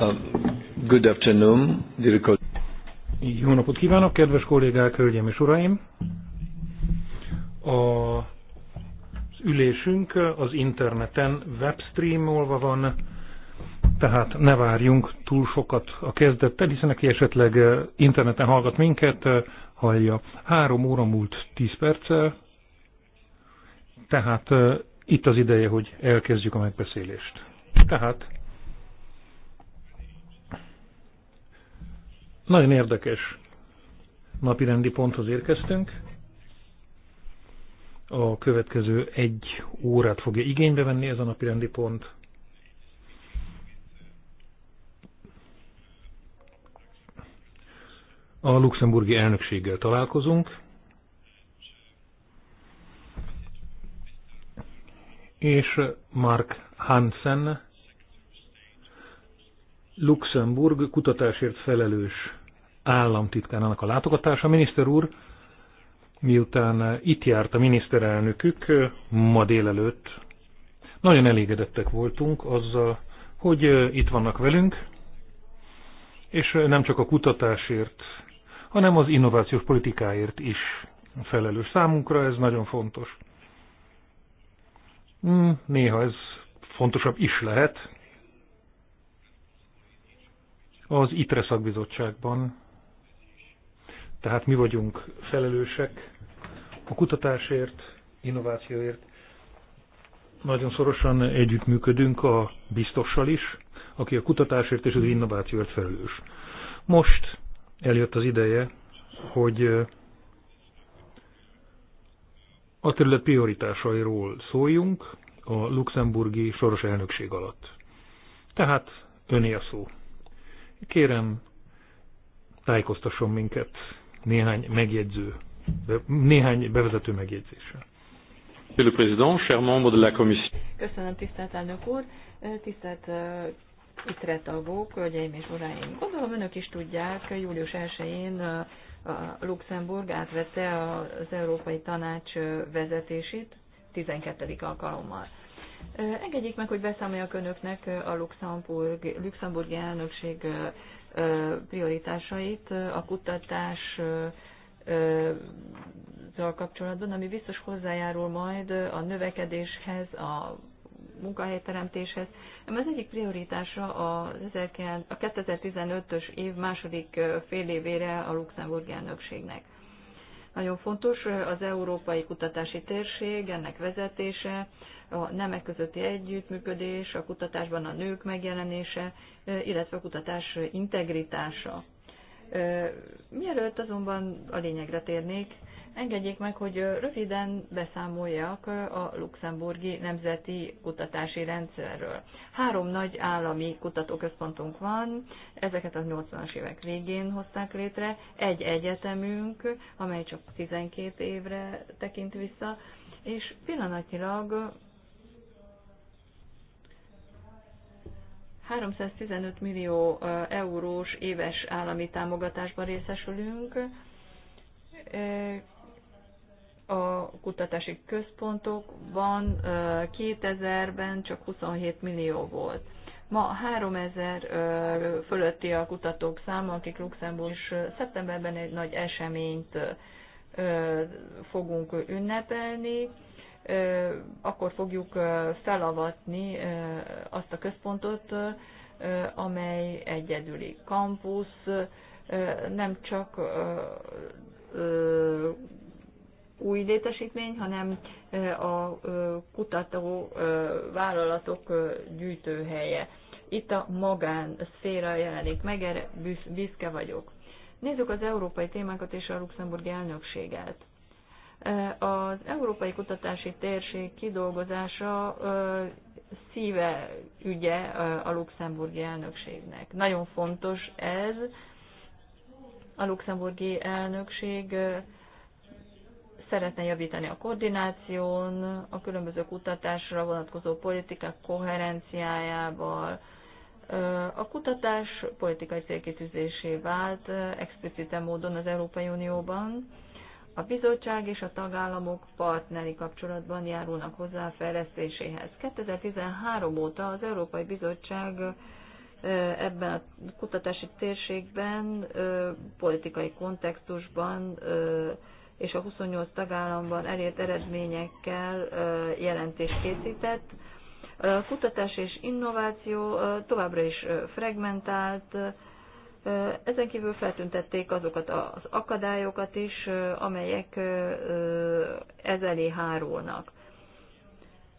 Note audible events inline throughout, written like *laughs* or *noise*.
Uh, good afternoon, dear Jó napot kívánok, kedves kollégák, hölgyeim és uraim! A ülésünk az interneten webstreamolva van, tehát ne várjunk túl sokat a kezdettel, hiszen aki esetleg uh, interneten hallgat minket, uh, hallja. Három óra múlt tíz perccel, tehát itt az ideje, hogy elkezdjük a megbeszélést. Tehát Nagyon érdekes napirendi ponthoz érkeztünk. A következő egy órát fogja igénybe venni ez a napirendi pont. A luxemburgi elnökséggel találkozunk, és Mark Hansen Luxemburg kutatásért felelős államtitkának a látogatása. Miniszter úr, miután itt járt a miniszterelnökük ma délelőtt, nagyon elégedettek voltunk azzal, hogy itt vannak velünk, és nem csak a kutatásért, hanem az innovációs politikáért is felelős. Számunkra ez nagyon fontos. Hmm, néha ez fontosabb is lehet, az ITRE szakbizottságban, tehát mi vagyunk felelősek a kutatásért, innovációért. Nagyon szorosan együttműködünk a biztossal is, aki a kutatásért és az innovációért felelős. Most eljött az ideje, hogy a terület prioritásairól szóljunk a luxemburgi soros elnökség alatt. Tehát öné a szó. Kérem, tájékoztasson minket néhány megjegyző, néhány bevezető megjegyzéssel. Monsieur le Président, chers membres de la Commission. Köszönöm, tisztelt elnök úr, tisztelt uh, itt tagok, hölgyeim és uraim. Gondolom önök is tudják, július 1-én uh, Luxemburg átvette az Európai Tanács uh, vezetését 12. alkalommal. Engedjék meg, hogy beszámoljak önöknek a Luxemburg, luxemburgi elnökség prioritásait a kutatás kapcsolatban, ami biztos hozzájárul majd a növekedéshez, a munkahelyteremtéshez. Az egyik prioritása a 2015-ös év második fél évére a Luxemburgi elnökségnek. Nagyon fontos az európai kutatási térség, ennek vezetése, a nemek közötti együttműködés, a kutatásban a nők megjelenése, illetve a kutatás integritása. Mielőtt azonban a lényegre térnék, Engedjék meg, hogy röviden beszámoljak a luxemburgi nemzeti kutatási rendszerről. Három nagy állami kutatóközpontunk van, ezeket a 80-as évek végén hozták létre, egy egyetemünk, amely csak 12 évre tekint vissza, és pillanatnyilag 315 millió eurós éves állami támogatásban részesülünk, a kutatási központokban 2000-ben csak 27 millió volt. Ma 3000 fölötti a kutatók száma, akik Luxemburg és szeptemberben egy nagy eseményt fogunk ünnepelni. Akkor fogjuk felavatni azt a központot, amely egyedüli kampusz, nem csak új létesítmény, hanem a kutató vállalatok gyűjtőhelye. Itt a magán szféra jelenik meg, erre büszke vagyok. Nézzük az európai témákat és a luxemburgi elnökséget. Az európai kutatási térség kidolgozása szíve ügye a luxemburgi elnökségnek. Nagyon fontos ez. A luxemburgi elnökség szeretne javítani a koordináción, a különböző kutatásra vonatkozó politikák koherenciájával. A kutatás politikai célkitűzésé vált explicite módon az Európai Unióban. A bizottság és a tagállamok partneri kapcsolatban járulnak hozzá a fejlesztéséhez. 2013 óta az Európai Bizottság ebben a kutatási térségben politikai kontextusban és a 28 tagállamban elért eredményekkel jelentést készített. A kutatás és innováció továbbra is fragmentált, ezen kívül feltüntették azokat az akadályokat is, amelyek ez elé hárulnak.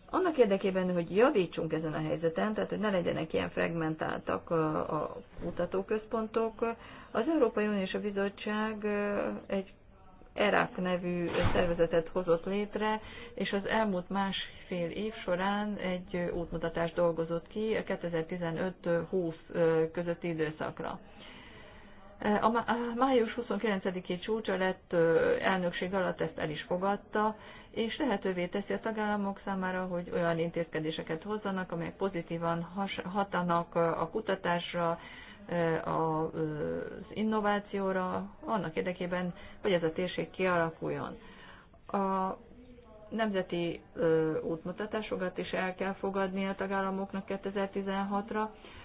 Annak érdekében, hogy javítsunk ezen a helyzeten, tehát hogy ne legyenek ilyen fragmentáltak a kutatóközpontok, az Európai Unió és a Bizottság egy ERAP nevű szervezetet hozott létre, és az elmúlt másfél év során egy útmutatást dolgozott ki a 2015-20 közötti időszakra. A május 29-i csúcsa lett elnökség alatt ezt el is fogadta, és lehetővé teszi a tagállamok számára, hogy olyan intézkedéseket hozzanak, amelyek pozitívan hatanak a kutatásra, az innovációra, annak érdekében, hogy ez a térség kialakuljon. A nemzeti útmutatásokat is el kell fogadni a tagállamoknak 2016-ra,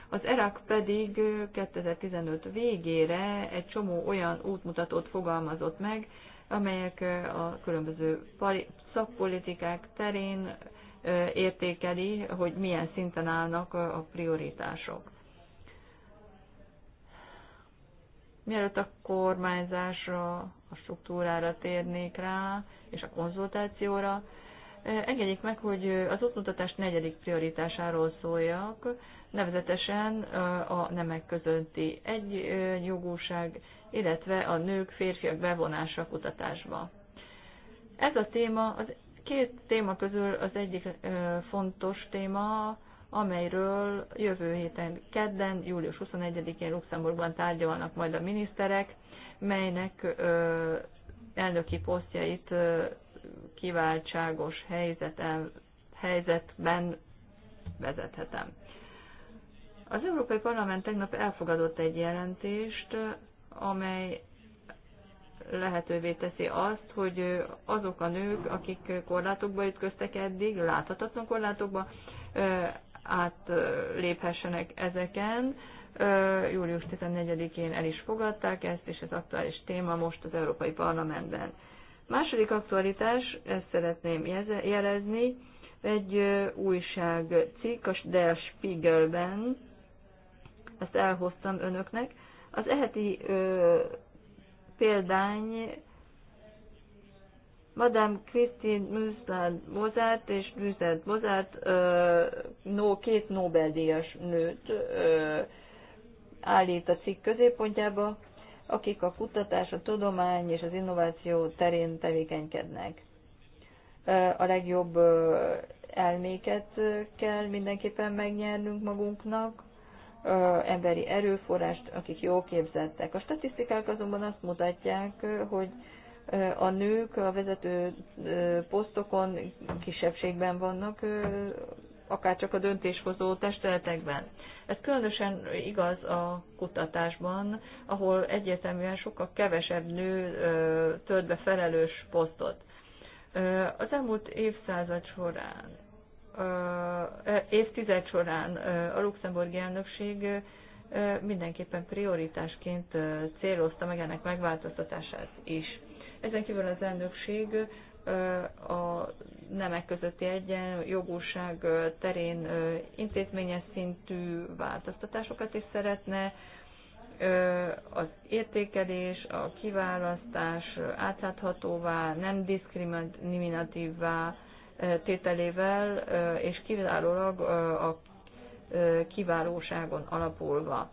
az ERAK pedig 2015 végére egy csomó olyan útmutatót fogalmazott meg, amelyek a különböző szakpolitikák terén értékeli, hogy milyen szinten állnak a prioritások. Mielőtt a kormányzásra, a struktúrára térnék rá, és a konzultációra, eh, engedjék meg, hogy az útmutatás negyedik prioritásáról szóljak, nevezetesen eh, a nemek közötti egyjogúság, illetve a nők, férfiak bevonása kutatásba. Ez a téma, az két téma közül az egyik eh, fontos téma, amelyről jövő héten kedden, július 21-én Luxemburgban tárgyalnak majd a miniszterek, melynek ö, elnöki posztjait ö, kiváltságos helyzeten, helyzetben vezethetem. Az Európai Parlament tegnap elfogadott egy jelentést, amely lehetővé teszi azt, hogy azok a nők, akik korlátokba ütköztek eddig, láthatatlan korlátokba, átléphessenek ezeken. Július 14-én el is fogadták ezt, és ez aktuális téma most az Európai Parlamentben. Második aktualitás, ezt szeretném jelezni, egy újságcikk a Der Spiegelben, ezt elhoztam önöknek. Az eheti ö, példány Madame Christine Műszland Mozart és Műszland Mozart no, két Nobel-díjas nőt ö, állít a cikk középpontjába, akik a kutatás, a tudomány és az innováció terén tevékenykednek. A legjobb elméket kell mindenképpen megnyernünk magunknak, emberi erőforrást, akik jól képzettek. A statisztikák azonban azt mutatják, hogy a nők a vezető posztokon kisebbségben vannak, akár csak a döntéshozó testületekben. Ez különösen igaz a kutatásban, ahol egyértelműen sokkal kevesebb nő tölt be felelős posztot. Az elmúlt évszázad során, e, évtized során a luxemburgi elnökség mindenképpen prioritásként célozta meg ennek megváltoztatását is. Ezen kívül az elnökség a nemek közötti egyen jogúság terén intézményes szintű változtatásokat is szeretne, az értékelés, a kiválasztás átláthatóvá, nem diszkriminatívvá tételével és kiválólag a kiválóságon alapulva.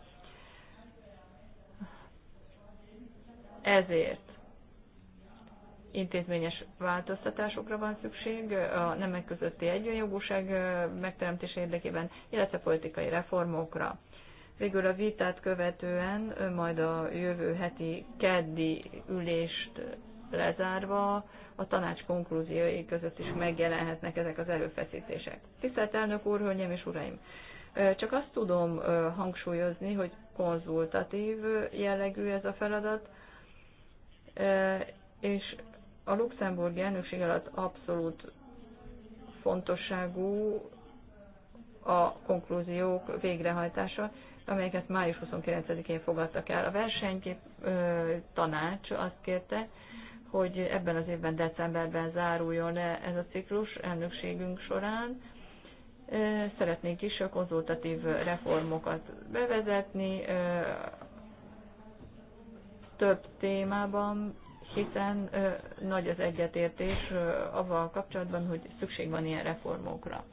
Ezért intézményes változtatásokra van szükség a nemek közötti egyenjogúság megteremtés érdekében, illetve politikai reformokra. Végül a vitát követően, majd a jövő heti keddi ülést lezárva a tanács konklúziói között is megjelenhetnek ezek az erőfeszítések. Tisztelt elnök úr, hölgyeim és uraim! Csak azt tudom hangsúlyozni, hogy konzultatív jellegű ez a feladat, és a luxemburgi elnökség alatt abszolút fontosságú a konklúziók végrehajtása, amelyeket május 29-én fogadtak el. A versenykép tanács azt kérte, hogy ebben az évben decemberben záruljon le ez a ciklus elnökségünk során. Szeretnénk is a konzultatív reformokat bevezetni, több témában hiszen ö, nagy az egyetértés ö, avval kapcsolatban, hogy szükség van ilyen reformokra.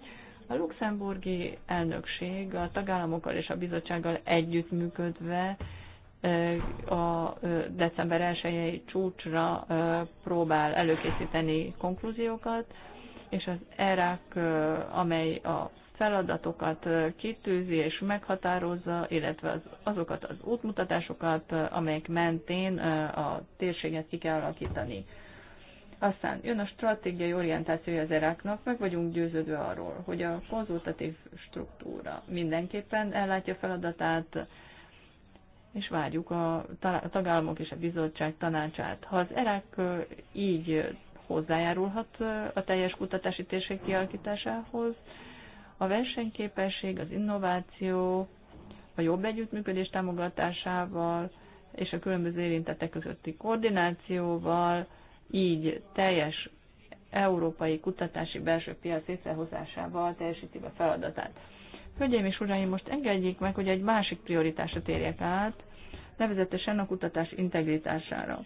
A luxemburgi elnökség a tagállamokkal és a bizottsággal együttműködve a december 1 csúcsra próbál előkészíteni konklúziókat, és az ERAK, amely a feladatokat kitűzi és meghatározza, illetve az, azokat az útmutatásokat, amelyek mentén a térséget ki kell alakítani. Aztán jön a stratégiai orientációja az eráknak, meg vagyunk győződve arról, hogy a konzultatív struktúra mindenképpen ellátja feladatát, és várjuk a tagállamok és a bizottság tanácsát. Ha az erák így hozzájárulhat a teljes kutatási térség kialakításához, a versenyképesség, az innováció, a jobb együttműködés támogatásával és a különböző érintettek közötti koordinációval, így teljes európai kutatási belső piac létrehozásával teljesíti be feladatát. Hölgyeim és uraim, most engedjék meg, hogy egy másik prioritásra térjek át, nevezetesen a kutatás integritására.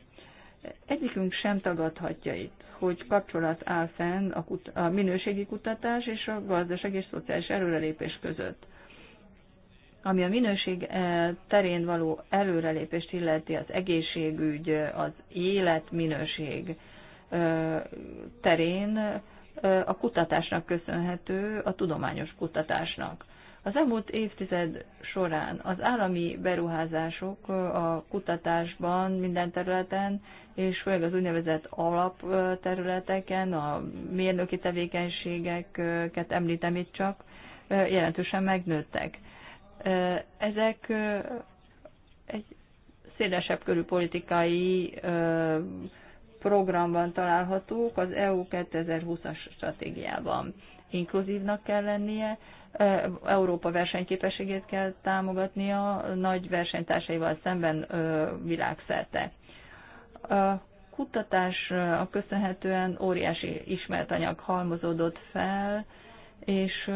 Egyikünk sem tagadhatja itt, hogy kapcsolat áll fenn a, kut- a minőségi kutatás és a gazdaság és szociális előrelépés között. Ami a minőség eh, terén való előrelépést illeti, az egészségügy, az életminőség eh, terén eh, a kutatásnak köszönhető, a tudományos kutatásnak. Az elmúlt évtized során az állami beruházások a kutatásban minden területen, és főleg az úgynevezett alapterületeken, a mérnöki tevékenységeket említem itt csak, jelentősen megnőttek. Ezek egy szélesebb körű politikai programban találhatók az EU 2020-as stratégiában inkluzívnak kell lennie, Európa versenyképességét kell támogatnia nagy versenytársaival szemben világszerte. A kutatás a köszönhetően óriási ismert anyag halmozódott fel, és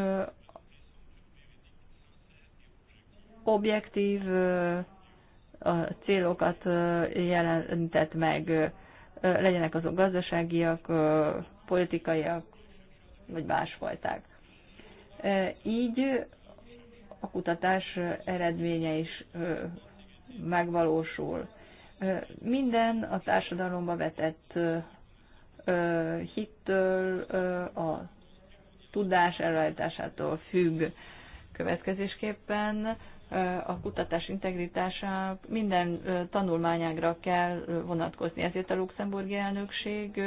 objektív célokat jelentett meg, legyenek azok gazdaságiak, politikaiak, vagy másfajták. Így a kutatás eredménye is megvalósul. Minden a társadalomba vetett hittől, a tudás elrajtásától függ. Következésképpen a kutatás integritása minden tanulmányágra kell vonatkozni. Ezért a luxemburgi elnökség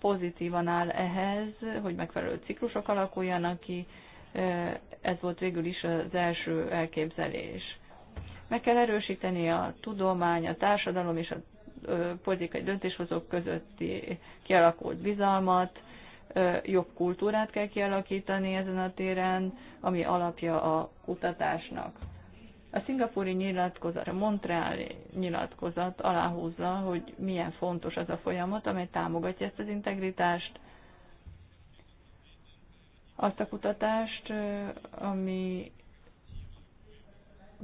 pozitívan áll ehhez, hogy megfelelő ciklusok alakuljanak ki, ez volt végül is az első elképzelés. Meg kell erősíteni a tudomány, a társadalom és a politikai döntéshozók közötti kialakult bizalmat, jobb kultúrát kell kialakítani ezen a téren, ami alapja a kutatásnak. A szingapúri nyilatkozat, a Montreali nyilatkozat aláhúzza, hogy milyen fontos az a folyamat, amely támogatja ezt az integritást, azt a kutatást, ami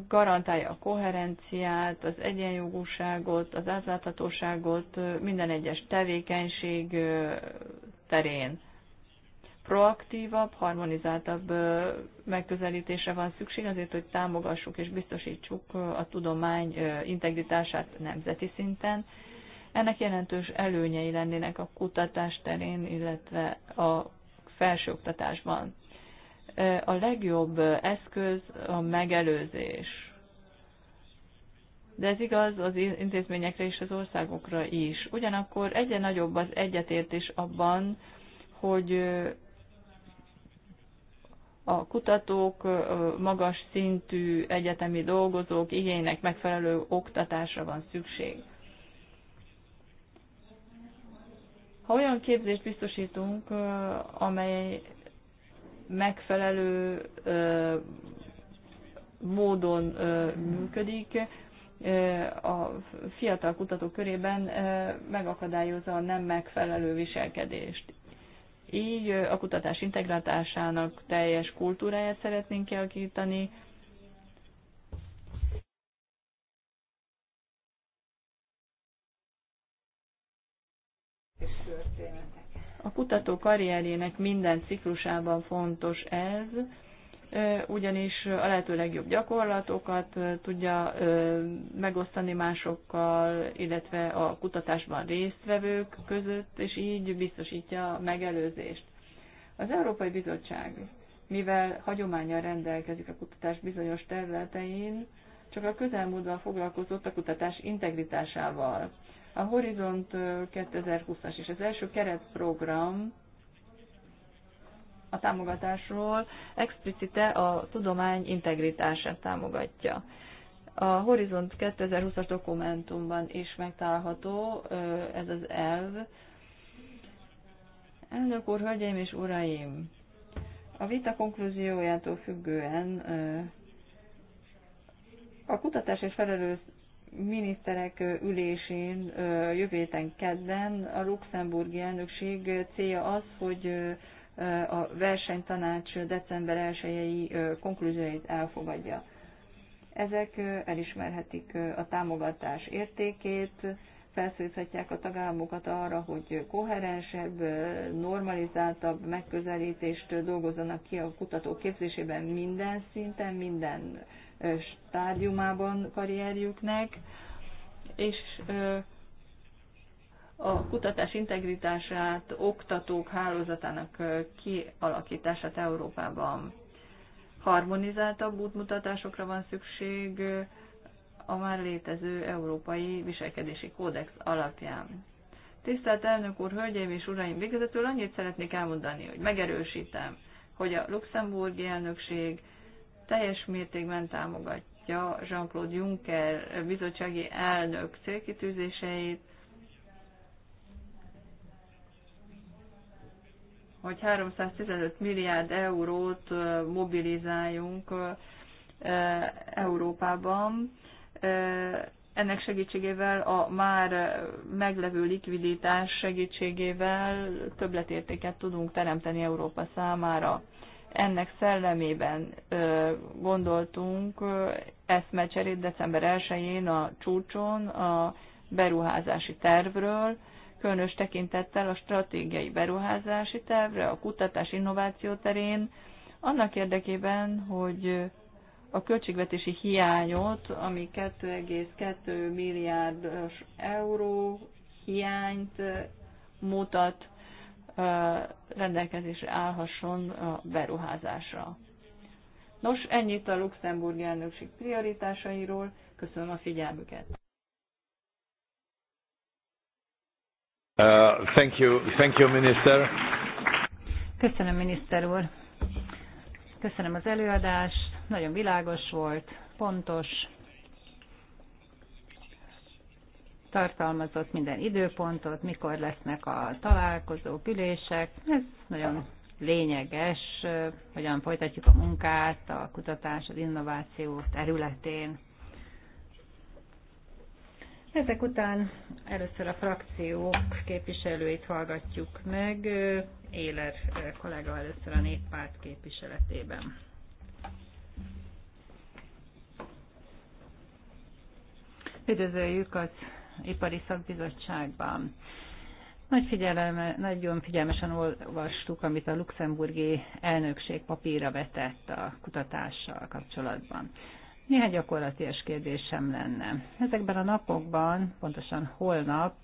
garantálja a koherenciát, az egyenjogúságot, az átláthatóságot minden egyes tevékenység terén proaktívabb, harmonizáltabb megközelítésre van szükség azért, hogy támogassuk és biztosítsuk a tudomány integritását nemzeti szinten. Ennek jelentős előnyei lennének a kutatás terén, illetve a felsőoktatásban. A legjobb eszköz a megelőzés. De ez igaz az intézményekre és az országokra is. Ugyanakkor egyre nagyobb az egyetértés abban, hogy a kutatók, magas szintű egyetemi dolgozók igénynek megfelelő oktatásra van szükség. Ha olyan képzést biztosítunk, amely megfelelő módon működik, a fiatal kutatók körében megakadályozza a nem megfelelő viselkedést így a kutatás integrálásának teljes kultúráját szeretnénk kialakítani, A kutató karrierjének minden ciklusában fontos ez, ugyanis a lehető legjobb gyakorlatokat tudja megosztani másokkal, illetve a kutatásban résztvevők között, és így biztosítja a megelőzést. Az Európai Bizottság, mivel hagyományjal rendelkezik a kutatás bizonyos területein, csak a közelmúltban foglalkozott a kutatás integritásával. A Horizont 2020-as és az első keretprogram a támogatásról explicite a tudomány integritását támogatja. A Horizont 2020-as dokumentumban is megtalálható ez az elv. Elnök úr, hölgyeim és uraim! A vita konklúziójától függően a kutatás és felelős miniszterek ülésén jövő héten kedden a luxemburgi elnökség célja az, hogy a versenytanács december 1-i konklúzióit elfogadja. Ezek elismerhetik a támogatás értékét, felszólíthatják a tagállamokat arra, hogy koherensebb, normalizáltabb megközelítést dolgozzanak ki a kutató képzésében minden szinten, minden stádiumában karrierjüknek, és a kutatás integritását, oktatók hálózatának kialakítását Európában. Harmonizáltabb útmutatásokra van szükség a már létező európai viselkedési kódex alapján. Tisztelt elnök úr, hölgyeim és uraim, végezetül annyit szeretnék elmondani, hogy megerősítem, hogy a luxemburgi elnökség teljes mértékben támogatja Jean-Claude Juncker bizottsági elnök célkitűzéseit, hogy 315 milliárd eurót mobilizáljunk Európában. Ennek segítségével a már meglevő likviditás segítségével többletértéket tudunk teremteni Európa számára. Ennek szellemében gondoltunk eszmecserét december 1-én a csúcson a beruházási tervről, különös tekintettel a stratégiai beruházási tervre, a kutatás innováció terén, annak érdekében, hogy a költségvetési hiányot, ami 2,2 milliárd euró hiányt mutat, rendelkezésre állhasson a beruházásra. Nos, ennyit a Luxemburg elnökség prioritásairól. Köszönöm a figyelmüket! Uh, thank you, thank you, minister. Köszönöm, miniszter úr. Köszönöm az előadást, nagyon világos volt, pontos, tartalmazott minden időpontot, mikor lesznek a találkozók, ülések. Ez nagyon lényeges, uh, hogyan folytatjuk a munkát a kutatás, az innováció területén. Ezek után először a frakciók képviselőit hallgatjuk meg. Éler kollega először a néppárt képviseletében. Üdvözöljük az Ipari Szakbizottságban. Nagy figyelme, nagyon figyelmesen olvastuk, amit a luxemburgi elnökség papírra vetett a kutatással kapcsolatban. Néhány gyakorlatias kérdésem lenne. Ezekben a napokban, pontosan holnap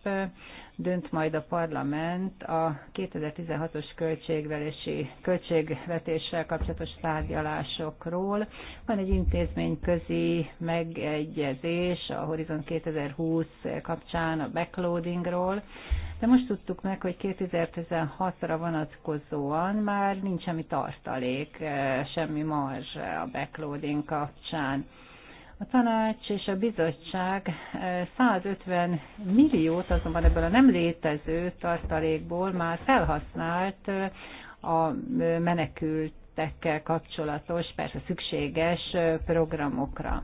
dönt majd a parlament a 2016-os költségvetési költségvetéssel kapcsolatos tárgyalásokról. Van egy intézményközi megegyezés a Horizon 2020 kapcsán a backloadingról. De most tudtuk meg, hogy 2016-ra vonatkozóan már nincs semmi tartalék, eh, semmi marzs a backloading kapcsán. A tanács és a bizottság 150 eh, milliót azonban ebből a nem létező tartalékból már felhasznált eh, a menekültekkel kapcsolatos, persze szükséges programokra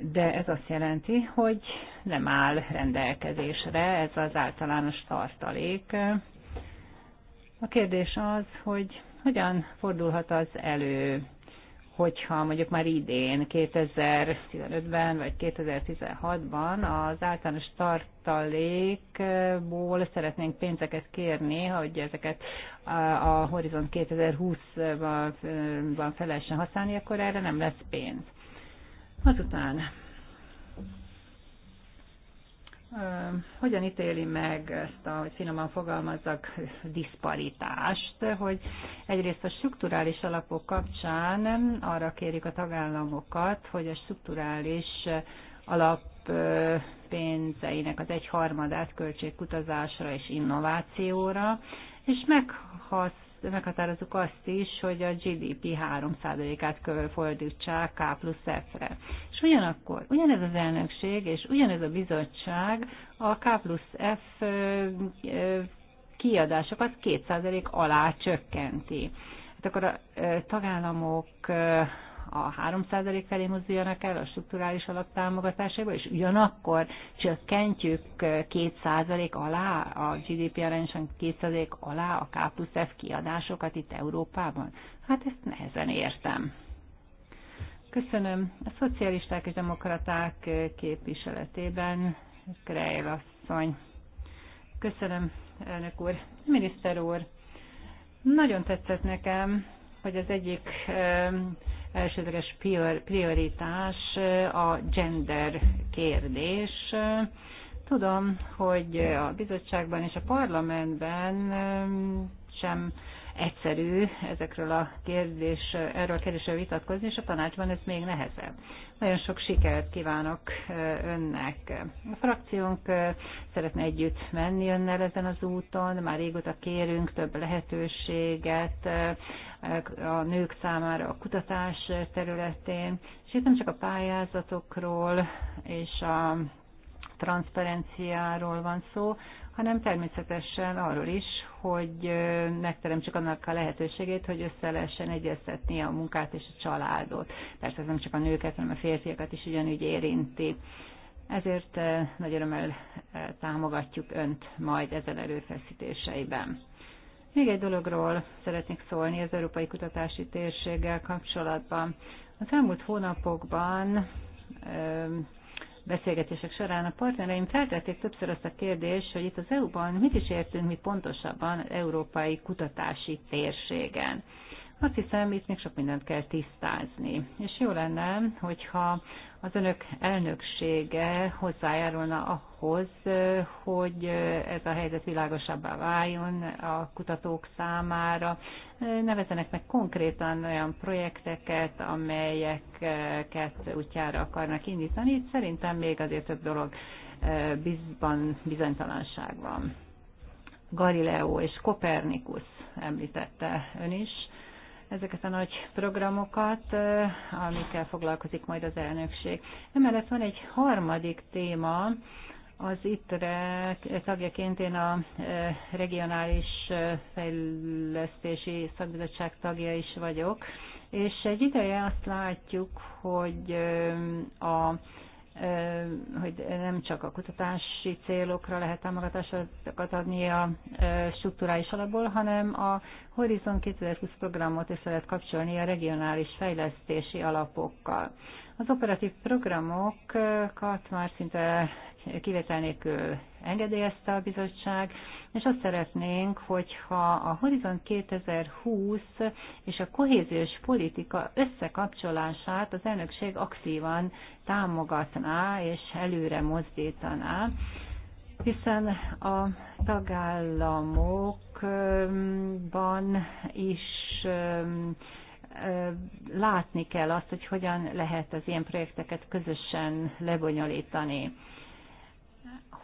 de ez azt jelenti, hogy nem áll rendelkezésre ez az általános tartalék. A kérdés az, hogy hogyan fordulhat az elő, hogyha mondjuk már idén, 2015-ben vagy 2016-ban az általános tartalékból szeretnénk pénzeket kérni, hogy ezeket a Horizon 2020-ban fel lehessen használni, akkor erre nem lesz pénz. Azután hogyan ítéli meg ezt a, hogy finoman fogalmazzak, diszparitást, hogy egyrészt a strukturális alapok kapcsán arra kérik a tagállamokat, hogy a strukturális alap pénzeinek az egyharmadát költségkutazásra és innovációra, és meghasz meghatározzuk azt is, hogy a GDP 3%-át fordítsák K plusz F-re. És ugyanakkor ugyanez az elnökség és ugyanez a bizottság a K plusz F kiadásokat 2% alá csökkenti. Hát akkor a tagállamok a 3% felé mozduljanak el a strukturális alaptámogatásába, és ugyanakkor csökkentjük 2% alá, a GDP arányosan 2% alá a K plusz F kiadásokat itt Európában. Hát ezt nehezen értem. Köszönöm. A szocialisták és demokraták képviseletében Krejl asszony. Köszönöm, elnök úr. Miniszter úr, nagyon tetszett nekem, hogy az egyik elsődleges prioritás eh, a gender kérdés. Tudom, hogy a bizottságban és a parlamentben eh, sem egyszerű ezekről a kérdés, erről a kérdésről vitatkozni, és a tanácsban ez még nehezebb. Nagyon sok sikert kívánok önnek. A frakciónk szeretne együtt menni önnel ezen az úton, már régóta kérünk több lehetőséget a nők számára a kutatás területén, és itt nem csak a pályázatokról és a transzparenciáról van szó, hanem természetesen arról is, hogy megteremtsük annak a lehetőségét, hogy össze lehessen egyeztetni a munkát és a családot. Persze ez nem csak a nőket, hanem a férfiakat is ugyanúgy érinti. Ezért nagy örömmel támogatjuk Önt majd ezen erőfeszítéseiben. Még egy dologról szeretnék szólni az európai kutatási térséggel kapcsolatban. Az elmúlt hónapokban beszélgetések során a partnereim feltették többször azt a kérdést, hogy itt az EU-ban mit is értünk mi pontosabban az európai kutatási térségen. Azt hiszem, itt még sok mindent kell tisztázni. És jó lenne, hogyha az önök elnöksége hozzájárulna ahhoz, hogy ez a helyzet világosabbá váljon a kutatók számára. Nevezenek meg konkrétan olyan projekteket, amelyeket útjára akarnak indítani. Itt szerintem még azért több dolog eh, bizban bizonytalanság van. Galileo és Kopernikus említette ön is ezeket a nagy programokat, amikkel foglalkozik majd az elnökség. Emellett van egy harmadik téma, az ITRE tagjaként én a regionális fejlesztési szakbizottság tagja is vagyok, és egy ideje azt látjuk, hogy a hogy nem csak a kutatási célokra lehet támogatásokat adni a strukturális alapból, hanem a Horizon 2020 programot is lehet kapcsolni a regionális fejlesztési alapokkal. Az operatív programokat már szinte kivétel nélkül engedélyezte a bizottság, és azt szeretnénk, hogyha a Horizont 2020 és a kohéziós politika összekapcsolását az elnökség aktívan támogatná és előre mozdítaná, hiszen a tagállamokban is látni kell azt, hogy hogyan lehet az ilyen projekteket közösen lebonyolítani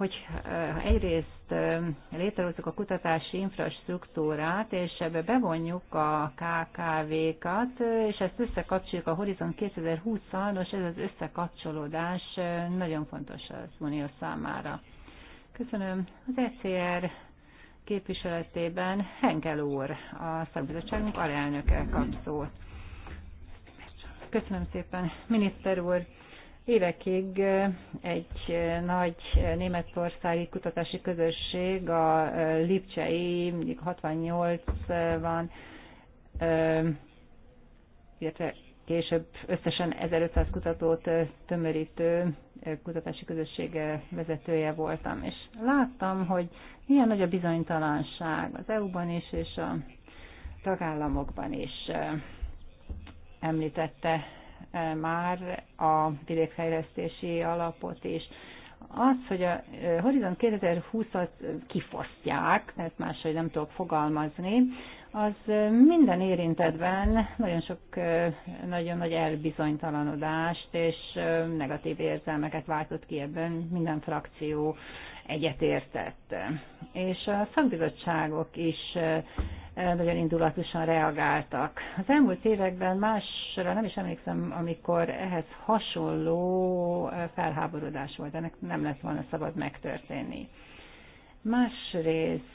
hogy eh, egyrészt eh, létrehozzuk a kutatási infrastruktúrát, és ebbe bevonjuk a KKV-kat, és ezt összekapcsoljuk a Horizon 2020-al, és ez az összekapcsolódás eh, nagyon fontos az Unió számára. Köszönöm. Az ECR képviseletében Henkel úr, a szakbizottságunk alelnöke kap szót. Köszönöm szépen, miniszter úr. Évekig egy nagy németországi kutatási közösség, a Lipcsei, 68 van, illetve később összesen 1500 kutatót tömörítő kutatási közösség vezetője voltam, és láttam, hogy milyen nagy a bizonytalanság az EU-ban is, és a tagállamokban is említette már a vidékfejlesztési alapot is. Az, hogy a Horizon 2020-at kifosztják, ezt máshogy nem tudok fogalmazni, az minden érintetben nagyon sok, nagyon nagy elbizonytalanodást és negatív érzelmeket váltott ki ebben minden frakció egyetértett. És a szakbizottságok is nagyon indulatosan reagáltak. Az elmúlt években másra nem is emlékszem, amikor ehhez hasonló felháborodás volt, ennek nem lett volna szabad megtörténni. Másrészt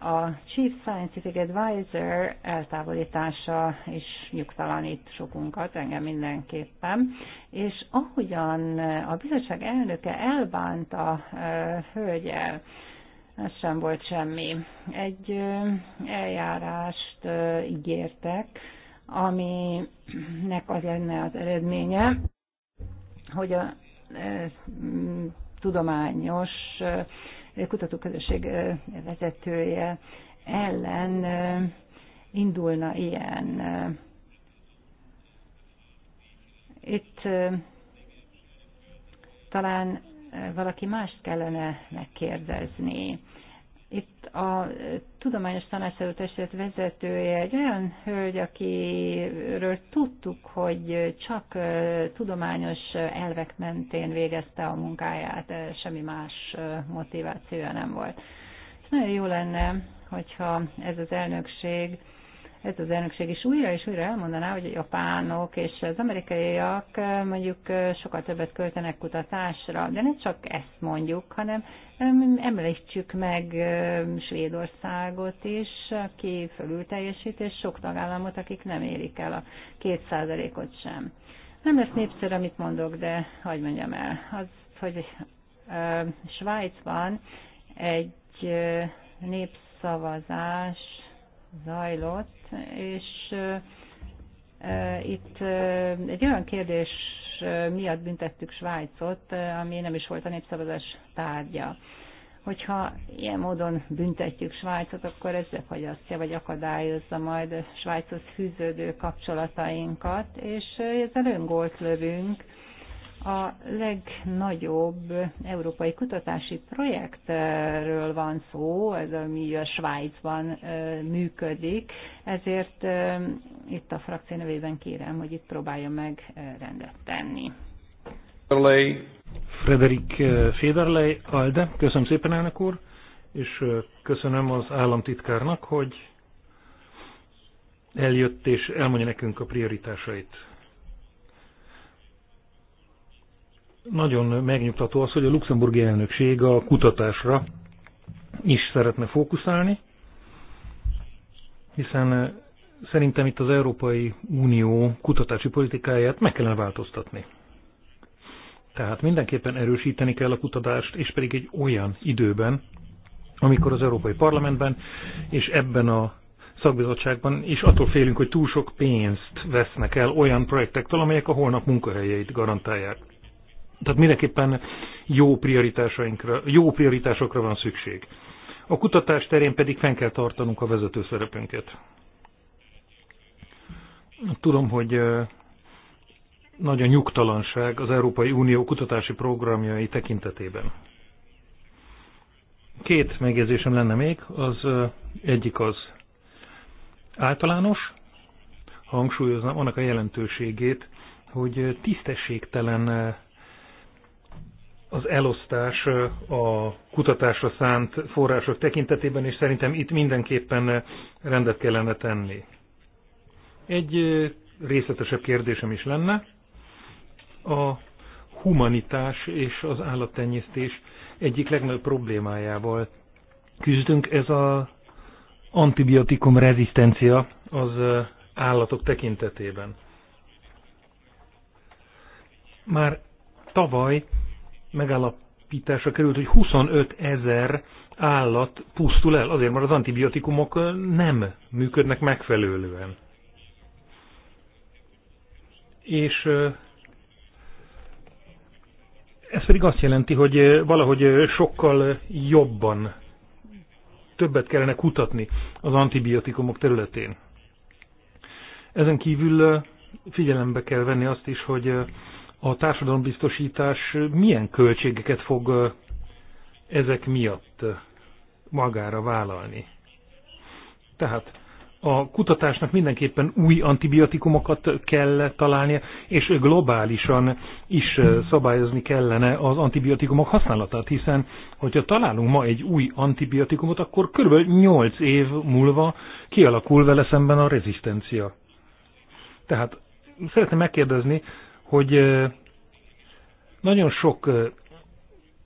a Chief Scientific Advisor eltávolítása is nyugtalanít sokunkat, engem mindenképpen, és ahogyan a bizottság elnöke elbánt a hölgyel, ez sem volt semmi. Egy eljárást ígértek, aminek az lenne az eredménye, hogy a tudományos kutatóközösség vezetője ellen indulna ilyen. Itt talán valaki mást kellene megkérdezni. Itt a Tudományos Tanácsadó Testület vezetője egy olyan hölgy, akiről tudtuk, hogy csak tudományos elvek mentén végezte a munkáját, semmi más motivációja nem volt. És nagyon jó lenne, hogyha ez az elnökség ez az elnökség is újra és újra elmondaná, hogy a japánok és az amerikaiak eh, mondjuk eh, sokkal többet költenek kutatásra, de ne csak ezt mondjuk, hanem említsük meg eh, Svédországot is, aki fölül teljesít, és sok tagállamot, akik nem érik el a kétszázalékot sem. Nem lesz népszerű, amit mondok, de hagyd mondjam el. Az, hogy Svájcban egy népszavazás zajlott, és itt egy olyan kérdés miatt büntettük Svájcot, ami nem is volt a népszavazás tárgya. Hogyha ilyen módon büntetjük Svájcot, akkor ez befagyasztja vagy akadályozza majd Svájchoz fűződő kapcsolatainkat, és ezzel öngolt lövünk, a legnagyobb európai kutatási projektről van szó, ez ami a Svájcban működik, ezért itt a frakció nevében kérem, hogy itt próbálja meg rendet tenni. Frederik Federley, Alde, köszönöm szépen elnök úr, és köszönöm az államtitkárnak, hogy eljött és elmondja nekünk a prioritásait Nagyon megnyugtató az, hogy a luxemburgi elnökség a kutatásra is szeretne fókuszálni, hiszen eh, szerintem itt az Európai Unió kutatási politikáját meg kellene változtatni. Tehát mindenképpen erősíteni kell a kutatást, és pedig egy olyan időben, amikor az Európai Parlamentben és ebben a szakbizottságban is attól félünk, hogy túl sok pénzt vesznek el olyan projektektől, amelyek a holnap munkahelyeit garantálják tehát mindenképpen jó, prioritásainkra, jó prioritásokra van szükség. A kutatás terén pedig fenn kell tartanunk a vezető szerepünket. Tudom, hogy nagy a nyugtalanság az Európai Unió kutatási programjai tekintetében. Két megjegyzésem lenne még, az egyik az általános, hangsúlyoznám annak a jelentőségét, hogy tisztességtelen az elosztás a kutatásra szánt források tekintetében, és szerintem itt mindenképpen rendet kellene tenni. Egy részletesebb kérdésem is lenne. A humanitás és az állattenyésztés egyik legnagyobb problémájával küzdünk, ez az antibiotikum rezisztencia az állatok tekintetében. Már tavaly megállapításra került, hogy 25 ezer állat pusztul el, azért mert az antibiotikumok nem működnek megfelelően. És ez pedig azt jelenti, hogy valahogy sokkal jobban többet kellene kutatni az antibiotikumok területén. Ezen kívül figyelembe kell venni azt is, hogy a társadalombiztosítás milyen költségeket fog ezek miatt magára vállalni. Tehát a kutatásnak mindenképpen új antibiotikumokat kell találnia, és globálisan is szabályozni kellene az antibiotikumok használatát, hiszen hogyha találunk ma egy új antibiotikumot, akkor kb. 8 év múlva kialakul vele szemben a rezisztencia. Tehát szeretném megkérdezni, hogy nagyon sok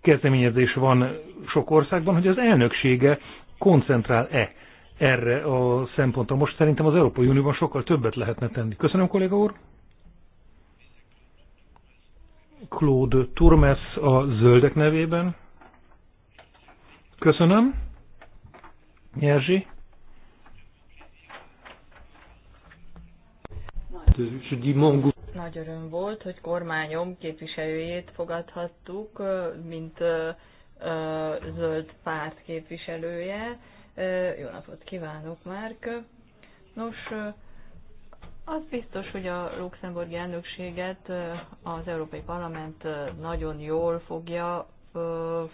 kezdeményezés van sok országban, hogy az elnöksége koncentrál-e erre a szempontra. Most szerintem az Európai Unióban sokkal többet lehetne tenni. Köszönöm, kolléga úr! Claude Turmes a zöldek nevében. Köszönöm. Nyerzsi. Je dis mon nagy öröm volt, hogy kormányom képviselőjét fogadhattuk, mint zöld párt képviselője. Jó napot kívánok, Márk! Nos, az biztos, hogy a luxemburgi elnökséget az Európai Parlament nagyon jól fogja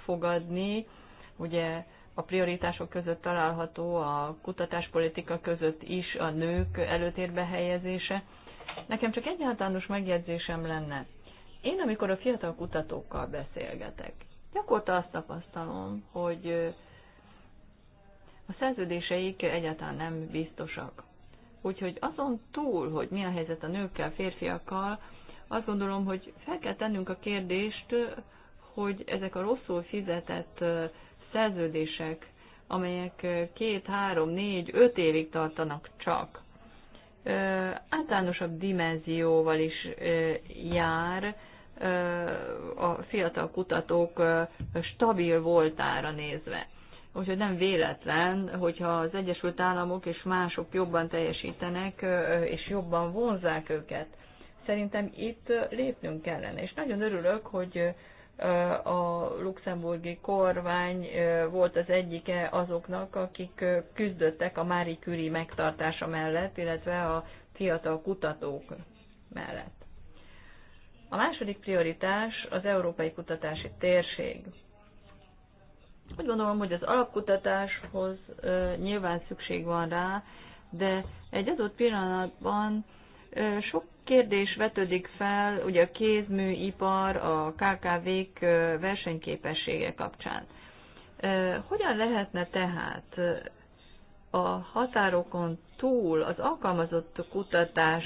fogadni. Ugye a prioritások között található a kutatáspolitika között is a nők előtérbe helyezése. Nekem csak egy általános megjegyzésem lenne. Én, amikor a fiatal kutatókkal beszélgetek, gyakorta azt tapasztalom, hogy a szerződéseik egyáltalán nem biztosak. Úgyhogy azon túl, hogy mi a helyzet a nőkkel, férfiakkal, azt gondolom, hogy fel kell tennünk a kérdést, hogy ezek a rosszul fizetett szerződések, amelyek két, három, négy, öt évig tartanak csak, általánosabb dimenzióval is jár, a fiatal kutatók stabil voltára nézve. Úgyhogy nem véletlen, hogyha az Egyesült Államok és mások jobban teljesítenek, és jobban vonzák őket. Szerintem itt lépnünk kellene. És nagyon örülök, hogy a luxemburgi kormány volt az egyike azoknak, akik küzdöttek a Mári Küri megtartása mellett, illetve a fiatal kutatók mellett. A második prioritás az európai kutatási térség. Úgy gondolom, hogy az alapkutatáshoz nyilván szükség van rá, de egy adott pillanatban sok kérdés vetődik fel ugye a kézműipar, a KKV-k versenyképessége kapcsán. Hogyan lehetne tehát a határokon túl az alkalmazott kutatás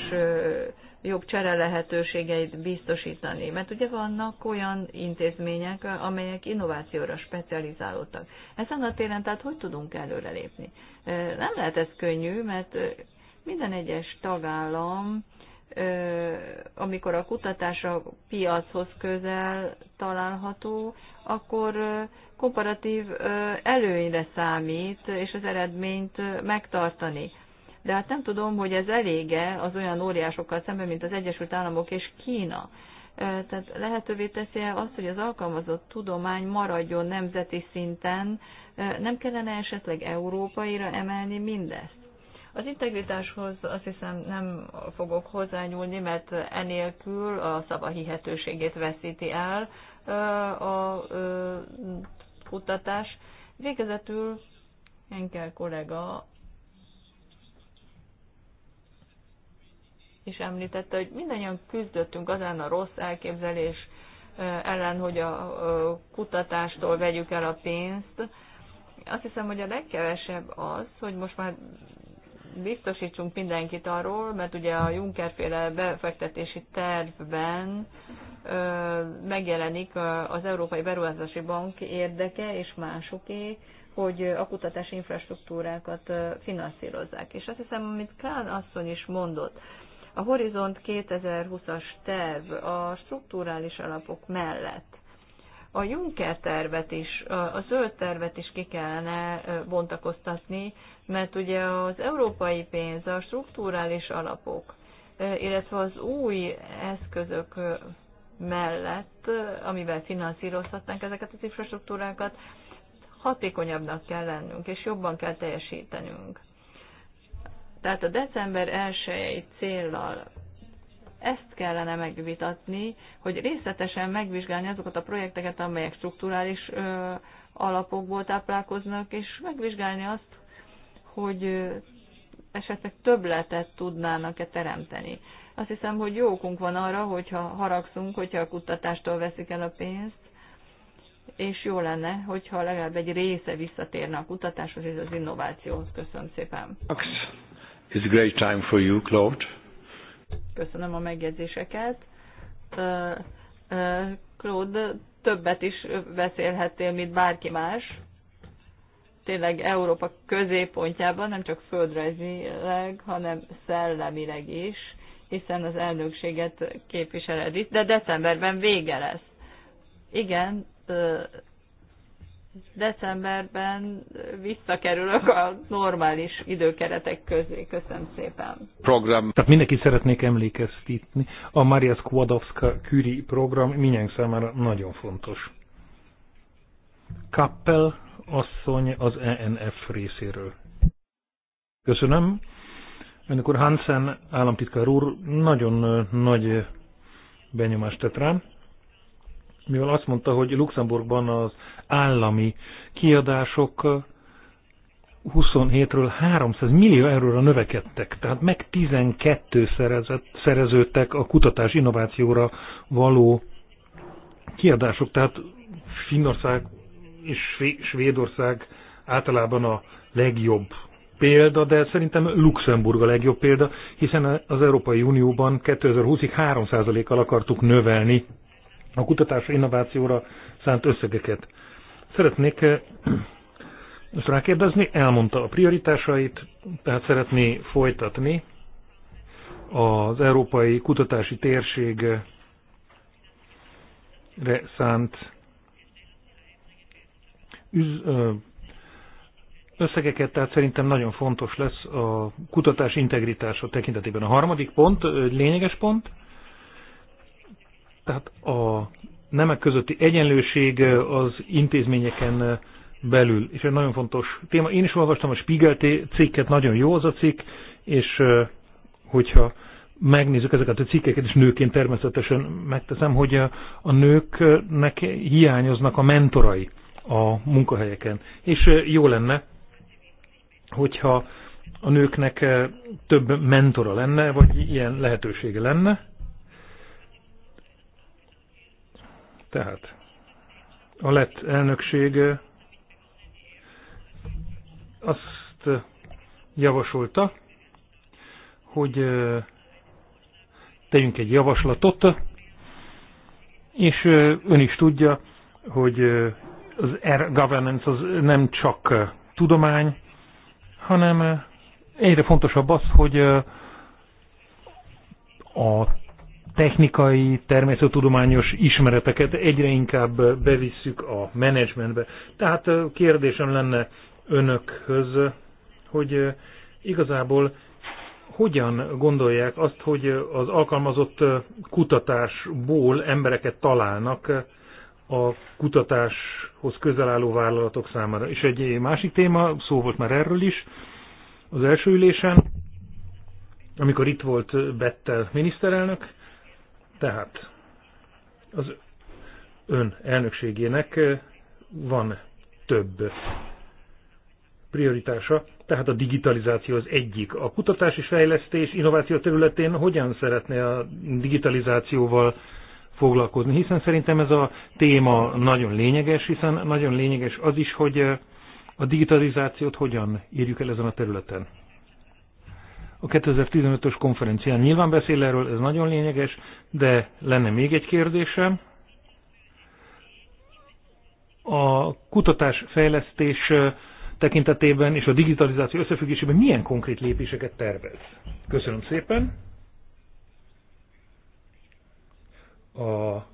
jobb csere lehetőségeit biztosítani? Mert ugye vannak olyan intézmények, amelyek innovációra specializálódtak. Ezen a téren tehát hogy tudunk előrelépni? Nem lehet ez könnyű, mert minden egyes tagállam amikor a kutatás a piachoz közel található, akkor komparatív előnyre számít, és az eredményt megtartani. De hát nem tudom, hogy ez elége az olyan óriásokkal szemben, mint az Egyesült Államok és Kína. Tehát lehetővé teszi -e azt, hogy az alkalmazott tudomány maradjon nemzeti szinten, nem kellene esetleg európaira emelni mindezt? Az integritáshoz azt hiszem nem fogok hozzányúlni, mert enélkül a szava hihetőségét veszíti el a kutatás. Végezetül Enkel kollega is említette, hogy mindannyian küzdöttünk azán a rossz elképzelés ellen, hogy a kutatástól vegyük el a pénzt. Azt hiszem, hogy a legkevesebb az, hogy most már biztosítsunk mindenkit arról, mert ugye a Juncker-féle befektetési tervben megjelenik az Európai Beruházási Bank érdeke és másoké, hogy a kutatási infrastruktúrákat finanszírozzák. És azt hiszem, amit Kán asszony is mondott, a Horizont 2020-as terv a strukturális alapok mellett a Juncker tervet is, a zöld tervet is ki kellene bontakoztatni, mert ugye az európai pénz, a struktúrális alapok, illetve az új eszközök mellett, amivel finanszírozhatnánk ezeket az infrastruktúrákat, hatékonyabbnak kell lennünk, és jobban kell teljesítenünk. Tehát a december 1 céllal ezt kellene megvitatni, hogy részletesen megvizsgálni azokat a projekteket, amelyek strukturális ö, alapokból táplálkoznak, és megvizsgálni azt, hogy esetleg többletet tudnának-e teremteni. Azt hiszem, hogy jó okunk van arra, hogyha haragszunk, hogyha a kutatástól veszik el a pénzt, és jó lenne, hogyha legalább egy része visszatérne a kutatáshoz és az innovációhoz. Köszönöm szépen. It's a great time for you, Claude. Köszönöm a megjegyzéseket. Claude, többet is beszélhettél, mint bárki más tényleg Európa középpontjában, nem csak földrajzileg, hanem szellemileg is, hiszen az elnökséget képviseled itt, de decemberben vége lesz. Igen, decemberben visszakerülök a normális időkeretek közé. Köszönöm szépen. Program. Tehát mindenki szeretnék emlékeztetni. A Maria Skłodowska Curie program minnyánk számára nagyon fontos. Kappel asszony az ENF részéről. Köszönöm. Önök úr Hansen államtitkár úr nagyon nagy benyomást tett rám, mivel azt mondta, hogy Luxemburgban az állami kiadások 27-ről 300 millió euróra növekedtek, tehát meg 12 szerezett, szereződtek a kutatás innovációra való kiadások, tehát Finnország és Svédország általában a legjobb példa, de szerintem Luxemburg a legjobb példa, hiszen az Európai Unióban 2020-ig 3%-kal akartuk növelni a kutatás innovációra szánt összegeket. Szeretnék ezt eh, rákérdezni, elmondta a prioritásait, tehát szeretné folytatni az Európai Kutatási Térségre szánt üz, összegeket, tehát szerintem nagyon fontos lesz a kutatás integritása tekintetében. A harmadik pont, lényeges pont, tehát a nemek közötti egyenlőség az intézményeken belül, és egy nagyon fontos téma. Én is olvastam a Spiegel cikket, nagyon jó az a cikk, és hogyha megnézzük ezeket a cikkeket, és nőként természetesen megteszem, hogy a nőknek hiányoznak a mentorai a munkahelyeken. És jó lenne, hogyha a nőknek több mentora lenne, vagy ilyen lehetősége lenne. Tehát a lett elnökség azt javasolta, hogy tegyünk egy javaslatot, és ön is tudja, hogy az air governance az nem csak tudomány, hanem egyre fontosabb az, hogy a technikai, természettudományos ismereteket egyre inkább bevisszük a menedzsmentbe. Tehát kérdésem lenne önökhöz, hogy igazából hogyan gondolják azt, hogy az alkalmazott kutatásból embereket találnak a kutatáshoz közel álló vállalatok számára. És egy másik téma, szó volt már erről is, az első ülésen, amikor itt volt Bettel miniszterelnök, tehát az ön elnökségének van több prioritása, tehát a digitalizáció az egyik. A kutatás és fejlesztés innováció területén hogyan szeretné a digitalizációval foglalkozni, hiszen szerintem ez a téma nagyon lényeges, hiszen nagyon lényeges az is, hogy eh, a digitalizációt hogyan írjuk el ezen a területen. A 2015-ös konferencián nyilván beszél erről, ez nagyon lényeges, de lenne még egy kérdésem. A kutatásfejlesztés eh, tekintetében és a digitalizáció összefüggésében milyen konkrét lépéseket tervez? Köszönöm szépen! a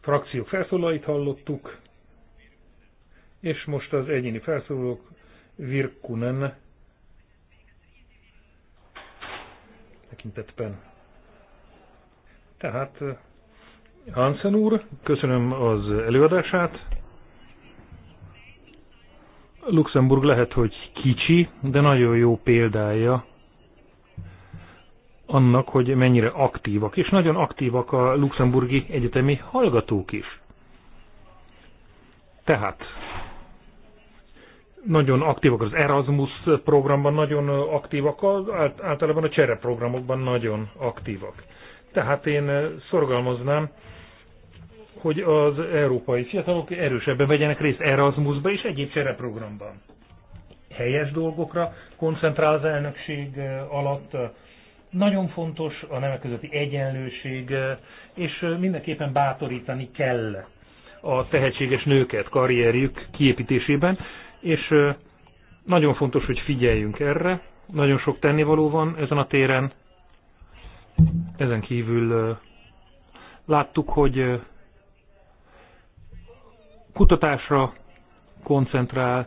frakciók felszólalait hallottuk, és most az egyéni felszólalók Virkunen tekintetben. Tehát Hansen úr, köszönöm az előadását. Luxemburg lehet, hogy kicsi, de nagyon jó példája annak, hogy mennyire aktívak, és nagyon aktívak a luxemburgi egyetemi hallgatók is. Tehát nagyon aktívak az Erasmus programban, nagyon aktívak, az, általában a csere programokban nagyon aktívak. Tehát én szorgalmaznám, hogy az európai fiatalok erősebben vegyenek részt Erasmusba és egyéb programban. Helyes dolgokra koncentrál az elnökség alatt, nagyon fontos a nemek közötti egyenlőség, és mindenképpen bátorítani kell a tehetséges nőket karrierjük kiépítésében, és nagyon fontos, hogy figyeljünk erre. Nagyon sok tennivaló van ezen a téren. Ezen kívül láttuk, hogy kutatásra koncentrál,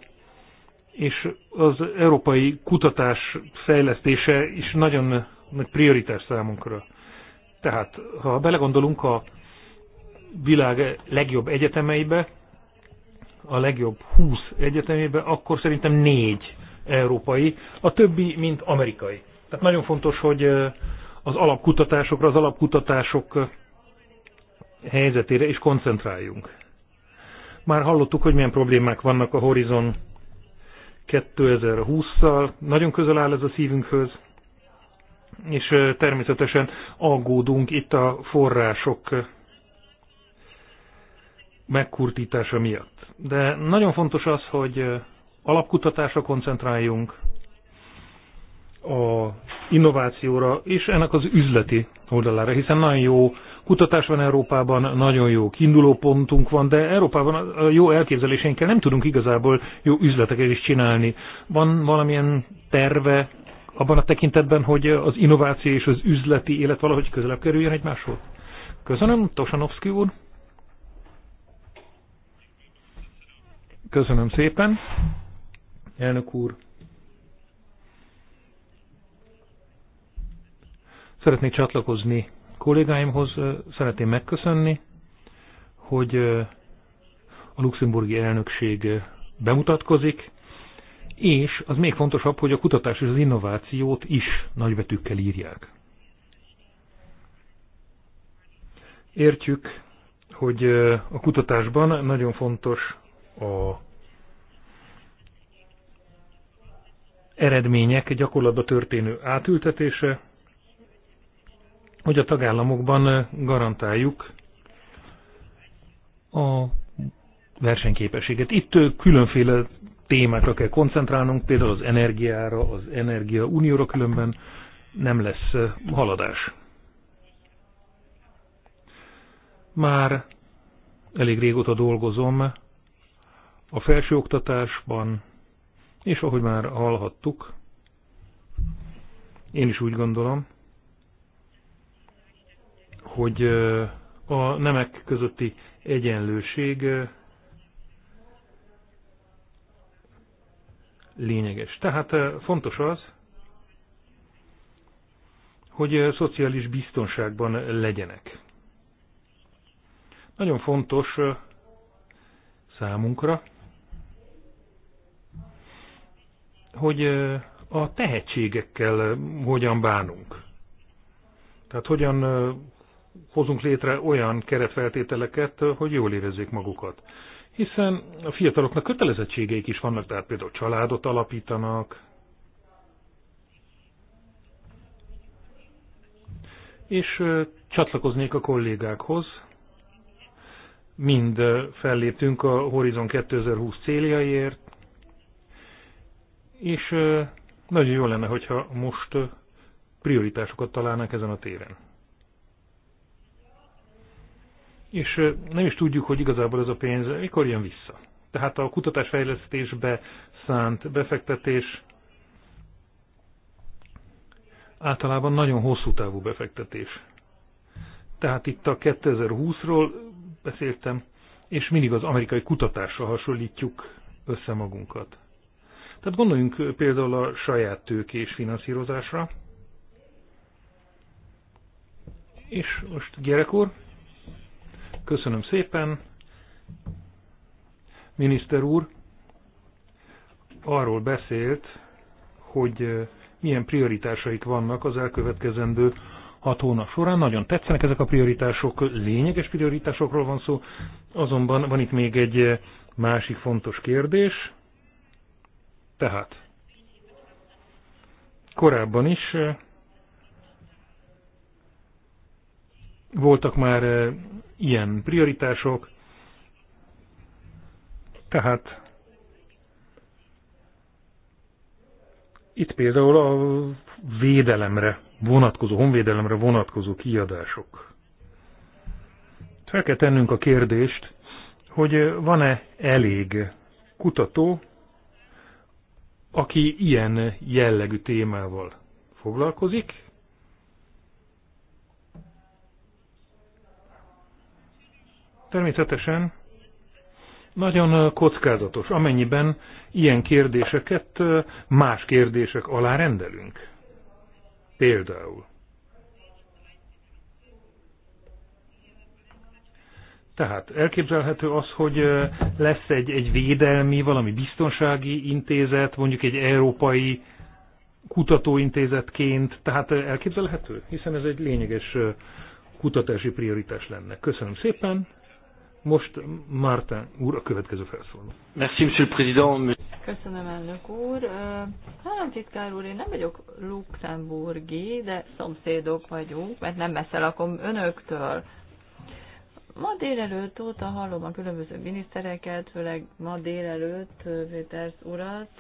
és az európai kutatás fejlesztése is nagyon nagy prioritás számunkra. Tehát, ha belegondolunk a világ legjobb egyetemeibe, a legjobb 20 egyetemébe, akkor szerintem négy európai, a többi, mint amerikai. Tehát nagyon fontos, hogy eh, az alapkutatásokra, az alapkutatások eh, helyzetére is koncentráljunk. Már hallottuk, hogy milyen problémák vannak a Horizon 2020-szal, nagyon közel áll ez a szívünkhöz, és természetesen aggódunk itt a források megkurtítása miatt. De nagyon fontos az, hogy alapkutatásra koncentráljunk, a innovációra és ennek az üzleti oldalára, hiszen nagyon jó kutatás van Európában, nagyon jó kiinduló pontunk van, de Európában a jó elképzeléseinkkel nem tudunk igazából jó üzleteket is csinálni. Van valamilyen terve abban a tekintetben, hogy az innováció és az üzleti élet valahogy közelebb kerüljön egymáshoz? Köszönöm, Tosanovszki úr. Köszönöm szépen. Elnök úr. Szeretnék csatlakozni kollégáimhoz, szeretném megköszönni, hogy a luxemburgi elnökség bemutatkozik, és az még fontosabb, hogy a kutatás és az innovációt is nagybetűkkel írják. Értjük, hogy a kutatásban nagyon fontos a eredmények gyakorlatba történő átültetése, hogy a tagállamokban garantáljuk a versenyképességet. Itt különféle témákra kell koncentrálnunk, például az energiára, az energia unióra, különben nem lesz haladás. Már elég régóta dolgozom a felsőoktatásban, és ahogy már hallhattuk, én is úgy gondolom, hogy a nemek közötti egyenlőség lényeges. Tehát fontos az, hogy szociális biztonságban legyenek. Nagyon fontos számunkra, hogy a tehetségekkel hogyan bánunk. Tehát hogyan hozunk létre olyan keretfeltételeket, hogy jól érezzék magukat hiszen a fiataloknak kötelezettségeik is vannak, tehát például családot alapítanak, és csatlakoznék a kollégákhoz. Mind felléptünk a Horizon 2020 céljaiért, és nagyon jó lenne, hogyha most prioritásokat találnánk ezen a téren és nem is tudjuk, hogy igazából ez a pénz mikor jön vissza. Tehát a kutatásfejlesztésbe szánt befektetés általában nagyon hosszú távú befektetés. Tehát itt a 2020-ról beszéltem, és mindig az amerikai kutatásra hasonlítjuk össze magunkat. Tehát gondoljunk például a saját tőkés finanszírozásra. És most gyerek úr, Köszönöm szépen. Miniszter úr arról beszélt, hogy eh, milyen prioritásaik vannak az elkövetkezendő hat hónap során. Nagyon tetszenek ezek a prioritások, lényeges prioritásokról van szó, azonban van itt még egy eh, másik fontos kérdés. Tehát korábban is eh, Voltak már eh, ilyen prioritások, tehát itt például a védelemre vonatkozó, honvédelemre vonatkozó kiadások. Fel kell tennünk a kérdést, hogy eh, van-e elég kutató, aki ilyen jellegű témával foglalkozik, Természetesen nagyon kockázatos, amennyiben ilyen kérdéseket más kérdések alá rendelünk. Például. Tehát elképzelhető az, hogy lesz egy, egy védelmi, valami biztonsági intézet, mondjuk egy európai kutatóintézetként, tehát elképzelhető, hiszen ez egy lényeges kutatási prioritás lenne. Köszönöm szépen, most Márten úr a következő felszólaló. Merci, monsieur le président. Köszönöm, elnök úr. Államtitkár úr, én nem vagyok luxemburgi, de szomszédok vagyunk, mert nem messze lakom önöktől. Ma délelőtt óta hallom a különböző minisztereket, főleg ma délelőtt Véters urat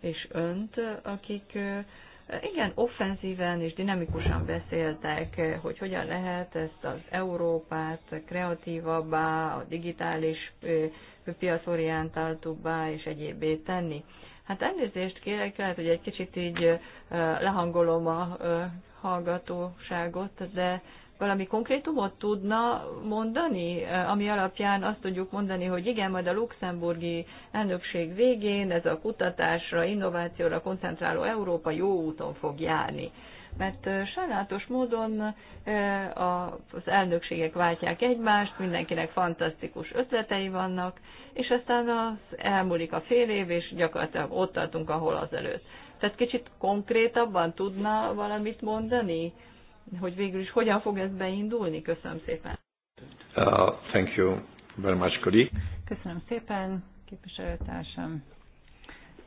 és önt, akik igen offenzíven és dinamikusan beszéltek, hogy hogyan lehet ezt az Európát kreatívabbá, a digitális piacorientáltubbá és egyébbé tenni. Hát elnézést kérek, lehet, hogy egy kicsit így lehangolom a hallgatóságot, de valami konkrétumot tudna mondani, ami alapján azt tudjuk mondani, hogy igen, majd a luxemburgi elnökség végén ez a kutatásra, innovációra koncentráló Európa jó úton fog járni. Mert sajnálatos módon az elnökségek váltják egymást, mindenkinek fantasztikus ötletei vannak, és aztán az elmúlik a fél év, és gyakorlatilag ott tartunk, ahol az előtt. Tehát kicsit konkrétabban tudna valamit mondani hogy végül is hogyan fog ez beindulni. Köszönöm szépen. Uh, thank you very much, colleague. Köszönöm szépen, képviselőtársam.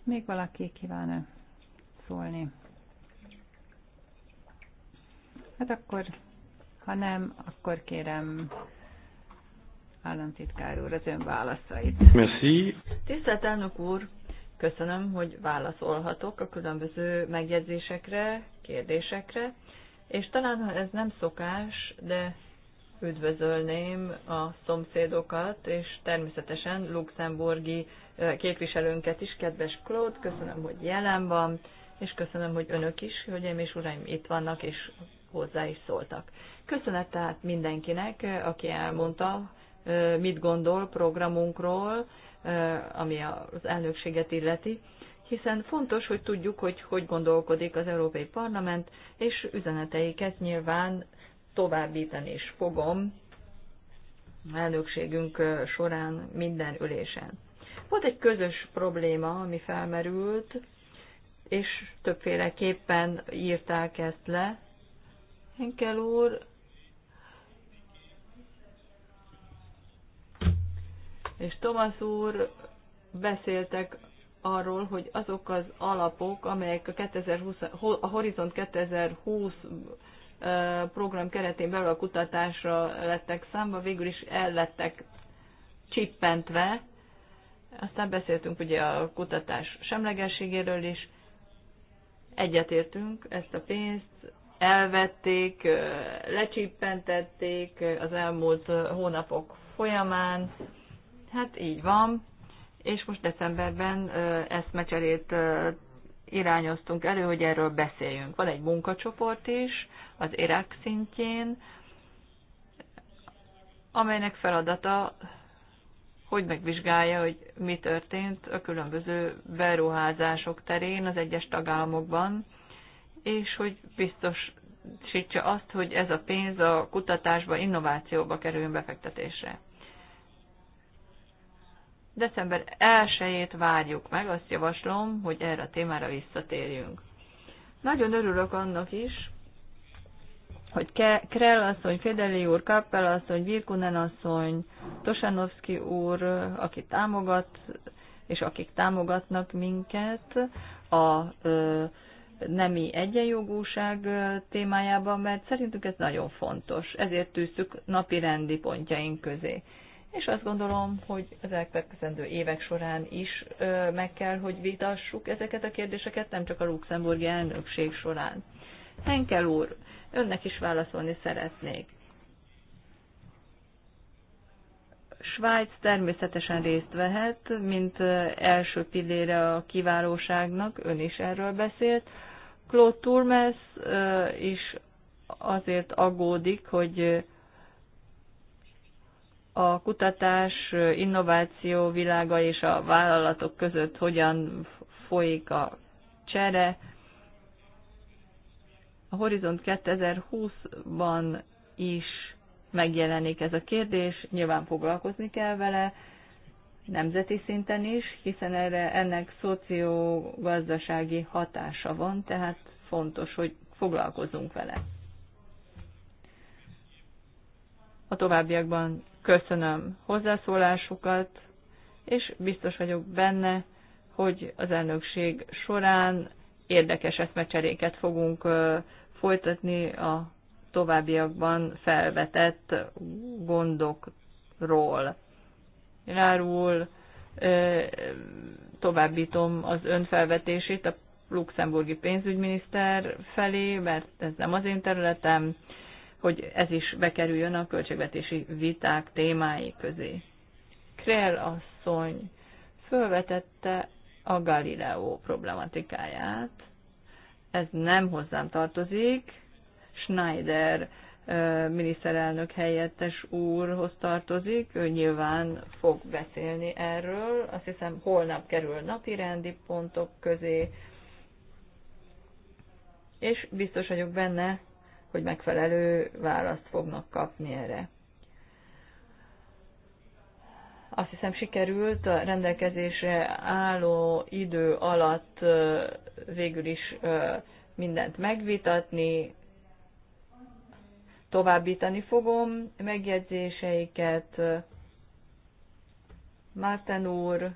Még valaki kíván -e szólni? Hát akkor, ha nem, akkor kérem államtitkár úr az ön válaszait. Merci. Tisztelt elnök úr, köszönöm, hogy válaszolhatok a különböző megjegyzésekre, kérdésekre és talán ha ez nem szokás, de üdvözölném a szomszédokat, és természetesen luxemburgi eh, képviselőnket is, kedves Claude, köszönöm, hogy jelen van, és köszönöm, hogy önök is, hölgyeim és uraim, itt vannak, és hozzá is szóltak. Köszönet tehát mindenkinek, eh, aki elmondta, eh, mit gondol programunkról, ami az elnökséget illeti hiszen fontos, hogy tudjuk, hogy hogy gondolkodik az Európai Parlament, és üzeneteiket nyilván továbbítani is fogom elnökségünk során minden ülésen. Volt egy közös probléma, ami felmerült, és többféleképpen írták ezt le. Henkel úr, és Thomas úr beszéltek arról, hogy azok az alapok, amelyek a, 2020, a Horizont 2020 program keretén belül a kutatásra lettek számba, végül is el lettek csippentve. Aztán beszéltünk ugye a kutatás semlegességéről is. Egyetértünk ezt a pénzt, elvették, lecsippentették az elmúlt hónapok folyamán. Hát így van és most decemberben eszmecserét irányoztunk elő, hogy erről beszéljünk. Van egy munkacsoport is az Irak szintjén, amelynek feladata, hogy megvizsgálja, hogy mi történt a különböző beruházások terén az egyes tagállamokban, és hogy biztosítsa azt, hogy ez a pénz a kutatásba, innovációba kerüljön befektetésre. December 1-ét várjuk meg, azt javaslom, hogy erre a témára visszatérjünk. Nagyon örülök annak is, hogy Krell asszony, Fedeli úr, Kappel asszony, Virkunen asszony, Tosanovski úr, aki támogat, és akik támogatnak minket a ö, nemi egyenjogúság témájában, mert szerintünk ez nagyon fontos. Ezért tűztük napi rendi pontjaink közé és azt gondolom, hogy az elkövetkezendő évek során is ö, meg kell, hogy vitassuk ezeket a kérdéseket, nem csak a luxemburgi elnökség során. Henkel úr, önnek is válaszolni szeretnék. Svájc természetesen részt vehet, mint első pillére a kiválóságnak, ön is erről beszélt. Claude Turmes is azért aggódik, hogy a kutatás, innováció világa és a vállalatok között hogyan folyik a csere. A Horizont 2020-ban is megjelenik ez a kérdés, nyilván foglalkozni kell vele, nemzeti szinten is, hiszen erre ennek szociogazdasági hatása van, tehát fontos, hogy foglalkozunk vele. A továbbiakban Köszönöm hozzászólásukat, és biztos vagyok benne, hogy az elnökség során érdekes eszmecseréket fogunk folytatni a továbbiakban felvetett gondokról. Rárul továbbítom az önfelvetését a luxemburgi pénzügyminiszter felé, mert ez nem az én területem, hogy ez is bekerüljön a költségvetési viták témái közé. Krell asszony fölvetette a Galileo problematikáját. Ez nem hozzám tartozik. Schneider miniszterelnök helyettes úrhoz tartozik, ő nyilván fog beszélni erről. Azt hiszem holnap kerül napi rendi pontok közé, és biztos vagyok benne, hogy megfelelő választ fognak kapni erre. Azt hiszem sikerült a rendelkezésre álló idő alatt végül is mindent megvitatni, továbbítani fogom megjegyzéseiket Márten úr,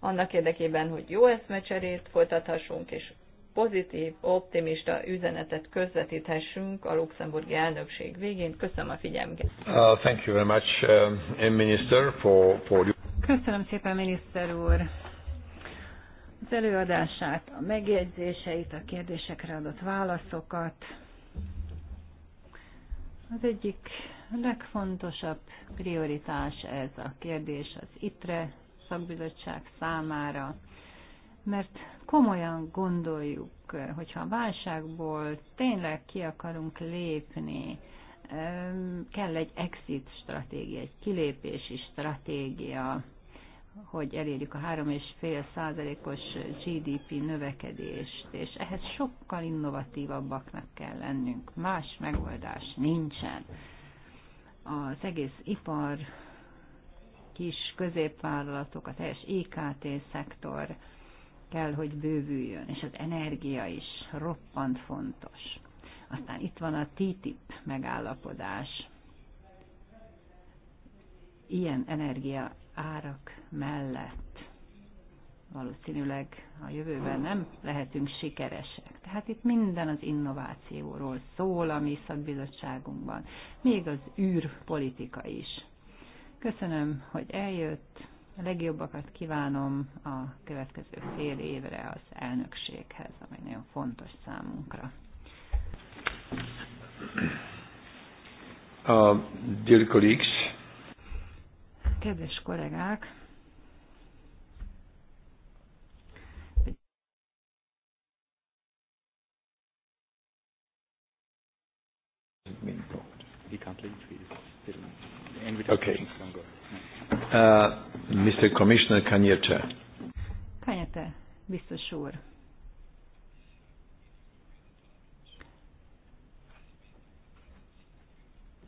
annak érdekében, hogy jó eszmecserét folytathassunk, és pozitív, optimista üzenetet közvetíthessünk a luxemburgi elnökség végén. Köszönöm a figyelmet. Uh, thank you very much, uh, minister, for, for you. Köszönöm szépen, miniszter úr, az előadását, a megjegyzéseit, a kérdésekre adott válaszokat. Az egyik legfontosabb prioritás ez a kérdés az ITRE szakbizottság számára, mert komolyan gondoljuk, hogyha a válságból tényleg ki akarunk lépni, kell egy exit stratégia, egy kilépési stratégia, hogy elérjük a 3,5 százalékos GDP növekedést, és ehhez sokkal innovatívabbaknak kell lennünk. Más megoldás nincsen. Az egész ipar, kis középvállalatok, a teljes IKT szektor, kell, hogy bővüljön, és az energia is roppant fontos. Aztán itt van a TTIP megállapodás. Ilyen energia árak mellett valószínűleg a jövőben nem lehetünk sikeresek. Tehát itt minden az innovációról szól a mi szakbizottságunkban, még az űrpolitika is. Köszönöm, hogy eljött, a legjobbakat kívánom a következő fél évre az elnökséghez, ami nagyon fontos számunkra. Uh, dear colleagues. Kedves kollégák! Okay. Uh, Mr. Commissioner Kanyete. Kanyete, biztos úr.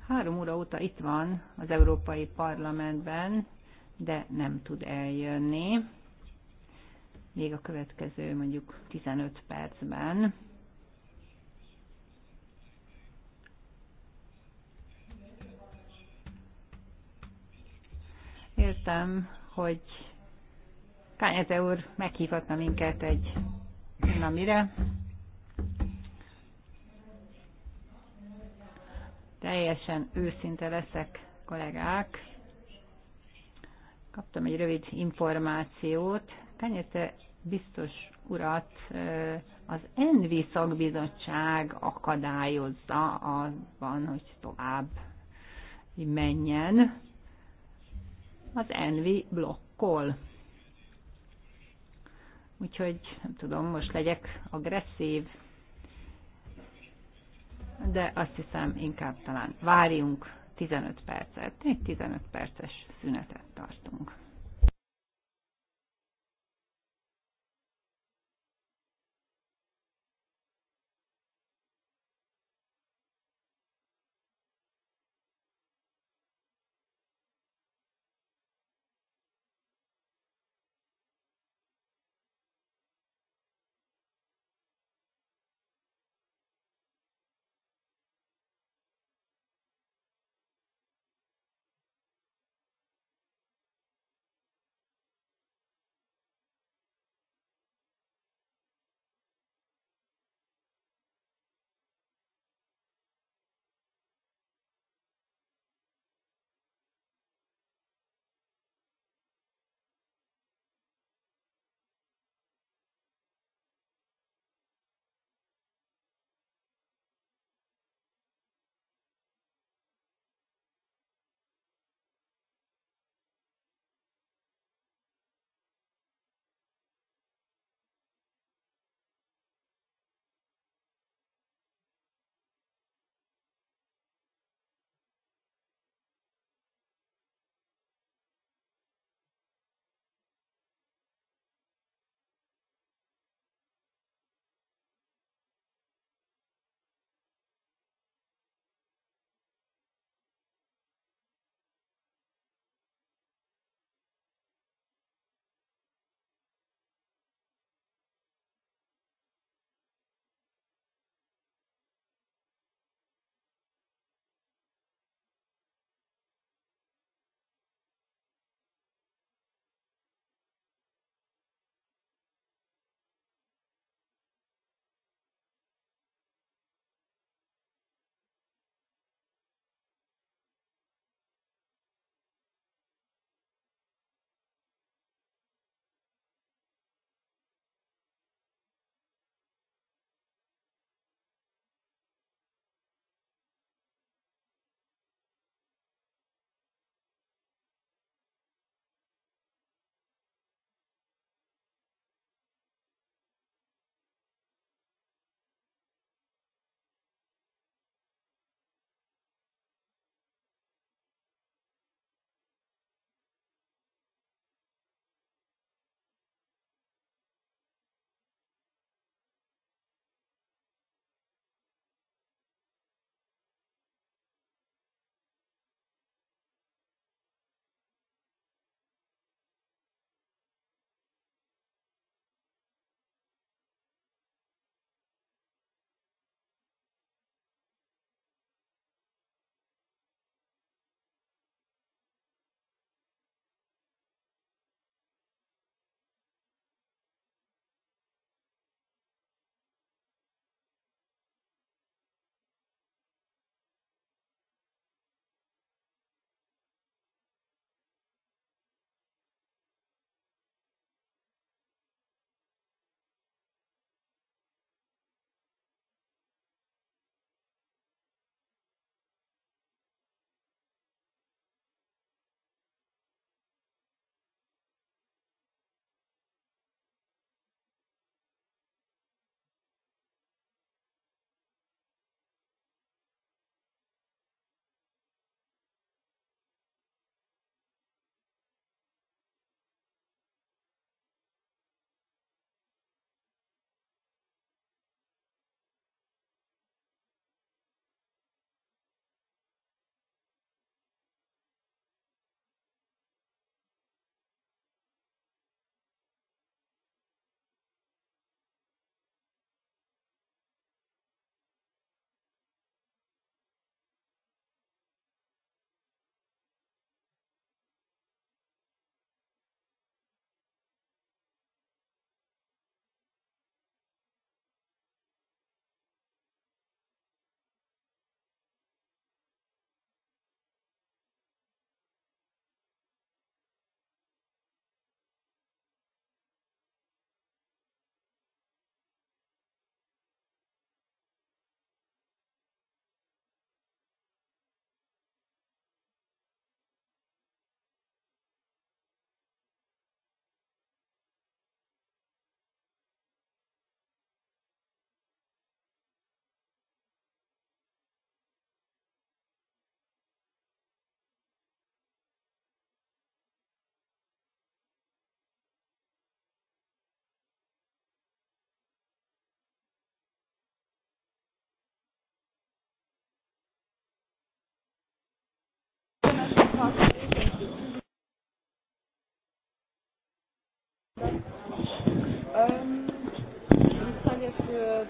Három óra óta itt van az Európai Parlamentben, de nem tud eljönni. Még a következő mondjuk 15 percben Értem, hogy Kányete úr meghívhatna minket egy na mire. Teljesen őszinte leszek, kollégák. Kaptam egy rövid információt. Kányete biztos urat az Envi szakbizottság akadályozza abban, hogy tovább menjen az Envi blokkol. Úgyhogy nem tudom, most legyek agresszív, de azt hiszem inkább talán várjunk 15 percet, egy 15 perces szünetet tartunk.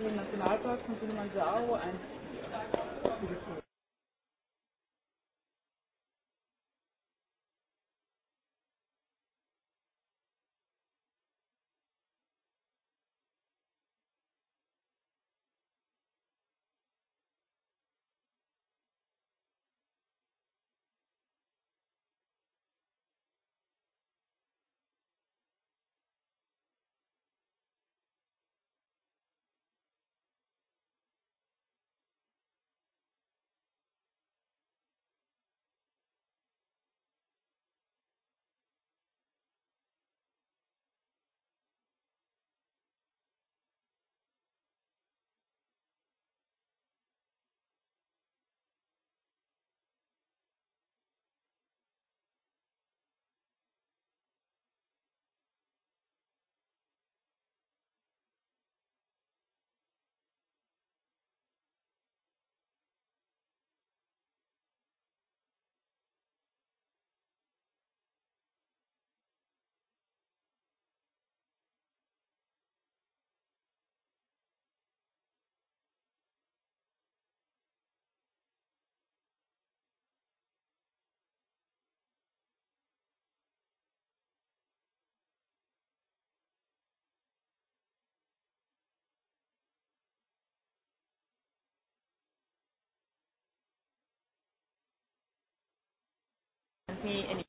den Nationalpark von Kilimanjaro ein. me any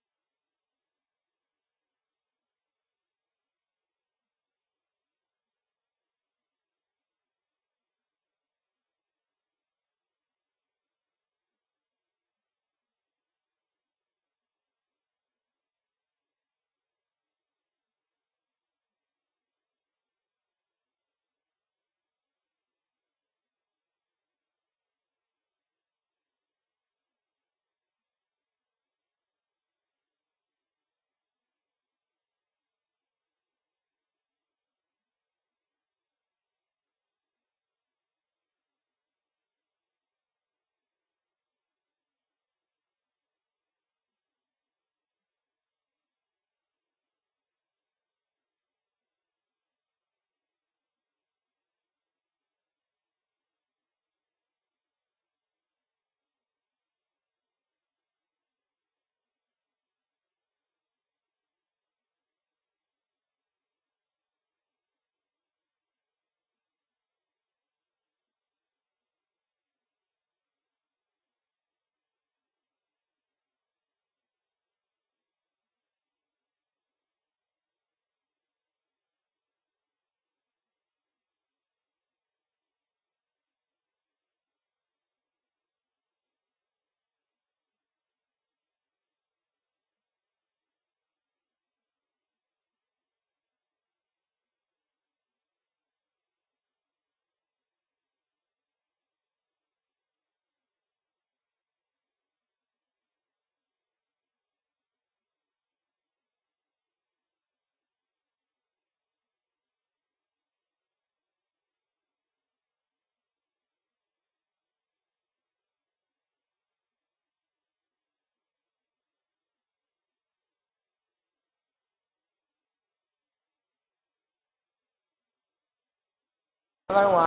Hello,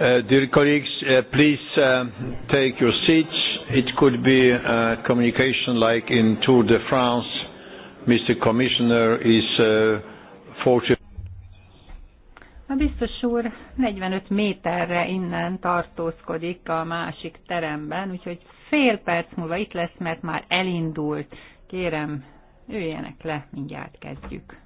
Uh, dear colleagues, uh, please uh, take your seats. It could be a uh, communication like in Tour de France. Mr. Commissioner is uh, fortunate. A biztos úr 45 méterre innen tartózkodik a másik teremben, úgyhogy fél perc múlva itt lesz, mert már elindult. Kérem, üljenek le, mindjárt kezdjük.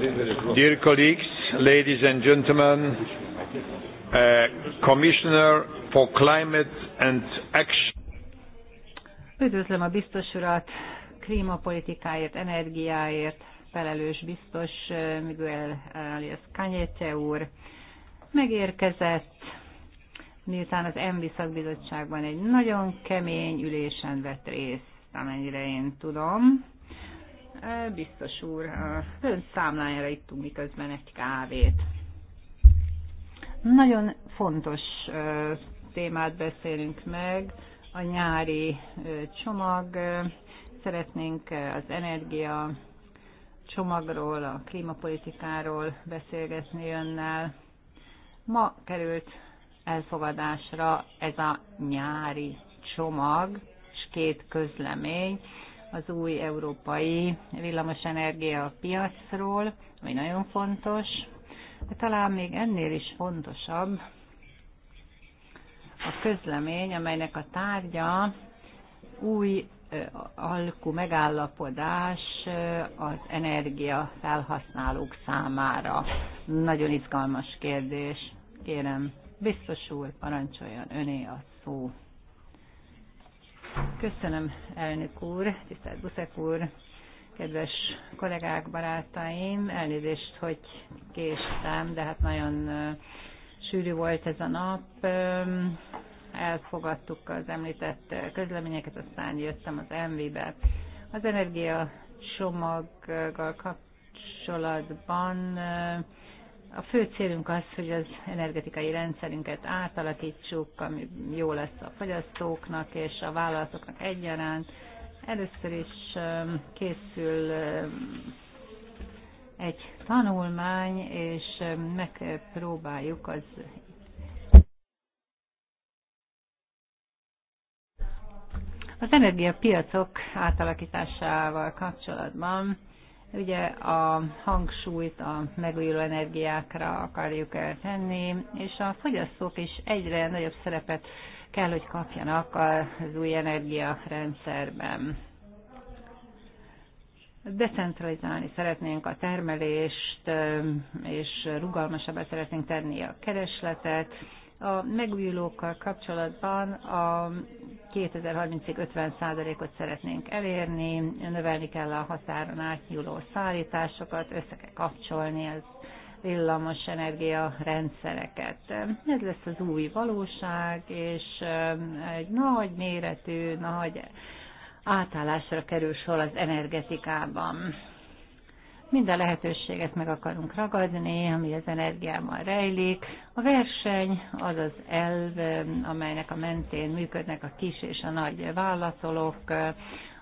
Dear colleagues, ladies and gentlemen, uh, Commissioner for Climate and Action. Üdvözlöm a biztos urat, klímapolitikáért, energiáért felelős biztos uh, Miguel uh, alias Kanyete úr. Megérkezett, miután az ENVI szakbizottságban egy nagyon kemény ülésen vett részt, amennyire én tudom Biztos úr, ön számlájára ittunk miközben egy kávét. Nagyon fontos témát beszélünk meg, a nyári csomag. Szeretnénk az energia csomagról, a klímapolitikáról beszélgetni önnel. Ma került elfogadásra ez a nyári csomag és két közlemény, az új európai villamosenergia piacról, ami nagyon fontos. De talán még ennél is fontosabb a közlemény, amelynek a tárgya új alkú megállapodás az energia felhasználók számára. Nagyon izgalmas kérdés. Kérem, biztos úr, parancsoljon öné a szó. Köszönöm, elnök úr, tisztelt Buszek úr, kedves kollégák, barátaim, elnézést, hogy késtem, de hát nagyon sűrű volt ez a nap. Elfogadtuk az említett közleményeket, aztán jöttem az MV-be. Az energia csomaggal kapcsolatban a fő célunk az, hogy az energetikai rendszerünket átalakítsuk, ami jó lesz a fogyasztóknak és a vállalatoknak egyaránt. Először is um, készül um, egy tanulmány, és um, megpróbáljuk az az energiapiacok átalakításával kapcsolatban Ugye a hangsúlyt a megújuló energiákra akarjuk eltenni, és a fogyasztók is egyre nagyobb szerepet kell, hogy kapjanak az új energiarendszerben decentralizálni szeretnénk a termelést, és rugalmasabbá szeretnénk tenni a keresletet, a megújulókkal kapcsolatban a 2030-ig 50%-ot szeretnénk elérni, növelni kell a határon átnyúló szállításokat, össze kell kapcsolni az villamos energia rendszereket. Ez lesz az új valóság, és um, egy nagy méretű, nagy átállásra kerül sor az energetikában minden lehetőséget meg akarunk ragadni, ami az energiámmal rejlik. A verseny az az elv, amelynek a mentén működnek a kis és a nagy vállalatok,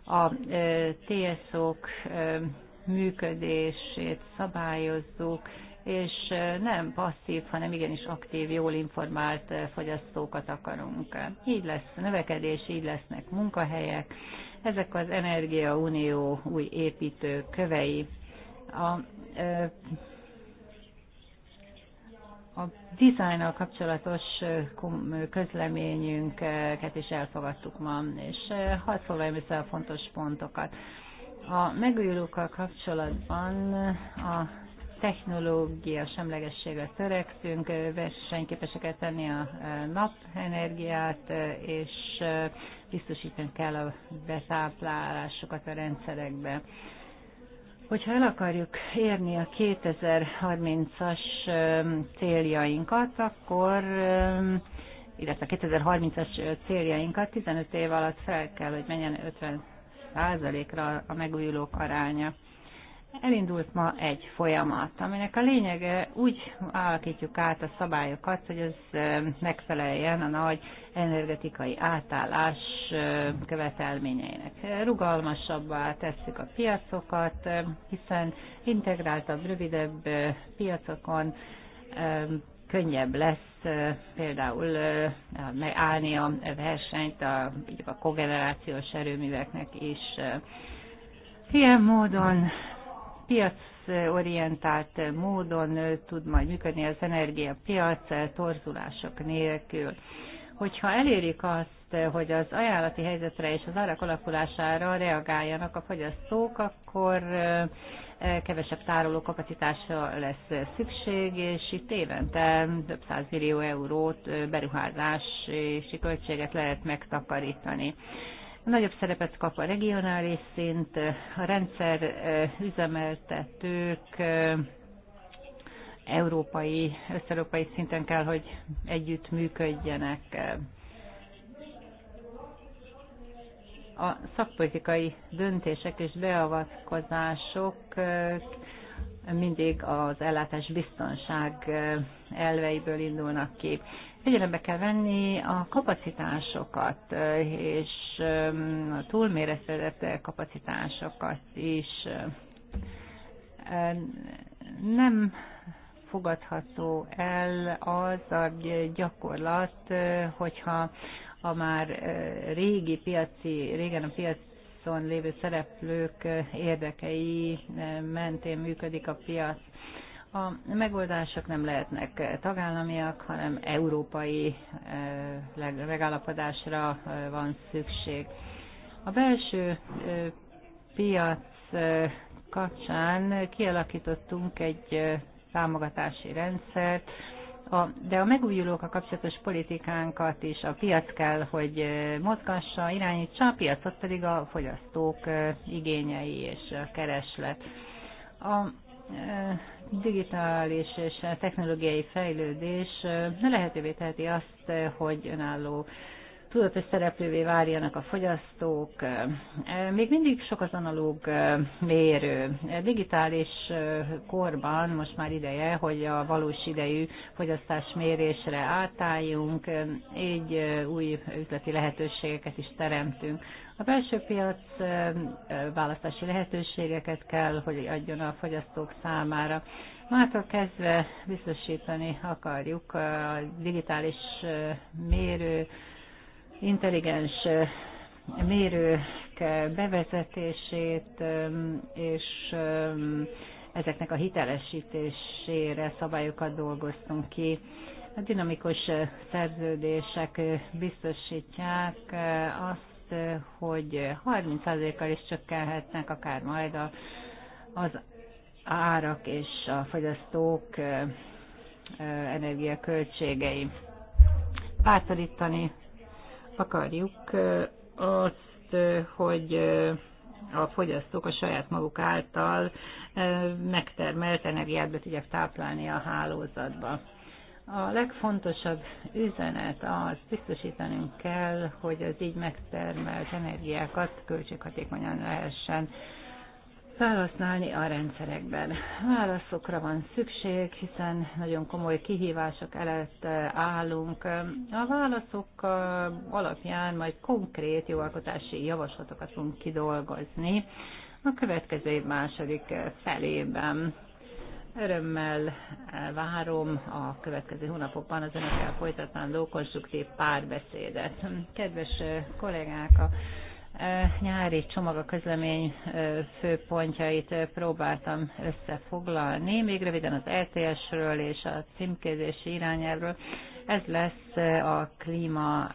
a TSO-k működését szabályozzuk, és nem passzív, hanem igenis aktív, jól informált fogyasztókat akarunk. Így lesz növekedés, így lesznek munkahelyek, ezek az Energia Unió új építő kövei a a dizájnnal kapcsolatos közleményünket is elfogadtuk ma, és hadd foglaljam össze a fontos pontokat. A megújulókkal kapcsolatban a technológia semlegességre törekszünk, versenyképeseket tenni a napenergiát, és biztosítani kell a betáplálásokat a rendszerekbe. Hogyha el akarjuk érni a 2030-as céljainkat, akkor illetve a 2030-as céljainkat 15 év alatt fel kell, hogy menjen 50 ra a megújulók aránya elindult ma egy folyamat, aminek a lényege úgy alakítjuk át a szabályokat, hogy ez megfeleljen a nagy energetikai átállás követelményeinek. Rugalmasabbá tesszük a piacokat, hiszen integráltabb, rövidebb piacokon könnyebb lesz például megállni a versenyt a, a kogenerációs erőműveknek is. Ilyen módon piacorientált módon tud majd működni az energiapiac torzulások nélkül. Hogyha elérik azt, hogy az ajánlati helyzetre és az árak alakulására reagáljanak a fogyasztók, akkor kevesebb tárolókapacitásra lesz szükség, és itt évente több száz millió eurót beruházási költséget lehet megtakarítani. Nagyobb szerepet kap a regionális szint, a rendszer üzemeltetők európai, összeurópai szinten kell, hogy együtt működjenek. A szakpolitikai döntések és beavatkozások mindig az ellátás biztonság elveiből indulnak ki. Figyelembe kell venni a kapacitásokat és a túlméreszedett kapacitásokat is. Nem fogadható el az a gyakorlat, hogyha a már régi piaci, régen a piac piacon lévő szereplők érdekei mentén működik a piac a megoldások nem lehetnek tagállamiak, hanem európai eh, megállapodásra eh, van szükség. A belső eh, piac kapcsán kialakítottunk egy támogatási rendszert, a, de a megújulókkal kapcsolatos politikánkat is a piac kell, hogy mozgassa, irányítsa, a piacot pedig a fogyasztók igényei és a kereslet. A digitális és technológiai fejlődés lehetővé teheti azt, hogy önálló tudatos szereplővé várjanak a fogyasztók. Még mindig sok az analóg mérő. Digitális korban most már ideje, hogy a valós idejű fogyasztás mérésre átálljunk, így új üzleti lehetőségeket is teremtünk. A belső piac választási lehetőségeket kell, hogy adjon a fogyasztók számára. Mától kezdve biztosítani akarjuk a digitális mérő, intelligens mérők bevezetését, és ezeknek a hitelesítésére szabályokat dolgoztunk ki. A dinamikus szerződések biztosítják azt, azt, hogy 30%-kal is csökkenhetnek akár majd a, az árak és a fogyasztók energiaköltségei. Bátorítani akarjuk azt, hogy a fogyasztók a saját maguk által megtermelt energiát be tudják táplálni a hálózatba. A legfontosabb üzenet az, biztosítanunk kell, hogy az így megtermelt energiákat költséghatékonyan lehessen felhasználni a rendszerekben. Válaszokra van szükség, hiszen nagyon komoly kihívások előtt állunk. A válaszok alapján majd konkrét jóalkotási javaslatokat fogunk kidolgozni a következő év második felében. Örömmel várom a következő hónapokban az önökkel folytatandó konstruktív párbeszédet. Kedves kollégák, a nyári csomag a közlemény főpontjait próbáltam összefoglalni, még röviden az LTS-ről e és a címkézési irányáról. Ez lesz a klíma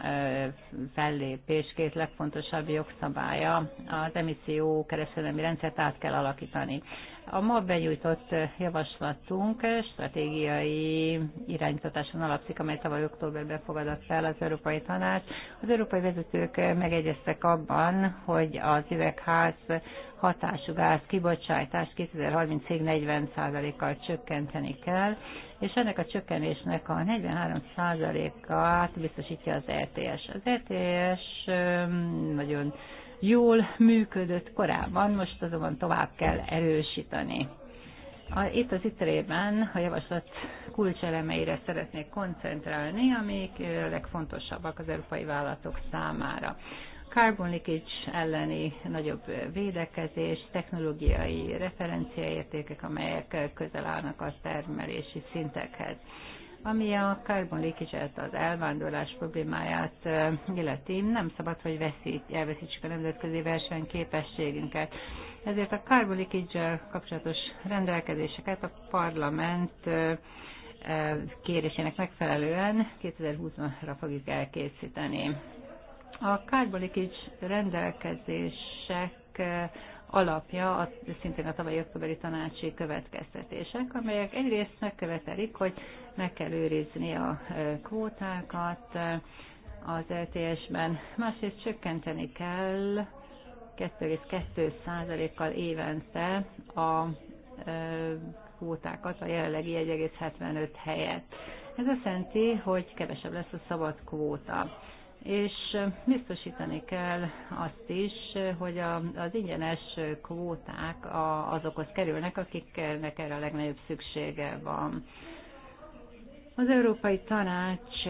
fellépés két legfontosabb jogszabálya. Az emisszió kereskedelmi rendszert át kell alakítani. A ma benyújtott eh, javaslatunk eh, stratégiai iránytatáson alapszik, amely tavaly októberben fogadott fel az Európai Tanács. Az európai vezetők eh, megegyeztek abban, hogy az üvegház hatású gáz kibocsátást 2030-ig 40%-kal csökkenteni kell, és ennek a csökkenésnek a 43%-át biztosítja az RTS. E az RTS e nagyon jól működött korábban, most azonban tovább kell erősíteni. A, itt az itrében a javaslat kulcselemeire szeretnék koncentrálni, amik legfontosabbak az európai vállalatok számára. Carbon leakage elleni nagyobb védekezés, technológiai referenciaértékek, amelyek közel állnak a termelési szintekhez. Ami a carbon leakage az elvándorlás problémáját illeti, nem szabad, hogy veszít, elveszítsük a nemzetközi versenyképességünket. Ezért a carbon leakage kapcsolatos rendelkezéseket a parlament kérésének megfelelően 2020-ra fogjuk elkészíteni. A carbon leakage rendelkezések alapja a, szintén a tavalyi októberi tanácsi következtetések, amelyek egyrészt megkövetelik, hogy meg kell őrizni a e, kvótákat e, az LTS-ben, másrészt csökkenteni kell 2,2%-kal évente a e, kvótákat a jelenlegi 1,75 helyet. Ez azt jelenti, hogy kevesebb lesz a szabad kvóta és biztosítani kell azt is, hogy a, az ingyenes kvóták azokhoz kerülnek, akiknek erre a legnagyobb szüksége van. Az Európai Tanács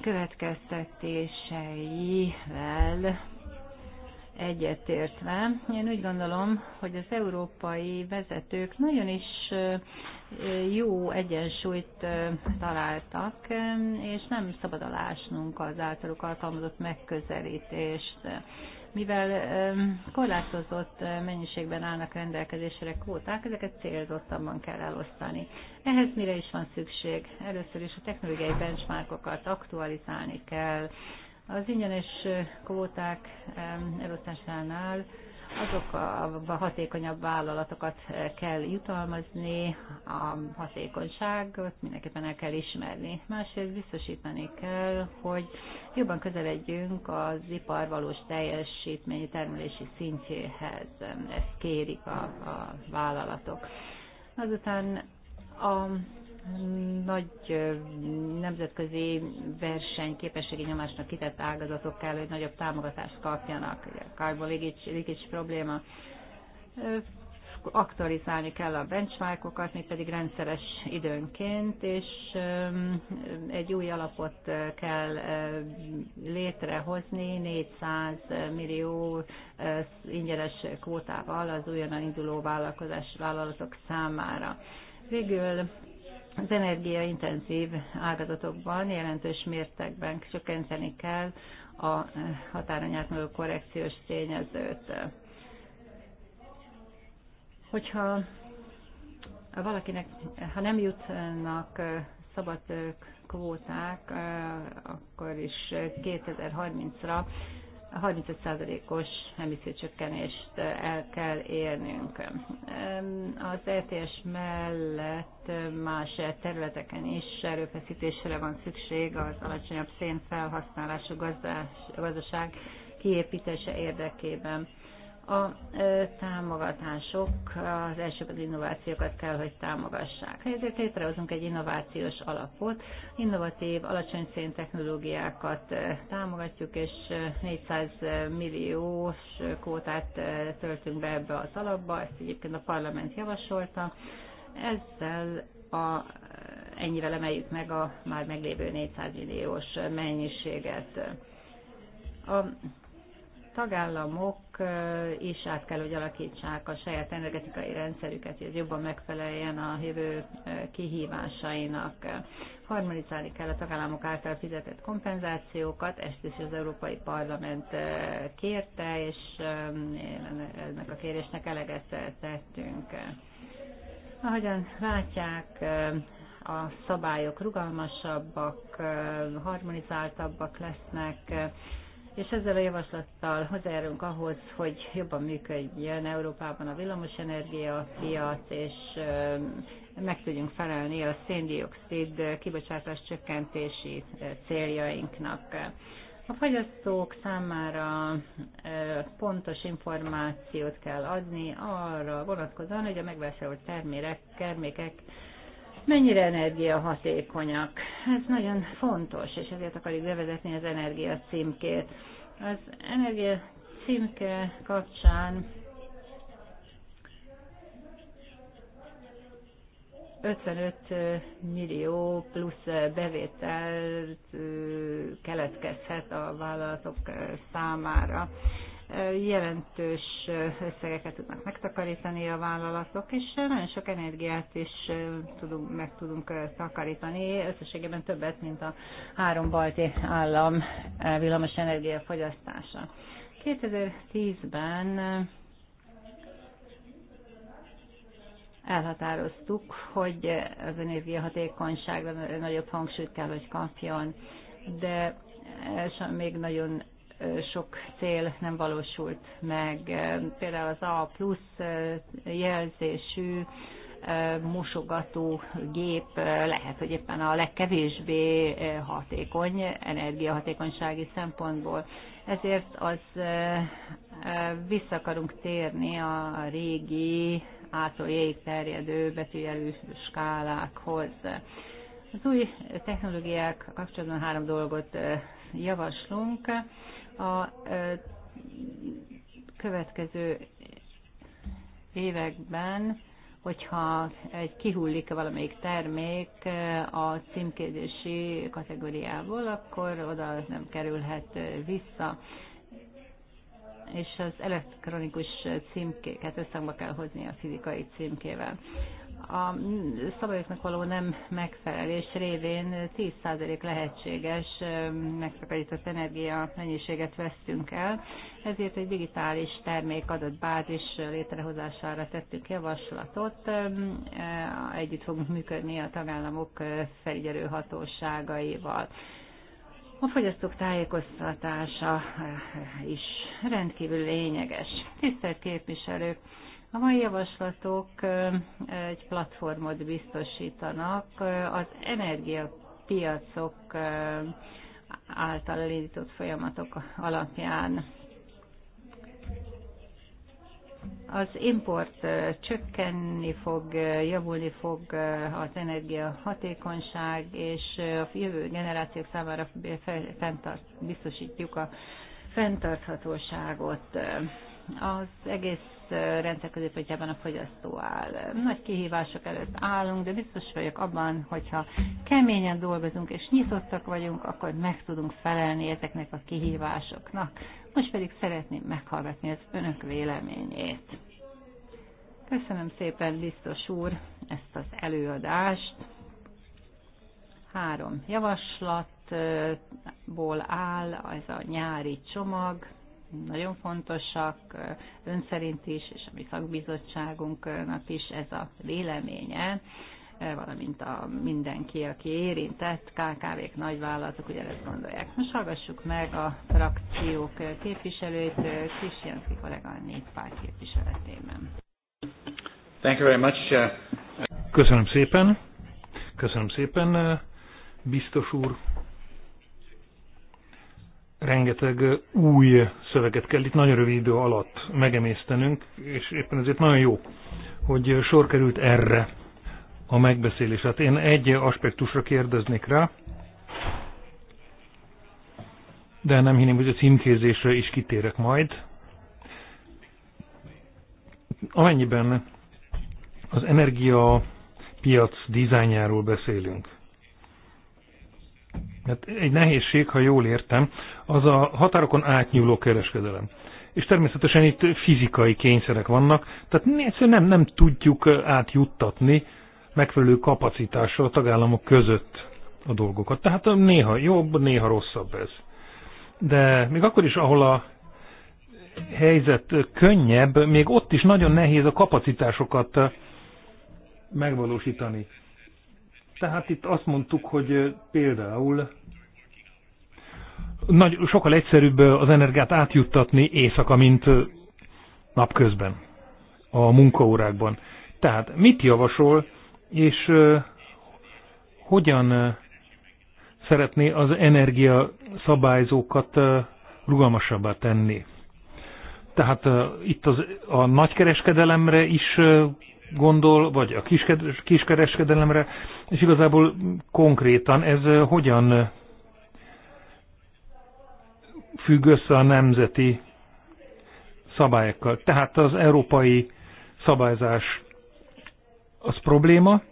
következtetéseivel egyetértve. Én úgy gondolom, hogy az európai vezetők nagyon is jó egyensúlyt találtak, és nem szabad alásnunk az általuk alkalmazott megközelítést. Mivel korlátozott mennyiségben állnak rendelkezésre kvóták, ezeket célzottabban kell elosztani. Ehhez mire is van szükség? Először is a technológiai benchmarkokat aktualizálni kell, az ingyenes kvóták elosztásánál azok a hatékonyabb vállalatokat kell jutalmazni, a hatékonyságot mindenképpen el kell ismerni. Másrészt biztosítani kell, hogy jobban közeledjünk az ipar valós teljesítményi termelési szintjéhez. Ezt kérik a, a vállalatok. Azután a nagy nemzetközi verseny képességi nyomásnak kitett ágazatok kell, hogy nagyobb támogatást kapjanak. Ugye a Kárba Ligics probléma aktualizálni kell a benchmarkokat, még pedig rendszeres időnként, és egy új alapot kell létrehozni 400 millió ingyenes kvótával az újonnan induló vállalkozás vállalatok számára. Végül az energiaintenzív ágazatokban jelentős mértékben csökkenteni kell a határon átmenő korrekciós tényezőt. Hogyha valakinek, ha nem jutnak szabad kvóták, akkor is 2030-ra 35%-os emisszőcsökkenést el kell érnünk. Az ETS mellett más területeken is erőfeszítésre van szükség az alacsonyabb szén felhasználású gazdaság kiépítése érdekében a támogatások az elsőbb az innovációkat kell, hogy támogassák. Hát ezért létrehozunk egy innovációs alapot, innovatív, alacsony szén technológiákat támogatjuk, és 400 milliós kótát töltünk be ebbe az alapba, ezt egyébként a parlament javasolta. Ezzel a, ennyivel emeljük meg a már meglévő 400 milliós mennyiséget. A tagállamok is át kell, hogy alakítsák a saját energetikai rendszerüket, hogy ez jobban megfeleljen a jövő kihívásainak. Harmonizálni kell a tagállamok által fizetett kompenzációkat, ezt is az Európai Parlament kérte, és ennek a kérésnek eleget tettünk. Ahogyan látják, a szabályok rugalmasabbak, harmonizáltabbak lesznek, és ezzel a javaslattal hozzájárunk ahhoz, hogy jobban működjön Európában a villamosenergia piac, és meg tudjunk felelni a széndiokszid kibocsátás csökkentési céljainknak. A fogyasztók számára pontos információt kell adni arra vonatkozóan, hogy a megvásárolt termékek, termékek mennyire energiahatékonyak. Ez nagyon fontos, és ezért akarjuk bevezetni az energia címkét. Az energia címke kapcsán 55 millió plusz bevételt keletkezhet a vállalatok számára jelentős összegeket tudnak megtakarítani a vállalatok, és nagyon sok energiát is tudunk, meg tudunk takarítani, összességében többet, mint a három balti állam villamos energiafogyasztása. 2010-ben elhatároztuk, hogy az energiahatékonyságra nagyobb hangsúlyt kell, hogy kapjon, de még nagyon sok cél nem valósult meg. Például az A plusz jelzésű mosogató gép lehet, hogy éppen a legkevésbé hatékony energiahatékonysági szempontból. Ezért az vissza akarunk térni a régi ától terjedő betűjelű skálákhoz. Az új technológiák kapcsolatban három dolgot javaslunk a következő években, hogyha egy kihullik valamelyik termék a címkézési kategóriából, akkor oda nem kerülhet vissza és az elektronikus címkéket összhangba kell hozni a fizikai címkével a szabályoknak való nem megfelelés révén 10% lehetséges megszakadított energia mennyiséget vesztünk el, ezért egy digitális termék adott bázis létrehozására tettük javaslatot. Együtt fogunk működni a tagállamok felügyelő hatóságaival. A fogyasztók tájékoztatása is rendkívül lényeges. Tisztelt képviselők! A mai javaslatok egy platformot biztosítanak az energiapiacok által elindított folyamatok alapján. Az import csökkenni fog, javulni fog az energia hatékonyság, és a jövő generációk számára fenntart, biztosítjuk a fenntarthatóságot az egész rendszer középpontjában a fogyasztó áll. Nagy kihívások előtt állunk, de biztos vagyok abban, hogyha keményen dolgozunk és nyitottak vagyunk, akkor meg tudunk felelni ezeknek a kihívásoknak. Most pedig szeretném meghallgatni az önök véleményét. Köszönöm szépen, biztos úr, ezt az előadást. Három javaslatból áll ez a nyári csomag nagyon fontosak, ön szerint is, és a mi szakbizottságunknak is ez a véleménye, valamint a mindenki, aki érintett, KKV-k, nagyvállalatok ugyanezt gondolják. Most hallgassuk meg a frakciók képviselőt, Krisztiánszki kollega a néppárt képviseletében. Thank you very much. Uh, Köszönöm szépen. Köszönöm szépen, uh, biztos úr rengeteg új szöveget kell itt nagyon rövid idő alatt megemésztenünk, és éppen ezért nagyon jó, hogy sor került erre a megbeszélés. Hát én egy aspektusra kérdeznék rá, de nem hinném, hogy a címkézésre is kitérek majd. Amennyiben az energia piac dizájnjáról beszélünk, Hát egy nehézség, ha jól értem, az a határokon átnyúló kereskedelem. És természetesen itt fizikai kényszerek vannak, tehát egyszerűen nem, nem tudjuk átjuttatni megfelelő kapacitással a tagállamok között a dolgokat. Tehát néha jobb, néha rosszabb ez. De még akkor is, ahol a helyzet könnyebb, még ott is nagyon nehéz a kapacitásokat megvalósítani. Tehát itt azt mondtuk, hogy például nagy, sokkal egyszerűbb az energiát átjuttatni éjszaka, mint napközben, a munkaórákban. Tehát mit javasol, és hogyan szeretné az energia szabályzókat rugalmasabbá tenni? Tehát uh, itt az, a nagykereskedelemre is uh, gondol, vagy a kiskereskedelemre, és igazából konkrétan ez uh, hogyan függ össze a nemzeti szabályokkal. Tehát az európai szabályzás az probléma,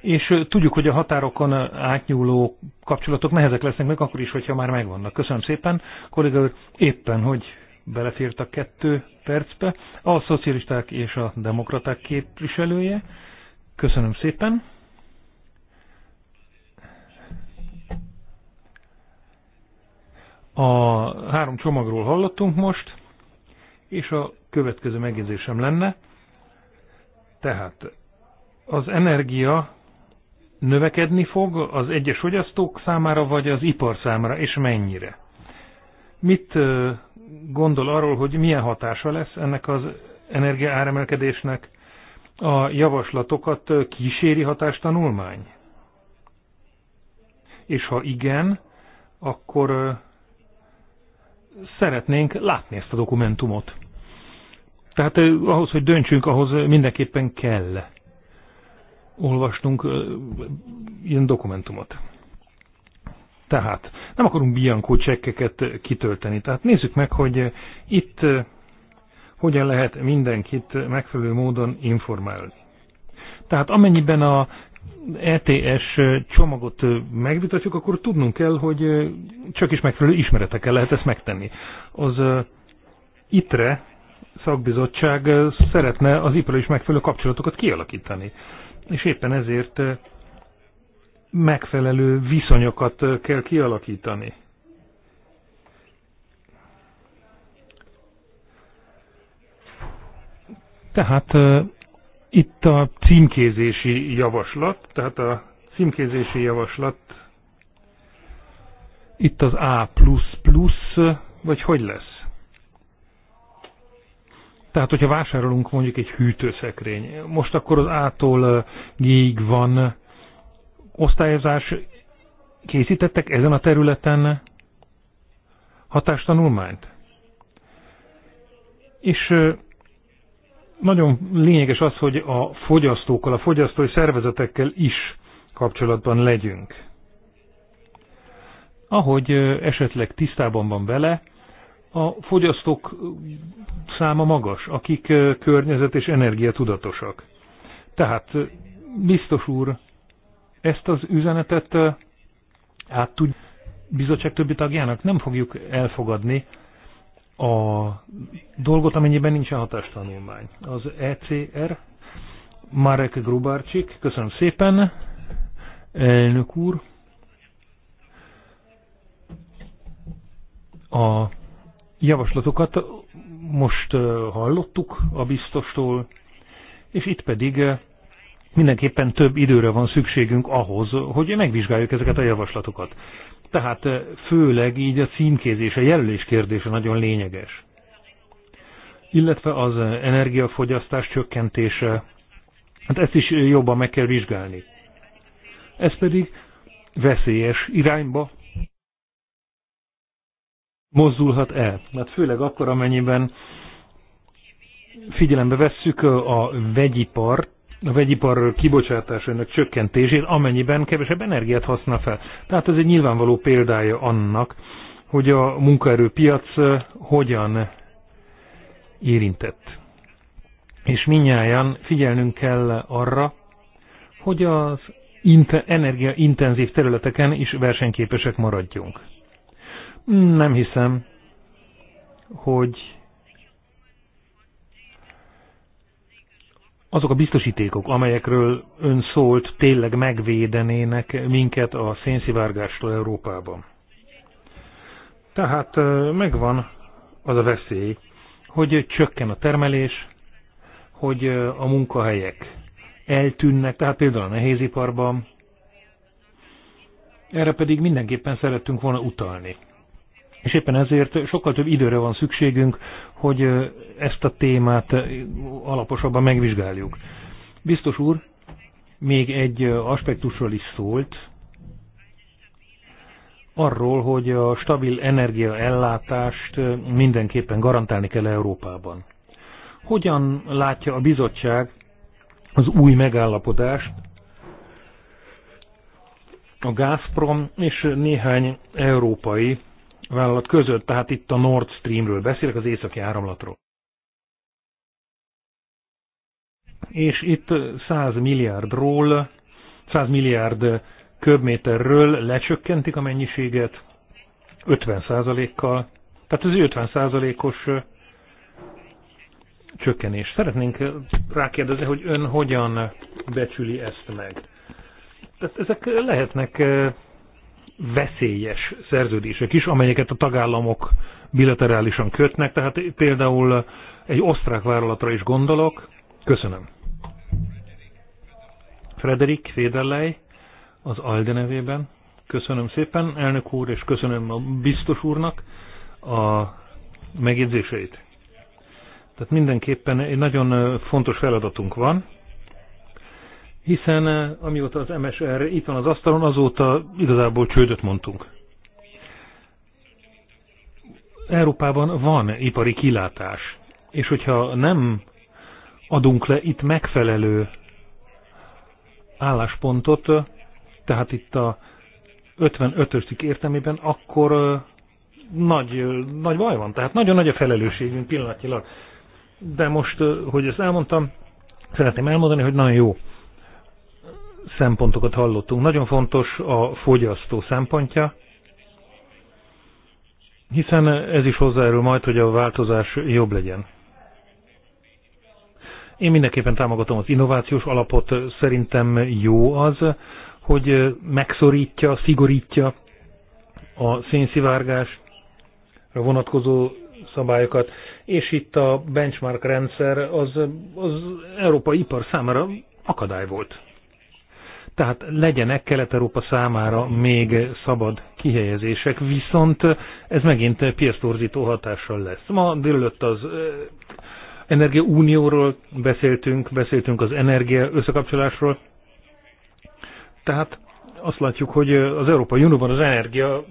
és tudjuk, hogy a határokon átnyúló kapcsolatok nehezek lesznek meg, akkor is, hogyha már megvannak. Köszönöm szépen, kolléga úr, éppen, hogy belefért a kettő percbe, a szocialisták és a demokraták képviselője. Köszönöm szépen. A három csomagról hallottunk most, és a következő megjegyzésem lenne, tehát az energia növekedni fog az egyes fogyasztók számára, vagy az ipar számára, és mennyire? Mit gondol arról, hogy milyen hatása lesz ennek az energia áremelkedésnek? A javaslatokat kíséri hatástanulmány? És ha igen, akkor szeretnénk látni ezt a dokumentumot. Tehát ahhoz, hogy döntsünk, ahhoz mindenképpen kell olvasnunk ilyen dokumentumot. Tehát nem akarunk biankó csekkeket kitölteni. Tehát nézzük meg, hogy itt hogyan lehet mindenkit megfelelő módon informálni. Tehát amennyiben a ETS csomagot megvitatjuk, akkor tudnunk kell, hogy csak is megfelelő ismeretekkel lehet ezt megtenni. Az ITRE szakbizottság szeretne az ipar is megfelelő kapcsolatokat kialakítani. És éppen ezért megfelelő viszonyokat kell kialakítani. Tehát itt a címkézési javaslat, tehát a címkézési javaslat itt az A++, vagy hogy lesz? Tehát, hogyha vásárolunk mondjuk egy hűtőszekrény, most akkor az A-tól G-ig van osztályozás, készítettek ezen a területen hatástanulmányt? És nagyon lényeges az, hogy a fogyasztókkal, a fogyasztói szervezetekkel is kapcsolatban legyünk. Ahogy esetleg tisztában van vele, a fogyasztók száma magas, akik környezet és energia tudatosak. Tehát, biztos úr, ezt az üzenetet át tud bizottság többi tagjának nem fogjuk elfogadni, a dolgot, amennyiben nincsen hatástanulmány. Az ECR, Marek Grubárcsik, köszönöm szépen, elnök úr. A javaslatokat most hallottuk a biztostól, és itt pedig mindenképpen több időre van szükségünk ahhoz, hogy megvizsgáljuk ezeket a javaslatokat. Tehát főleg így a címkézés, a jelölés kérdése nagyon lényeges. Illetve az energiafogyasztás csökkentése, hát ezt is jobban meg kell vizsgálni. Ez pedig veszélyes irányba mozdulhat el. Mert hát főleg akkor, amennyiben figyelembe vesszük a vegyipart, a vegyipar kibocsátásának csökkentését, amennyiben kevesebb energiát használ fel. Tehát ez egy nyilvánvaló példája annak, hogy a munkaerőpiac hogyan érintett. És minnyáján figyelnünk kell arra, hogy az energiaintenzív területeken is versenyképesek maradjunk. Nem hiszem, hogy azok a biztosítékok, amelyekről ön szólt, tényleg megvédenének minket a szénszivárgástól Európában. Tehát megvan az a veszély, hogy csökken a termelés, hogy a munkahelyek eltűnnek, tehát például a nehéziparban. Erre pedig mindenképpen szerettünk volna utalni. És éppen ezért sokkal több időre van szükségünk, hogy ezt a témát alaposabban megvizsgáljuk. Biztos úr, még egy aspektusról is szólt, arról, hogy a stabil energiaellátást mindenképpen garantálni kell Európában. Hogyan látja a bizottság az új megállapodást a Gazprom és néhány európai vállalat között, tehát itt a Nord Streamről beszélek, az északi áramlatról. És itt 100 milliárdról, 100 milliárd köbméterről lecsökkentik a mennyiséget 50%-kal, tehát ez 50%-os csökkenés. Szeretnénk rákérdezni, hogy ön hogyan becsüli ezt meg. Tehát ezek lehetnek veszélyes szerződések is, amelyeket a tagállamok bilaterálisan kötnek, tehát például egy osztrák vállalatra is gondolok. Köszönöm. Frederik Féderlej az ALDE nevében. Köszönöm szépen, elnök úr, és köszönöm a biztos úrnak a megjegyzéseit. Tehát mindenképpen egy nagyon fontos feladatunk van, hiszen eh, amióta az MSR itt van az asztalon, azóta igazából csődöt mondtunk. Európában van ipari kilátás, és hogyha nem adunk le itt megfelelő álláspontot, eh, tehát itt a 55-ös cikk értelmében, akkor eh, nagy, nagy baj van. Tehát nagyon nagy a felelősségünk pillanatnyilag. De most, hogy ezt elmondtam, szeretném elmondani, hogy nagyon jó szempontokat hallottunk. Nagyon fontos a fogyasztó szempontja, hiszen ez is hozzájárul majd, hogy a változás jobb legyen. Én mindenképpen támogatom az innovációs alapot, szerintem jó az, hogy megszorítja, szigorítja a szénszivárgásra vonatkozó szabályokat, és itt a benchmark rendszer az, az európai ipar számára akadály volt. Tehát legyenek Kelet-Európa számára még szabad kihelyezések, viszont ez megint piasztorzító hatással lesz. Ma délelőtt az Energia Unióról beszéltünk, beszéltünk az energia összekapcsolásról. Tehát azt látjuk, hogy az Európai Unióban az energia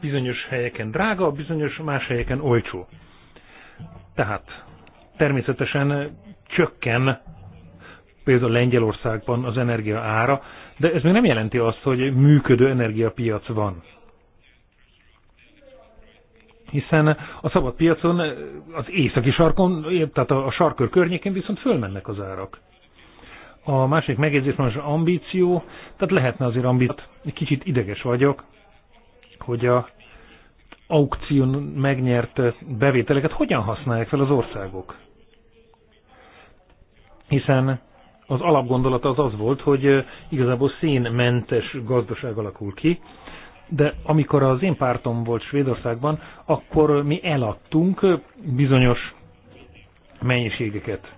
bizonyos helyeken drága, bizonyos más helyeken olcsó. Tehát természetesen csökken például Lengyelországban az energia ára, de ez még nem jelenti azt, hogy működő energiapiac van. Hiszen a szabad piacon, az északi sarkon, tehát a sarkör környékén viszont fölmennek az árak. A másik van, az ambíció, tehát lehetne azért ambíciót. Egy kicsit ideges vagyok, hogy a aukción megnyert bevételeket hogyan használják fel az országok. Hiszen az alapgondolata az az volt, hogy igazából szénmentes gazdaság alakul ki, de amikor az én pártom volt Svédországban, akkor mi eladtunk bizonyos mennyiségeket.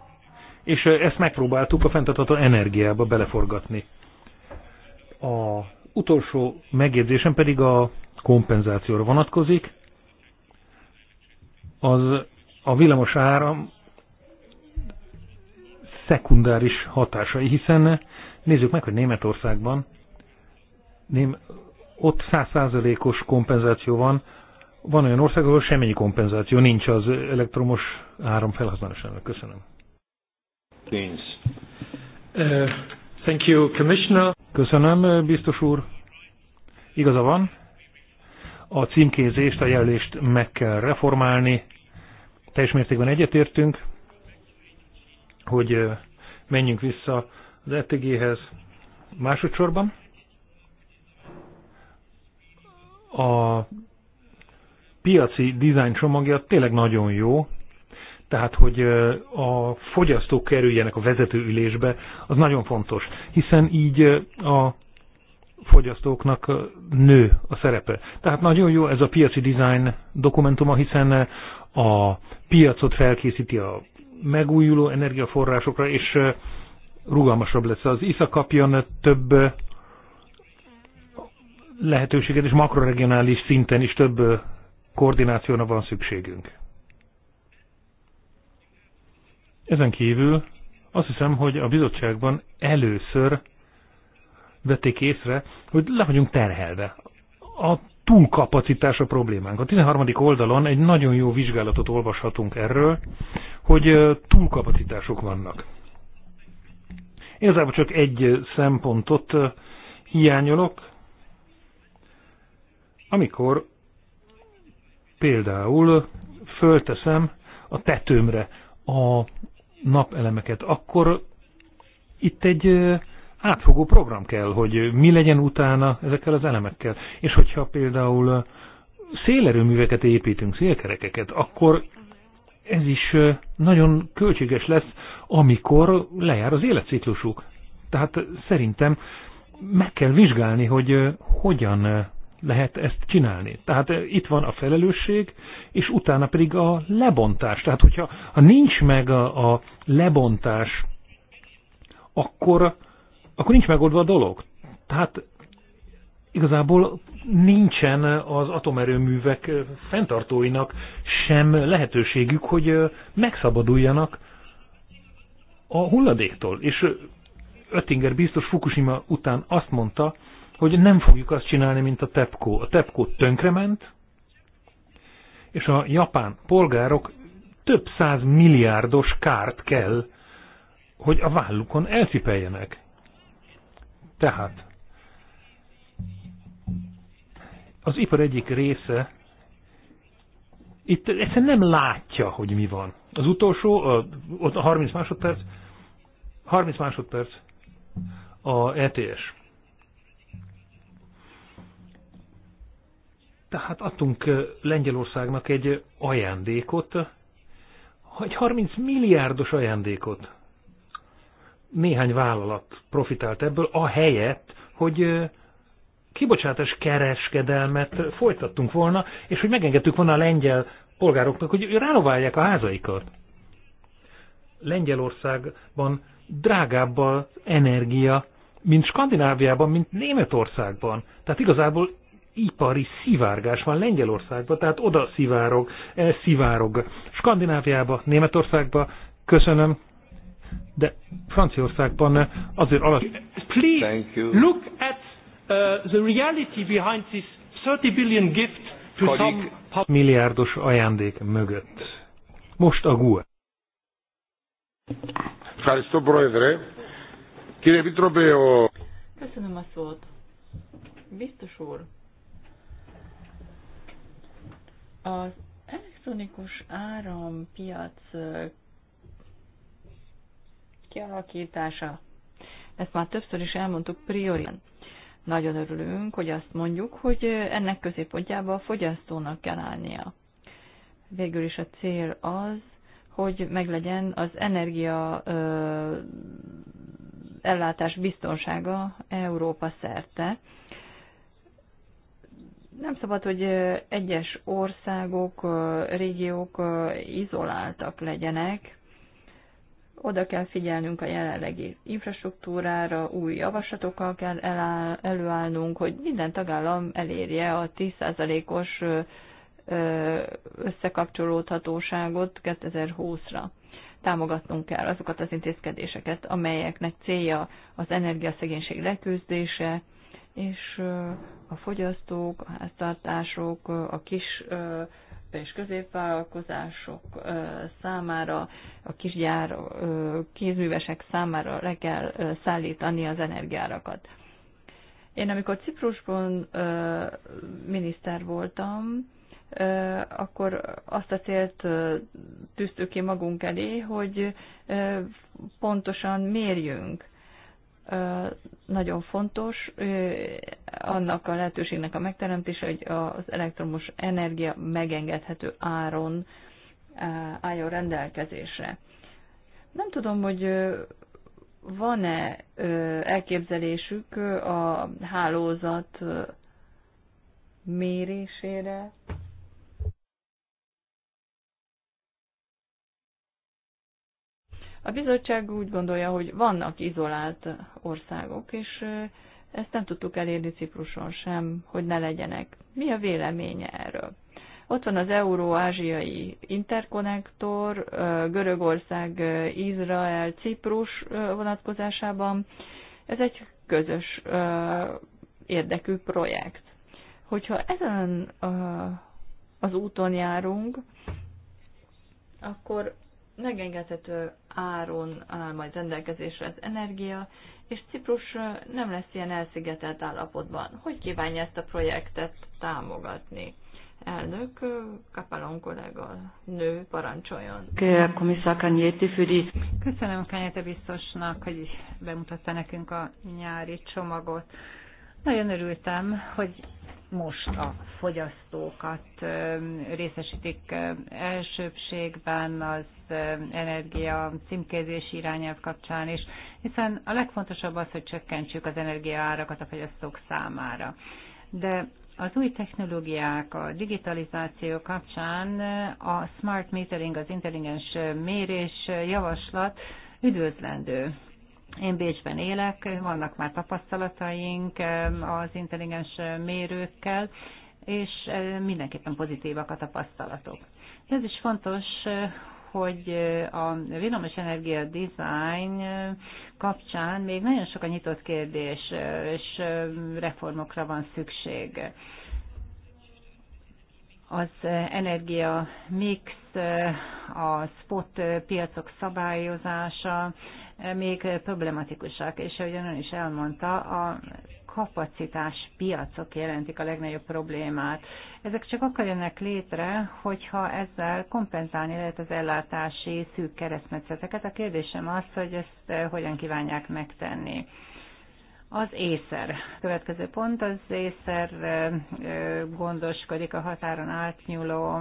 És ezt megpróbáltuk a fenntartható energiába beleforgatni. A utolsó megjegyzésem pedig a kompenzációra vonatkozik. Az a villamos áram szekundáris hatásai, hiszen nézzük meg, hogy Németországban ném, ott százszázalékos kompenzáció van, van olyan ország, ahol semmennyi kompenzáció nincs az elektromos áram felhasználásának. Köszönöm. Uh, thank you, Commissioner. Köszönöm, uh, biztos úr. Igaza van. A címkézést, a jelölést meg kell reformálni. Teljes mértékben egyetértünk hogy menjünk vissza az ETG-hez. Másodszorban a piaci design csomagja tényleg nagyon jó, tehát hogy a fogyasztók kerüljenek a vezetőülésbe, az nagyon fontos, hiszen így a fogyasztóknak nő a szerepe. Tehát nagyon jó ez a piaci design dokumentuma, hiszen a piacot felkészíti a megújuló energiaforrásokra, és rugalmasabb lesz. Az ISZA kapjon több lehetőséget, és makroregionális szinten is több koordinációra van szükségünk. Ezen kívül azt hiszem, hogy a bizottságban először vették észre, hogy le vagyunk terhelve. A túlkapacitás a problémánk. A 13. oldalon egy nagyon jó vizsgálatot olvashatunk erről, hogy túlkapacitások vannak. Igazából csak egy szempontot hiányolok, amikor például fölteszem a tetőmre a napelemeket, akkor itt egy átfogó program kell, hogy mi legyen utána ezekkel az elemekkel. És hogyha például szélerőműveket építünk, szélkerekeket, akkor ez is nagyon költséges lesz, amikor lejár az életciklusuk. Tehát szerintem meg kell vizsgálni, hogy hogyan lehet ezt csinálni. Tehát itt van a felelősség, és utána pedig a lebontás. Tehát, hogyha ha nincs meg a, a lebontás, akkor akkor nincs megoldva a dolog. Tehát igazából nincsen az atomerőművek fenntartóinak sem lehetőségük, hogy megszabaduljanak a hulladéktól. És Öttinger biztos Fukushima után azt mondta, hogy nem fogjuk azt csinálni, mint a TEPCO. A TEPCO tönkrement, és a japán polgárok több száz milliárdos kárt kell, hogy a vállukon elcipeljenek. Tehát az ipar egyik része itt egyszerűen nem látja, hogy mi van. Az utolsó, a, a 30 másodperc, 30 másodperc a ETS. Tehát adtunk Lengyelországnak egy ajándékot, egy 30 milliárdos ajándékot néhány vállalat profitált ebből, a helyett, hogy kibocsátás kereskedelmet folytattunk volna, és hogy megengedtük volna a lengyel polgároknak, hogy renoválják a házaikat. Lengyelországban drágább az energia, mint Skandináviában, mint Németországban. Tehát igazából ipari szivárgás van Lengyelországban, tehát oda szivárog, eh, szivárog. Skandináviába, Németországba, köszönöm de Franciaországban azért alatt... Please look at uh, the reality behind this 30 billion gift to Kodik. some milliárdos ajándék mögött. Most a GUE. Köszönöm a szót. Biztos úr. Az elektronikus árampiac kialakítása. Ezt már többször is elmondtuk priorián. Nagyon örülünk, hogy azt mondjuk, hogy ennek középpontjában a fogyasztónak kell állnia. Végül is a cél az, hogy meglegyen az energia ö, ellátás biztonsága Európa szerte. Nem szabad, hogy egyes országok, régiók izoláltak legyenek, oda kell figyelnünk a jelenlegi infrastruktúrára, új javaslatokkal kell eláll, előállnunk, hogy minden tagállam elérje a 10%-os összekapcsolódhatóságot 2020-ra. Támogatnunk kell azokat az intézkedéseket, amelyeknek célja az energiaszegénység leküzdése, és a fogyasztók, a háztartások, a kis és középvállalkozások számára, a kisgyár kézművesek számára le kell szállítani az energiárakat. Én amikor Ciprusban miniszter voltam, akkor azt a célt tűztük ki magunk elé, hogy pontosan mérjünk nagyon fontos annak a lehetőségnek a megteremtése, hogy az elektromos energia megengedhető áron álljon rendelkezésre. Nem tudom, hogy van-e elképzelésük a hálózat mérésére, A bizottság úgy gondolja, hogy vannak izolált országok, és ezt nem tudtuk elérni Cipruson sem, hogy ne legyenek. Mi a véleménye erről? Ott van az euró-ázsiai interkonnektor, Görögország, Izrael, Ciprus vonatkozásában. Ez egy közös érdekű projekt. Hogyha ezen az úton járunk, akkor megengedhető áron áll majd rendelkezésre az energia, és Ciprus nem lesz ilyen elszigetelt állapotban. Hogy kívánja ezt a projektet támogatni? Elnök, Kapalon kollega, nő, parancsoljon. Köszönöm Kanyete biztosnak, hogy bemutatta nekünk a nyári csomagot. Nagyon örültem, hogy most a fogyasztókat részesítik elsőbségben az energia címkézés irányelv kapcsán is, hiszen a legfontosabb az, hogy csökkentsük az energiaárakat a fogyasztók számára. De az új technológiák, a digitalizáció kapcsán a smart metering, az intelligens mérés javaslat üdvözlendő. Én Bécsben élek, vannak már tapasztalataink az intelligens mérőkkel, és mindenképpen pozitívak a tapasztalatok. Ez is fontos, eh, hogy eh, a villamos energia design eh, kapcsán még nagyon sok a nyitott kérdés, és reformokra van szükség. Az energia mix a spot piacok szabályozása még problematikusak, és ahogyan ön is elmondta, a kapacitás piacok jelentik a legnagyobb problémát. Ezek csak akkor jönnek létre, hogyha ezzel kompenzálni lehet az ellátási szűk keresztmetszeteket. A kérdésem az, hogy ezt hogyan kívánják megtenni. Az észer. Következő pont, az észer gondoskodik a határon átnyúló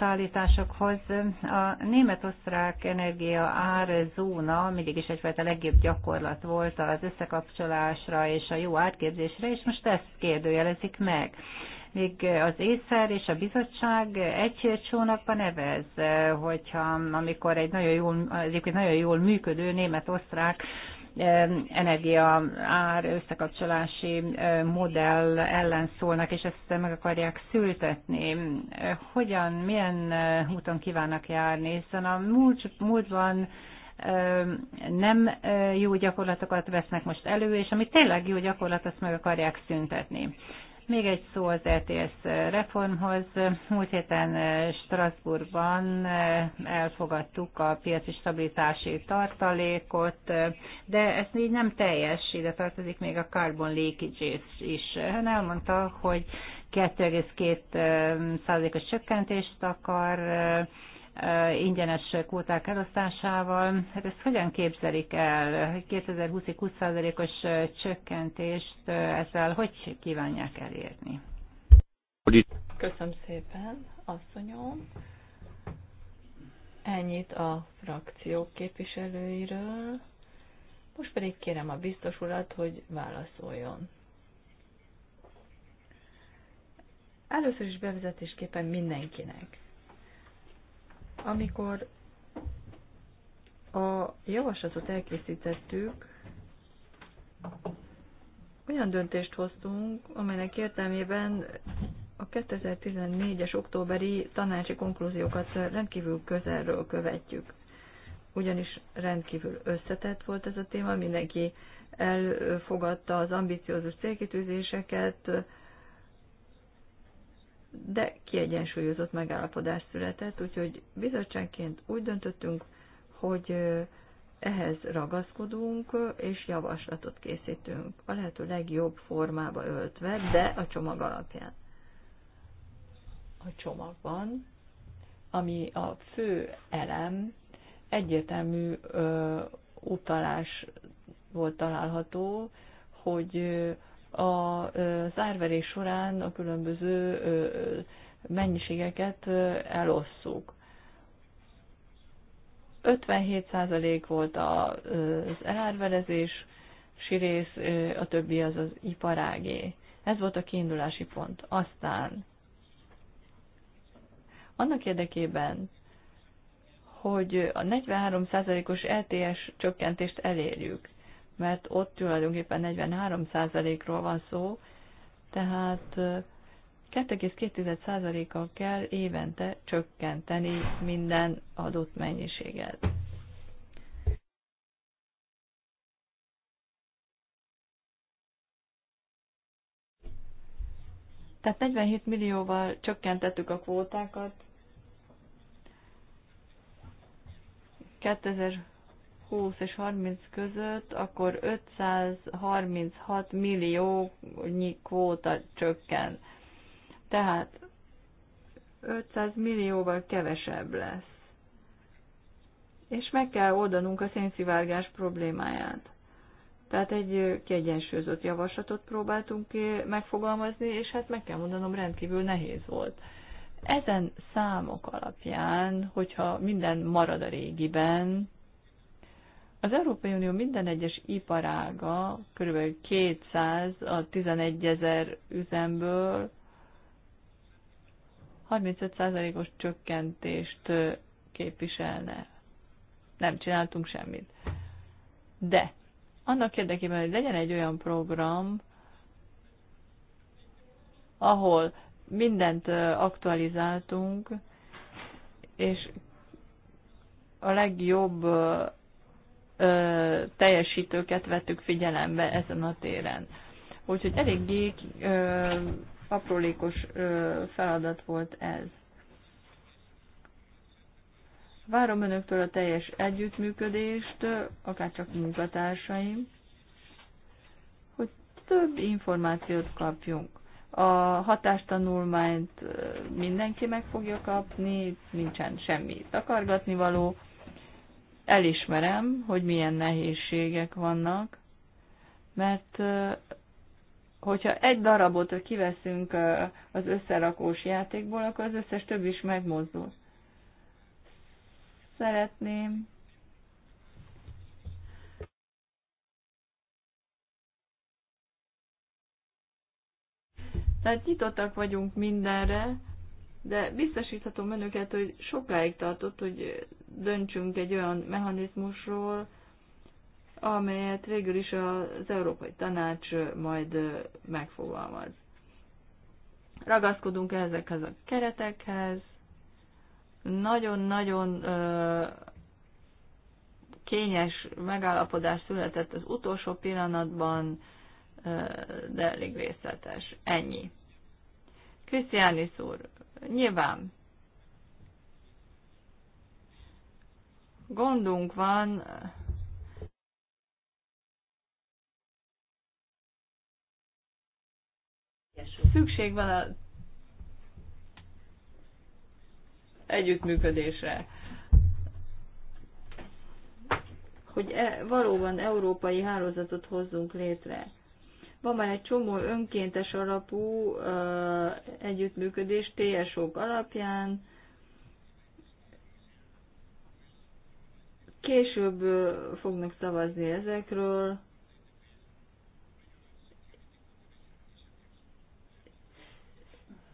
összeállításokhoz. A német-osztrák energia árzóna mindig is egyfajta legjobb gyakorlat volt az összekapcsolásra és a jó átképzésre, és most ezt kérdőjelezik meg még az észer és a bizottság egy csónakban nevez, hogyha amikor egy nagyon jól, egy nagyon jól működő német-osztrák energia ár összekapcsolási modell ellen szólnak, és ezt meg akarják szültetni. Hogyan, milyen úton kívánnak járni, hiszen a múlt, múltban nem jó gyakorlatokat vesznek most elő, és ami tényleg jó gyakorlat, azt meg akarják szüntetni. Még egy szó az ETS reformhoz. Múlt héten eh, Strasbourgban eh, elfogadtuk a piaci stabilitási tartalékot, eh, de ez így nem teljes, ide tartozik még a carbon leakage is. Ön elmondta, hogy 2,2 százalékos csökkentést akar, ingyenes kvóták elosztásával. Hát ezt hogyan képzelik el? 2020-ig 20%-os csökkentést ezzel hogy kívánják elérni? Köszönöm szépen, asszonyom. Ennyit a frakciók képviselőiről. Most pedig kérem a biztos urat, hogy válaszoljon. Először is bevezetésképpen mindenkinek. Amikor a javaslatot elkészítettük, olyan döntést hoztunk, amelynek értelmében a 2014-es októberi tanácsi konklúziókat rendkívül közelről követjük. Ugyanis rendkívül összetett volt ez a téma, mindenki elfogadta az ambiciózus célkitűzéseket, de kiegyensúlyozott megállapodás született, úgyhogy bizottságként úgy döntöttünk, hogy ehhez ragaszkodunk, és javaslatot készítünk, a lehető legjobb formába öltve, de a csomag alapján. A csomagban, ami a fő elem, egyértelmű ö, utalás volt található, hogy a zárverés során a különböző mennyiségeket elosszuk. 57% volt az elárverezés, sirész, a többi az az iparágé. Ez volt a kiindulási pont. Aztán annak érdekében, hogy a 43%-os LTS e csökkentést elérjük, mert ott tulajdonképpen 43%-ról van szó, tehát 2,2%-kal kell évente csökkenteni minden adott mennyiséget. Tehát 47 millióval csökkentettük a kvótákat. 2000 20 és 30 között, akkor 536 millió kvóta csökken. Tehát 500 millióval kevesebb lesz. És meg kell oldanunk a szénszivárgás problémáját. Tehát egy kiegyensúlyozott javaslatot próbáltunk megfogalmazni, és hát meg kell mondanom, rendkívül nehéz volt. Ezen számok alapján, hogyha minden marad a régiben, az Európai Unió minden egyes iparága, kb. 200 a 11 ezer üzemből 35%-os csökkentést képviselne. Nem csináltunk semmit. De annak érdekében, hogy legyen egy olyan program, ahol mindent aktualizáltunk, és a legjobb teljesítőket vettük figyelembe ezen a téren. Úgyhogy eléggé ö, aprólékos ö, feladat volt ez. Várom önöktől a teljes együttműködést, akárcsak munkatársaim, hogy több információt kapjunk. A hatástanulmányt mindenki meg fogja kapni, nincsen semmi takargatni való elismerem, hogy milyen nehézségek vannak, mert hogyha egy darabot kiveszünk az összerakós játékból, akkor az összes több is megmozdul. Szeretném. Tehát nyitottak vagyunk mindenre, de biztosíthatom önöket, hogy sokáig tartott, hogy döntsünk egy olyan mechanizmusról, amelyet végül is az Európai Tanács majd megfogalmaz. Ragaszkodunk ezekhez a keretekhez, nagyon-nagyon kényes megállapodás született az utolsó pillanatban, de elég részletes. Ennyi. Krisztiánis úr, nyilván gondunk van, szükség van a együttműködésre. Hogy e, valóban európai hálózatot hozzunk létre. Van már egy csomó önkéntes alapú uh, együttműködés TSO-k alapján, Később fognak szavazni ezekről.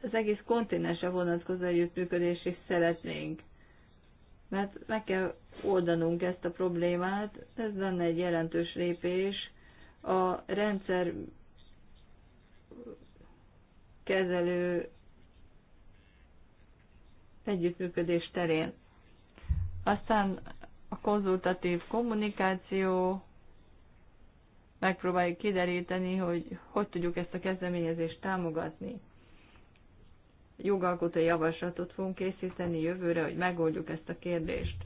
Az egész kontinensre vonatkozó együttműködés is szeretnénk. Mert meg kell oldanunk ezt a problémát, ez lenne egy jelentős lépés. A rendszer kezelő együttműködés terén. Aztán a konzultatív kommunikáció, megpróbáljuk kideríteni, hogy hogy tudjuk ezt a kezdeményezést támogatni. Jogalkotó javaslatot fogunk készíteni jövőre, hogy megoldjuk ezt a kérdést.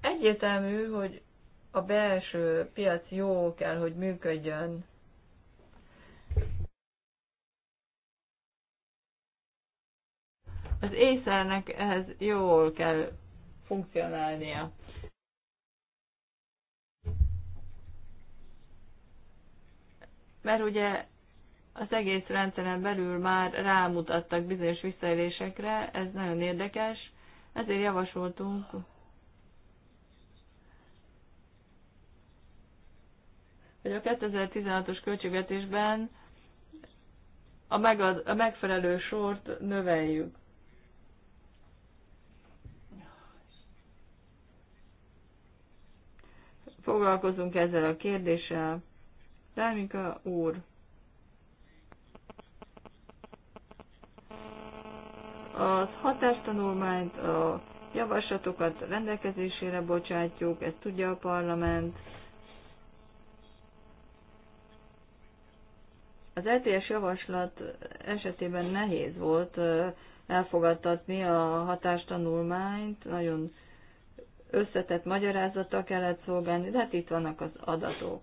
Egyértelmű, hogy a belső piac jó kell, hogy működjön Az észernek ehhez jól kell funkcionálnia. Mert ugye az egész rendszeren belül már rámutattak bizonyos visszaélésekre, ez nagyon érdekes, ezért javasoltunk hogy a 2016-os költségvetésben a, megad, a megfelelő sort növeljük. foglalkozunk ezzel a kérdéssel. Dámika úr, az hatástanulmányt, a javaslatokat rendelkezésére bocsátjuk, ezt tudja a parlament. Az LTS javaslat esetében nehéz volt elfogadtatni a hatástanulmányt, nagyon összetett magyarázata kellett szolgálni, de hát itt vannak az adatok.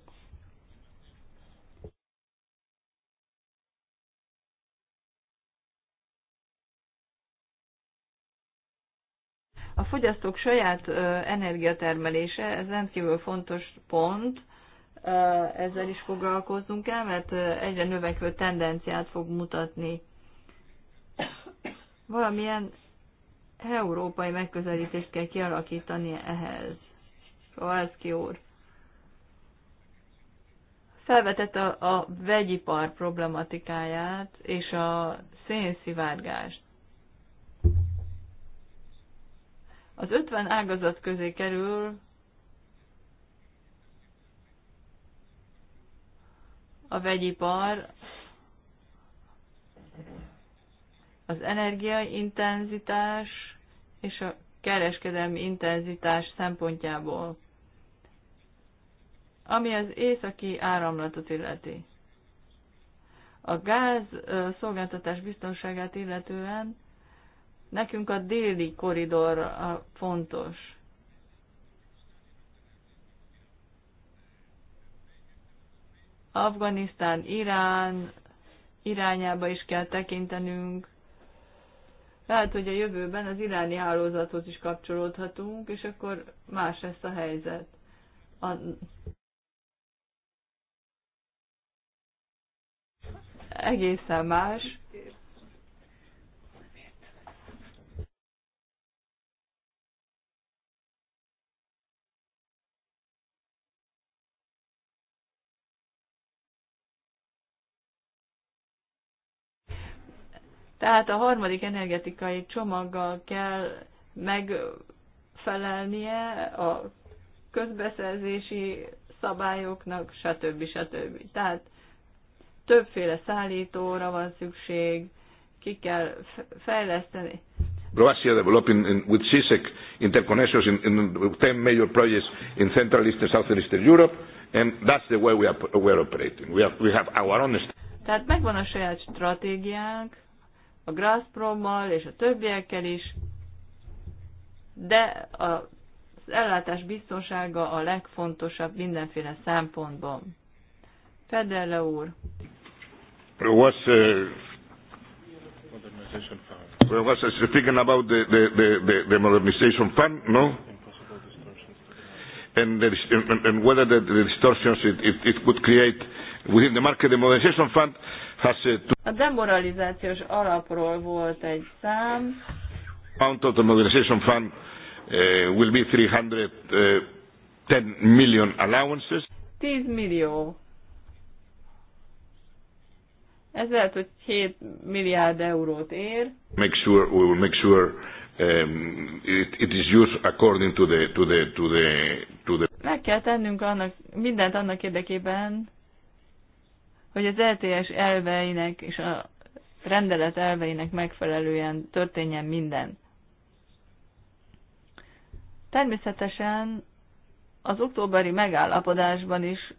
A fogyasztók saját energiatermelése, ez rendkívül fontos pont, ezzel is foglalkoznunk kell, mert egyre növekvő tendenciát fog mutatni. Valamilyen európai megközelítést kell kialakítani ehhez. Kovácski úr felvetett a, a vegyipar problematikáját és a szénszivárgást. Az 50 ágazat közé kerül a vegyipar, az energiaintenzitás, és a kereskedelmi intenzitás szempontjából, ami az északi áramlatot illeti. A gáz szolgáltatás biztonságát illetően nekünk a déli koridor a fontos. Afganisztán, Irán irányába is kell tekintenünk, lehet, hogy a jövőben az iráni hálózathoz is kapcsolódhatunk, és akkor más lesz a helyzet. A... Egészen más. Tehát a harmadik energetikai csomaggal kell megfelelnie a közbeszerzési szabályoknak, stb. stb. Tehát többféle szállítóra van szükség, ki kell fejleszteni. Croatia developing in, with CISEC interconnections in, in 10 major projects in Central Eastern Southern Eastern Europe, and that's the way we are, we are operating. We, have, we have our own... Tehát megvan a saját stratégiánk, a Gazprommal és a többiekkel is, de az ellátás biztonsága a legfontosabb mindenféle szempontból. Fedele úr. Was, uh, was speaking about the, the, the, the modernization fund, no? and, the, and, and whether the, the distortions it, it, it could create within the market. The modernization fund a demoralizációs alapról volt egy szám. Amount of the Mobilization Fund uh, will be 310 eh, million allowances. 10 millió. Ez lehet, hogy 7 milliárd eurót ér. Make sure, we will make sure um, it, it is used according to the, to the, to the, to the... Meg kell tennünk annak, mindent annak érdekében, hogy az LTS elveinek és a rendelet elveinek megfelelően történjen minden. Természetesen az októberi megállapodásban is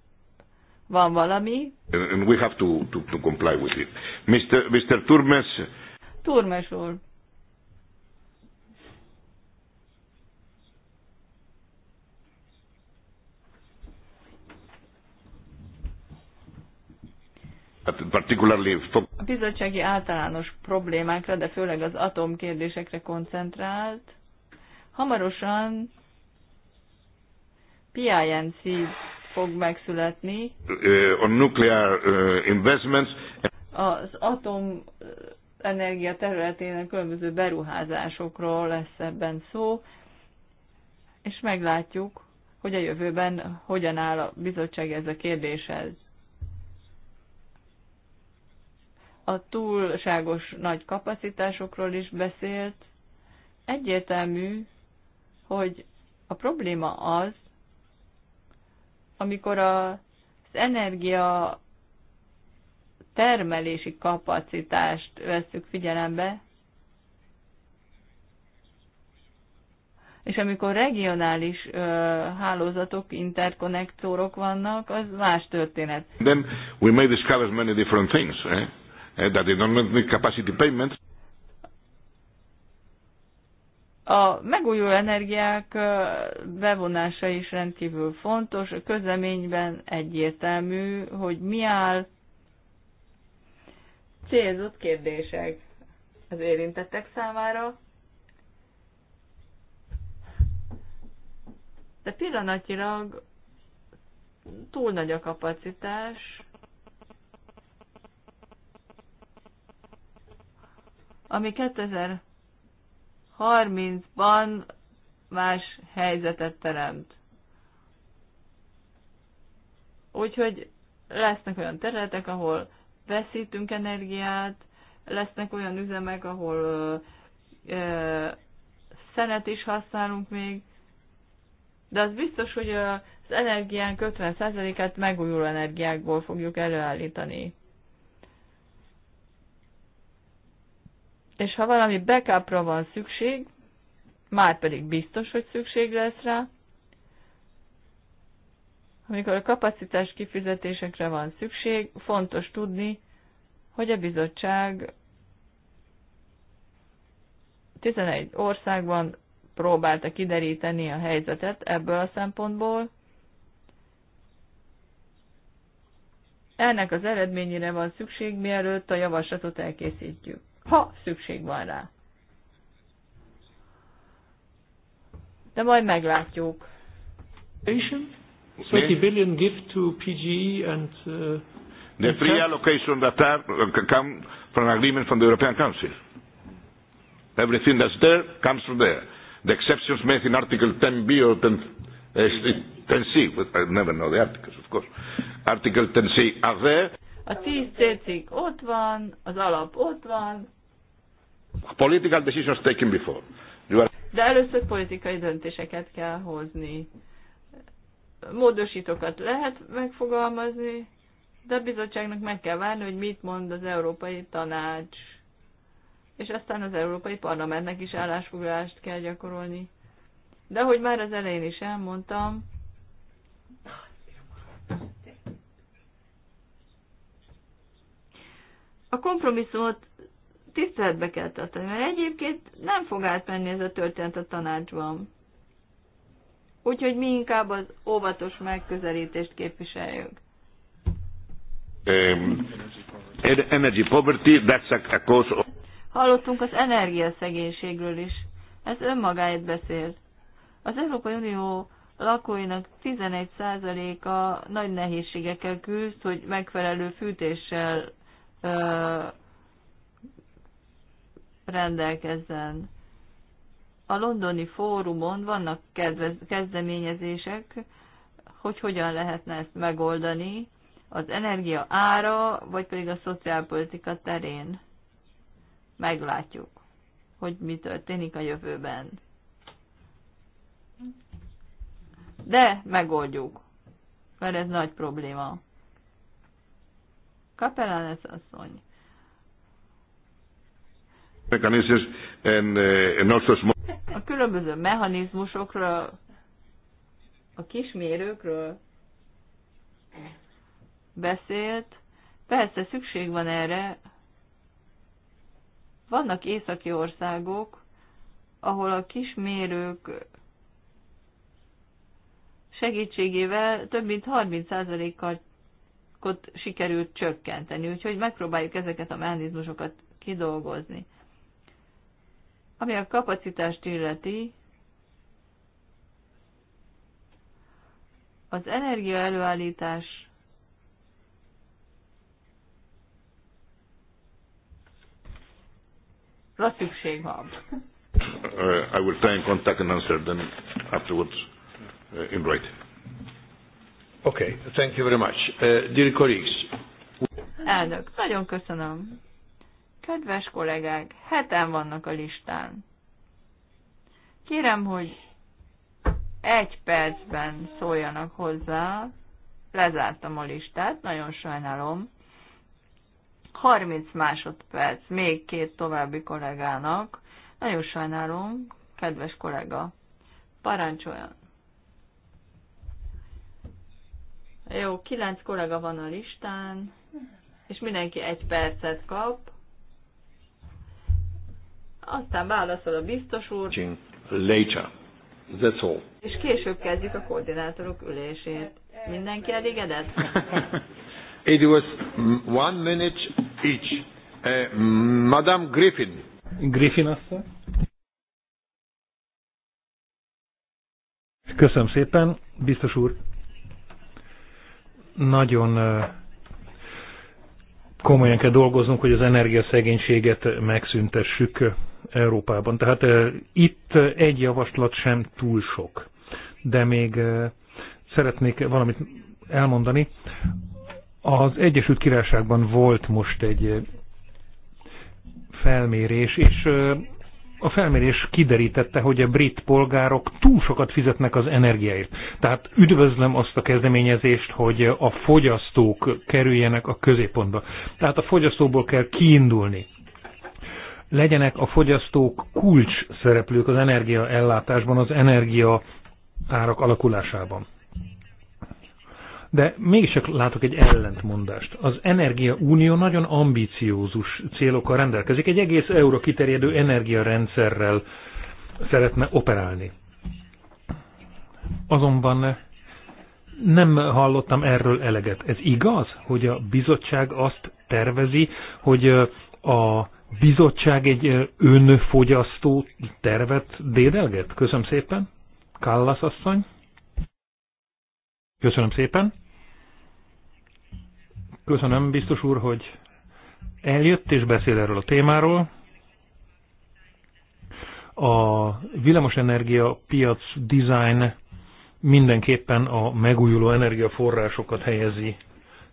van valami. And we have to, to, to comply with it. Mr. Mr. Turmes. Turmes úr. A bizottsági általános problémákra, de főleg az atomkérdésekre koncentrált. Hamarosan PINC fog megszületni. A nuclear investments. Az atom energia területének különböző beruházásokról lesz ebben szó, és meglátjuk, hogy a jövőben hogyan áll a bizottság ez a kérdéshez. a túlságos nagy kapacitásokról is beszélt. Egyértelmű, hogy a probléma az, amikor az energia termelési kapacitást veszük figyelembe, és amikor regionális ö, hálózatok, interkonnektorok vannak, az más történet. Then we may discover many different things, eh? that they don't need capacity payments. A megújuló energiák bevonása is rendkívül fontos. A közleményben egyértelmű, hogy mi áll célzott kérdések az érintettek számára. De pillanatilag túl nagy a kapacitás, ami 2030-ban más helyzetet teremt. Úgyhogy lesznek olyan területek, ahol veszítünk energiát, lesznek olyan üzemek, ahol ö, ö, szenet is használunk még, de az biztos, hogy az energiánk 50%-át megújuló energiákból fogjuk előállítani. és ha valami backupra van szükség, már pedig biztos, hogy szükség lesz rá, amikor a kapacitás kifizetésekre van szükség, fontos tudni, hogy a bizottság 11 országban próbálta kideríteni a helyzetet ebből a szempontból. Ennek az eredményére van szükség, mielőtt a javaslatot elkészítjük ha szükség van rá. De majd meglátjuk. 30 billion gift to PGE and uh, the free allocation that are, uh, come from an agreement from the European Council. Everything that's there comes from there. The exceptions made in Article 10b or 10, 10c, uh, I never know the articles, of course. Article 10c are there. A 10c ott van, az alap ott van, Political decisions taken before. De először politikai döntéseket kell hozni. Módosítókat lehet megfogalmazni, de a bizottságnak meg kell várni, hogy mit mond az Európai Tanács. És aztán az Európai Parlamentnek is állásfoglalást kell gyakorolni. De ahogy már az elején is elmondtam, a kompromisszumot tiszteletbe kell tartani, mert egyébként nem fog átmenni ez a történet a tanácsban. Úgyhogy mi inkább az óvatos megközelítést képviseljük. Um, energy poverty, that's a, a cause of... Hallottunk az energiaszegénységről is. Ez önmagáért beszél. Az Európai Unió lakóinak 11%-a nagy nehézségekkel küzd, hogy megfelelő fűtéssel rendelkezzen. A londoni fórumon vannak kedvez, kezdeményezések, hogy hogyan lehetne ezt megoldani az energia ára, vagy pedig a szociálpolitika terén. Meglátjuk, hogy mi történik a jövőben. De megoldjuk, mert ez nagy probléma. Kapelán ez asszony. Eh, a különböző mechanizmusokra, a kismérőkről beszélt. Persze szükség van erre. Vannak északi országok, ahol a kismérők segítségével több mint 30%-ot sikerült csökkenteni, úgyhogy megpróbáljuk ezeket a mechanizmusokat kidolgozni. Ami a kapacitást illeti, az energia előállítás Rá szükség van. Uh, I will try and contact and answer them afterwards uh, in writing. Okay, thank you very much. Uh, dear colleagues. Elnök, nagyon köszönöm. Kedves kollégák, heten vannak a listán. Kérem, hogy egy percben szóljanak hozzá. Lezártam a listát, nagyon sajnálom. 30 másodperc még két további kollégának. Nagyon sajnálom, kedves kollega. Parancsoljon! Jó, kilenc kollega van a listán, és mindenki egy percet kap aztán válaszol a biztos úr. Later. That's all. És később kezdjük a koordinátorok ülését. Mindenki elégedett? *laughs* It was one minute each. Uh, Madame Griffin. Griffin asszony. Köszönöm szépen, biztos úr. Nagyon uh, komolyan kell dolgoznunk, hogy az energiaszegénységet megszüntessük Európában. Tehát itt egy javaslat sem túl sok. De még szeretnék valamit elmondani. Az Egyesült Királyságban volt most egy felmérés, és a felmérés kiderítette, hogy a brit polgárok túl sokat fizetnek az energiáért. Tehát üdvözlöm azt a kezdeményezést, hogy a fogyasztók kerüljenek a középpontba. Tehát a fogyasztóból kell kiindulni legyenek a fogyasztók kulcs szereplők az energiaellátásban, az energia árak alakulásában. De mégiscsak látok egy ellentmondást. Az Energia Unió nagyon ambíciózus célokkal rendelkezik, egy egész euró kiterjedő energiarendszerrel szeretne operálni. Azonban nem hallottam erről eleget. Ez igaz, hogy a bizottság azt tervezi, hogy a bizottság egy önfogyasztó tervet dédelget? Köszönöm szépen. Kallas asszony. Köszönöm szépen. Köszönöm, biztos úr, hogy eljött és beszél erről a témáról. A villamosenergia piac design mindenképpen a megújuló energiaforrásokat helyezi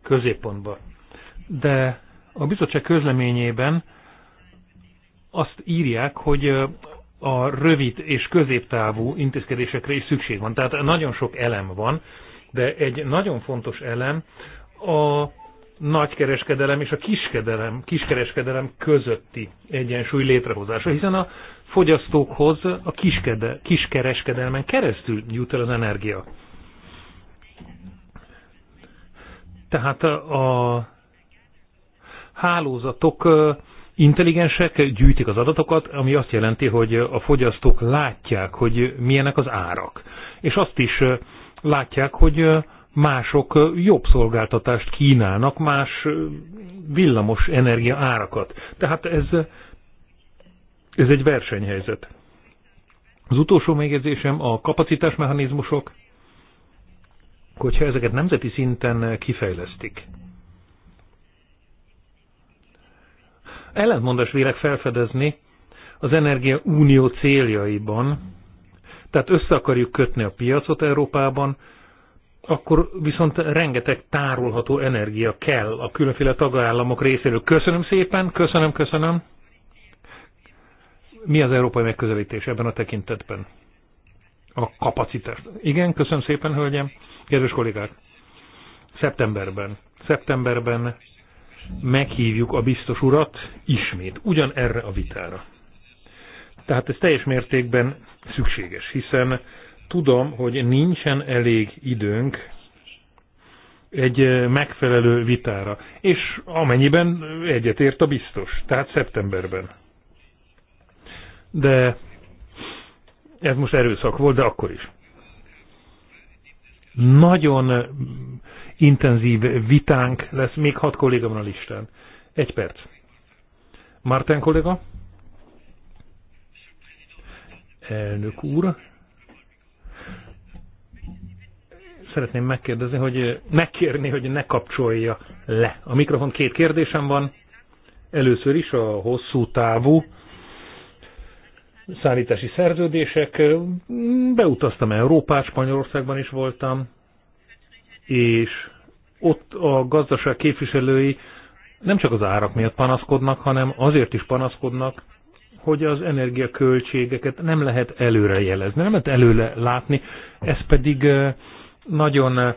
középpontba. De a bizottság közleményében azt írják, hogy a rövid és középtávú intézkedésekre is szükség van. Tehát nagyon sok elem van, de egy nagyon fontos elem a nagykereskedelem és a kiskedelem, kiskereskedelem közötti egyensúly létrehozása, hiszen a fogyasztókhoz a kiskede, kiskereskedelmen keresztül jut el az energia. Tehát a hálózatok intelligensek, gyűjtik az adatokat, ami azt jelenti, hogy a fogyasztók látják, hogy milyenek az árak. És azt is látják, hogy mások jobb szolgáltatást kínálnak, más villamos energia árakat. Tehát ez, ez egy versenyhelyzet. Az utolsó megjegyzésem a kapacitásmechanizmusok, hogyha ezeket nemzeti szinten kifejlesztik, ellentmondás vélek felfedezni az Energia Unió céljaiban, tehát össze akarjuk kötni a piacot Európában, akkor viszont rengeteg tárolható energia kell a különféle tagállamok részéről. Köszönöm szépen, köszönöm, köszönöm. Mi az európai megközelítés ebben a tekintetben? A kapacitás. Igen, köszönöm szépen, hölgyem. Kedves kollégák, szeptemberben, szeptemberben meghívjuk a biztos urat ismét, ugyan erre a vitára. Tehát ez teljes mértékben szükséges, hiszen tudom, hogy nincsen elég időnk egy eh, megfelelő vitára, és amennyiben egyetért a biztos, tehát szeptemberben. De ez most erőszak volt, de akkor is. Nagyon intenzív vitánk lesz. Még hat kolléga van a listán. Egy perc. Márten kolléga? Elnök úr. Szeretném megkérdezni, hogy megkérni, hogy ne kapcsolja le. A mikrofon két kérdésem van. Először is a hosszú távú szállítási szerződések. Beutaztam Európát, Spanyolországban is voltam, és ott a gazdaság képviselői nem csak az árak miatt panaszkodnak, hanem azért is panaszkodnak, hogy az energiaköltségeket nem lehet előre jelezni, nem lehet előre látni, ez pedig nagyon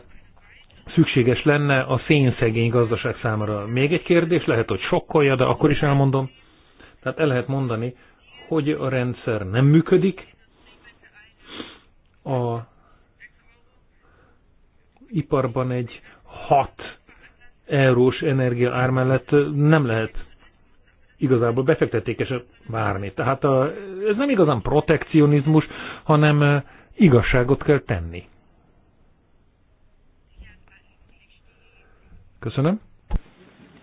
szükséges lenne a szénszegény gazdaság számára. Még egy kérdés, lehet, hogy sokkolja, de akkor is elmondom. Tehát el lehet mondani, hogy a rendszer nem működik, a iparban egy 6 eurós energia ár mellett nem lehet igazából befektetékesen várni. Tehát a, ez nem igazán protekcionizmus, hanem eh, igazságot kell tenni. Köszönöm.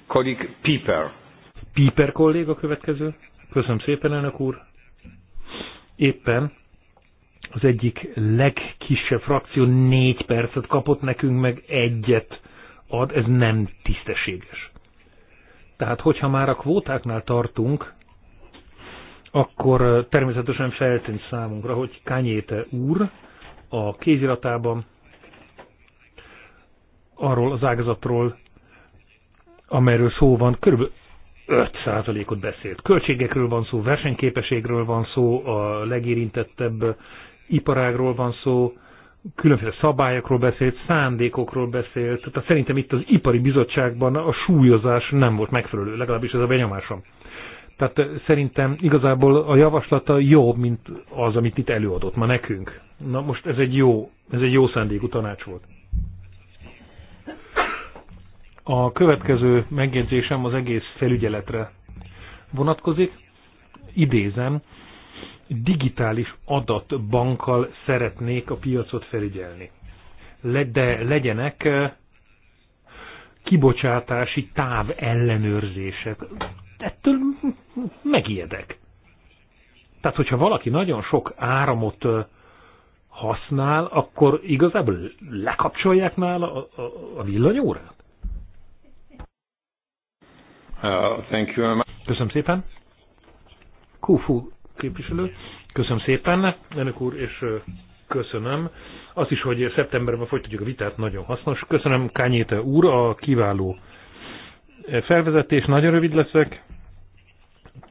Kolik Piper. Piper kolléga következő. Köszönöm szépen, elnök úr. Éppen az egyik legkisebb frakció négy percet kapott nekünk, meg egyet ad, ez nem tisztességes. Tehát, hogyha már a kvótáknál tartunk, akkor természetesen feltűnt számunkra, hogy Kányéte úr a kéziratában arról az ágazatról, amelyről szó van, kb. 5%-ot beszélt. Költségekről van szó, versenyképességről van szó, a legérintettebb iparágról van szó, különféle szabályokról beszélt, szándékokról beszélt, tehát szerintem itt az ipari bizottságban a súlyozás nem volt megfelelő, legalábbis ez a benyomásom. Tehát eh, szerintem igazából a javaslata jobb, mint az, amit itt előadott ma nekünk. Na most ez egy jó, ez egy jó szándékú tanács volt. A következő megjegyzésem az egész felügyeletre vonatkozik. Idézem, digitális adatbankkal szeretnék a piacot felügyelni. De legyenek eh, kibocsátási táv ellenőrzések. Ettől megijedek. Tehát, hogyha valaki nagyon sok áramot eh, használ, akkor igazából lekapcsolják nála a, a, a villanyórát? Uh, thank you. Köszönöm szépen. Kufu képviselő. Köszönöm szépen, elnök úr, és köszönöm. Azt is, hogy szeptemberben folytatjuk a vitát, nagyon hasznos. Köszönöm Kányéte úr a kiváló felvezetés, nagyon rövid leszek.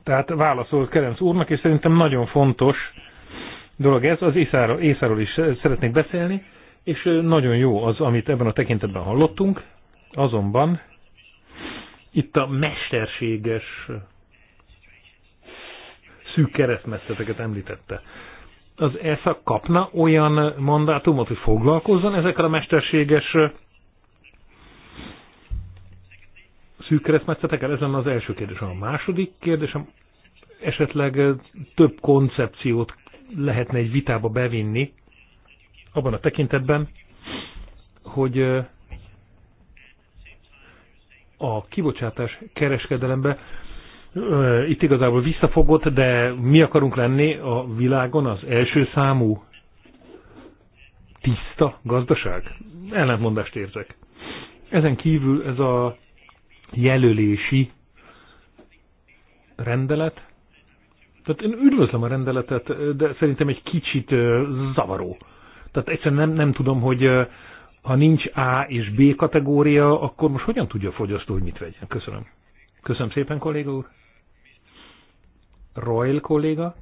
Tehát válaszolt Kerenc úrnak, és szerintem nagyon fontos dolog ez. Az észáról, észáról is szeretnék beszélni, és nagyon jó az, amit ebben a tekintetben hallottunk. Azonban itt a mesterséges szűk keresztmetszeteket említette. Az ESA kapna olyan mandátumot, hogy foglalkozzon ezekkel a mesterséges szűk keresztmetszetekkel? Ez lenne az első kérdésem. A második kérdésem esetleg több koncepciót lehetne egy vitába bevinni, abban a tekintetben, hogy a kibocsátás kereskedelemben itt igazából visszafogott, de mi akarunk lenni a világon az első számú tiszta gazdaság? Ellentmondást érzek. Ezen kívül ez a jelölési rendelet, tehát én üdvözlöm a rendeletet, de szerintem egy kicsit zavaró. Tehát egyszerűen nem, nem tudom, hogy ha nincs A és B kategória, akkor most hogyan tudja a fogyasztó, hogy mit vegyen? Köszönöm. Köszönöm szépen, kolléga úr. Royal kolléga.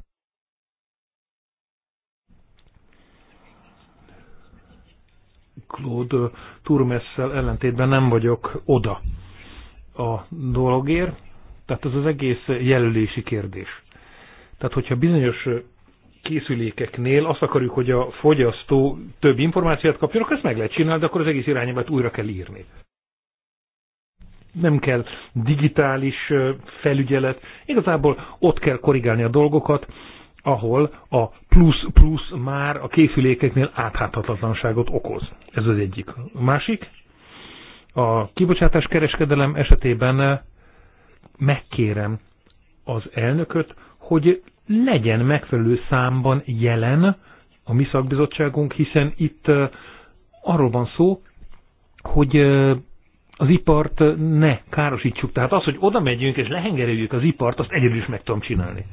Claude Turmesszel ellentétben nem vagyok oda a dologért, tehát ez az egész jelölési kérdés. Tehát, hogyha bizonyos készülékeknél azt akarjuk, hogy a fogyasztó több információt kapjon, akkor ezt meg lehet csinálni, de akkor az egész irányelvet újra kell írni nem kell digitális felügyelet, igazából ott kell korrigálni a dolgokat, ahol a plusz-plusz már a készülékeknél áthathatatlanságot okoz. Ez az egyik. A másik, a kibocsátás kereskedelem esetében megkérem az elnököt, hogy legyen megfelelő számban jelen a mi szakbizottságunk, hiszen itt arról van szó, hogy az ipart ne károsítsuk. Tehát az, hogy oda megyünk és lehengerüljük az ipart, azt egyedül is meg tudom csinálni.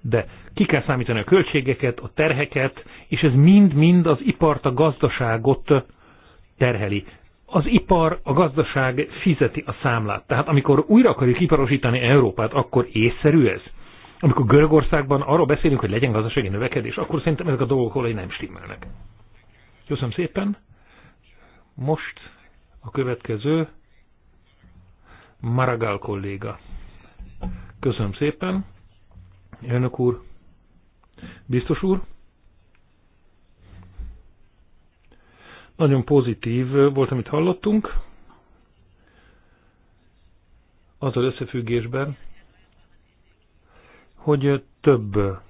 De ki kell számítani a költségeket, a terheket, és ez mind-mind az ipart, a gazdaságot terheli. Az ipar, a gazdaság fizeti a számlát. Tehát amikor újra akarjuk iparosítani Európát, akkor észszerű ez? Amikor Görögországban arról beszélünk, hogy legyen gazdasági növekedés, akkor szerintem ezek a dolgok hol nem stimmelnek. Köszönöm szépen. Most a következő Maragall kolléga. Köszönöm szépen. Elnök úr, biztos úr, nagyon pozitív volt, amit hallottunk. Az az összefüggésben, hogy több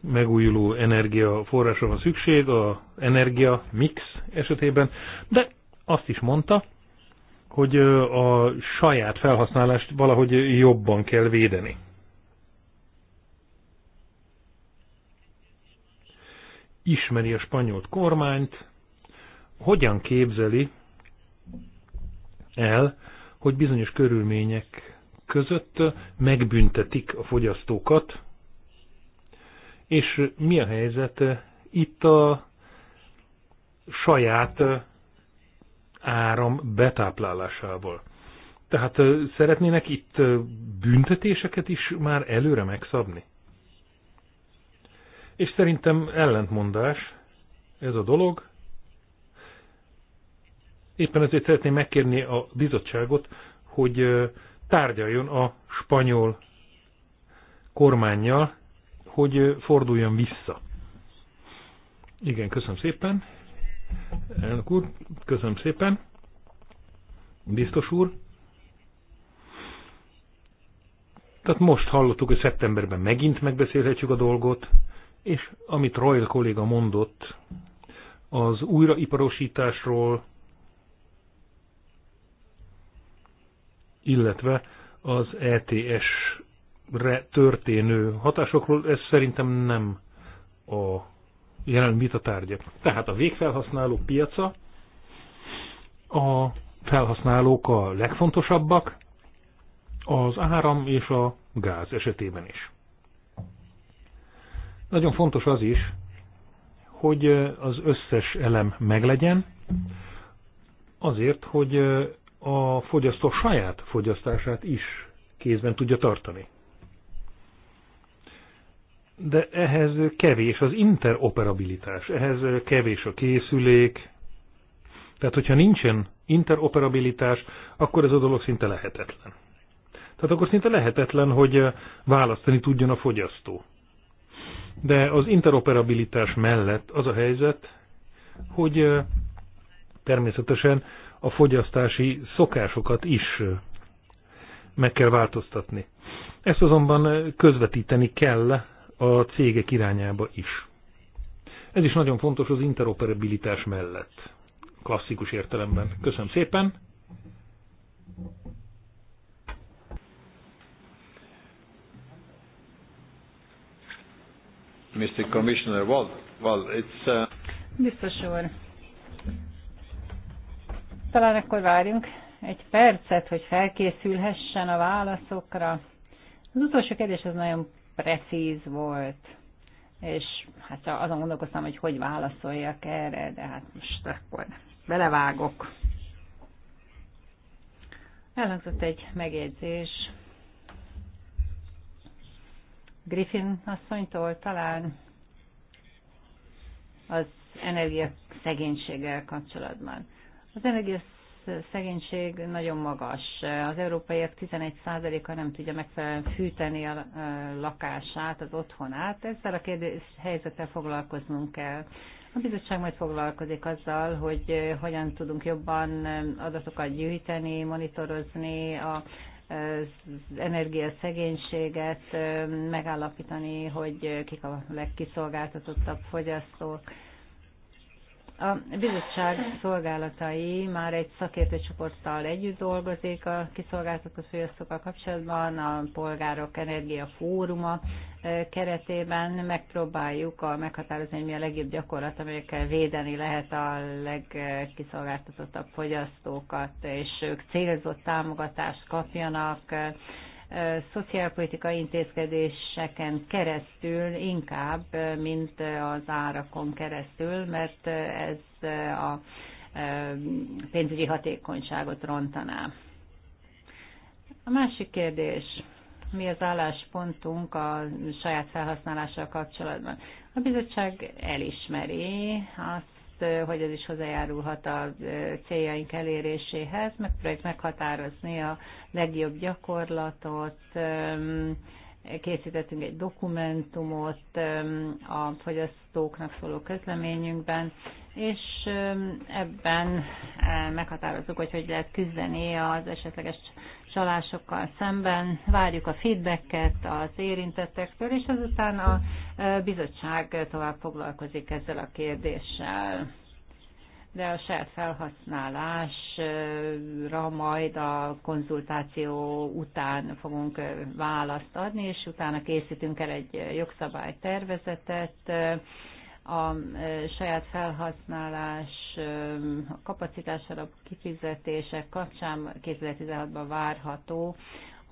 megújuló energiaforrásra van szükség, a energia mix esetében, de azt is mondta, hogy a saját felhasználást valahogy jobban kell védeni. Ismeri a spanyol kormányt, hogyan képzeli el, hogy bizonyos körülmények között megbüntetik a fogyasztókat, és mi a helyzet itt a saját áram betáplálásával. Tehát szeretnének itt büntetéseket is már előre megszabni? És szerintem ellentmondás ez a dolog. Éppen ezért szeretném megkérni a bizottságot, hogy tárgyaljon a spanyol kormányjal, hogy forduljon vissza. Igen, köszönöm szépen. Elnök úr, köszönöm szépen. Biztos úr. Tehát most hallottuk, hogy szeptemberben megint megbeszélhetjük a dolgot, és amit Royal kolléga mondott, az újraiparosításról, illetve az ETS-re történő hatásokról, ez szerintem nem a jelen vita tárgya. Tehát a végfelhasználók piaca, a felhasználók a legfontosabbak, az áram és a gáz esetében is. Nagyon fontos az is, hogy az összes elem meglegyen, azért, hogy a fogyasztó saját fogyasztását is kézben tudja tartani de ehhez kevés az interoperabilitás, ehhez kevés a készülék. Tehát, hogyha nincsen interoperabilitás, akkor ez a dolog szinte lehetetlen. Tehát akkor szinte lehetetlen, hogy választani tudjon a fogyasztó. De az interoperabilitás mellett az a helyzet, hogy természetesen a fogyasztási szokásokat is meg kell változtatni. Ezt azonban közvetíteni kell a cégek irányába is. Ez is nagyon fontos az interoperabilitás mellett. Klasszikus értelemben. Köszönöm szépen. Mr. Commissioner, well, well it's... Uh... Biztos úr. Talán akkor várjunk egy percet, hogy felkészülhessen a válaszokra. Az utolsó kérdés az nagyon precíz volt, és hát azon gondolkoztam, hogy hogy válaszoljak erre, de hát most akkor belevágok. Elhangzott egy megjegyzés Griffin asszonytól talán az energia szegénységgel kapcsolatban. Az energia szegénység nagyon magas. Az európaiak 11%-a nem tudja megfelelően fűteni a lakását, az otthonát. Ezzel a kérdés helyzettel foglalkoznunk kell. A bizottság majd foglalkozik azzal, hogy hogyan tudunk jobban adatokat gyűjteni, monitorozni, a energiaszegénységet megállapítani, hogy kik a legkiszolgáltatottabb fogyasztók a bizottság szolgálatai már egy szakértőcsoporttal együtt dolgozik a kiszolgáltatott fogyasztókkal kapcsolatban, a Polgárok Energia Fóruma keretében megpróbáljuk a meghatározni, mi a legjobb gyakorlat, amelyekkel védeni lehet a legkiszolgáltatottabb fogyasztókat, és ők célzott támogatást kapjanak, szociálpolitikai intézkedéseken keresztül inkább, mint az árakon keresztül, mert ez a pénzügyi hatékonyságot rontaná. A másik kérdés, mi az álláspontunk a saját felhasználással kapcsolatban? A bizottság elismeri azt, azt, hogy ez is hozzájárulhat a céljaink eléréséhez, megpróbáljuk meghatározni a legjobb gyakorlatot, készítettünk egy dokumentumot a fogyasztóknak szóló közleményünkben, és ebben meghatározzuk, hogy hogy lehet küzdeni az esetleges csalásokkal szemben, várjuk a feedbacket az érintettektől, és azután a e, bizottság tovább foglalkozik ezzel a kérdéssel. De a saját felhasználásra majd a konzultáció után fogunk választ adni, és utána készítünk el egy jogszabálytervezetet, a e, saját felhasználás, e, a kapacitás alapú kifizetések kapcsán 2016-ban várható,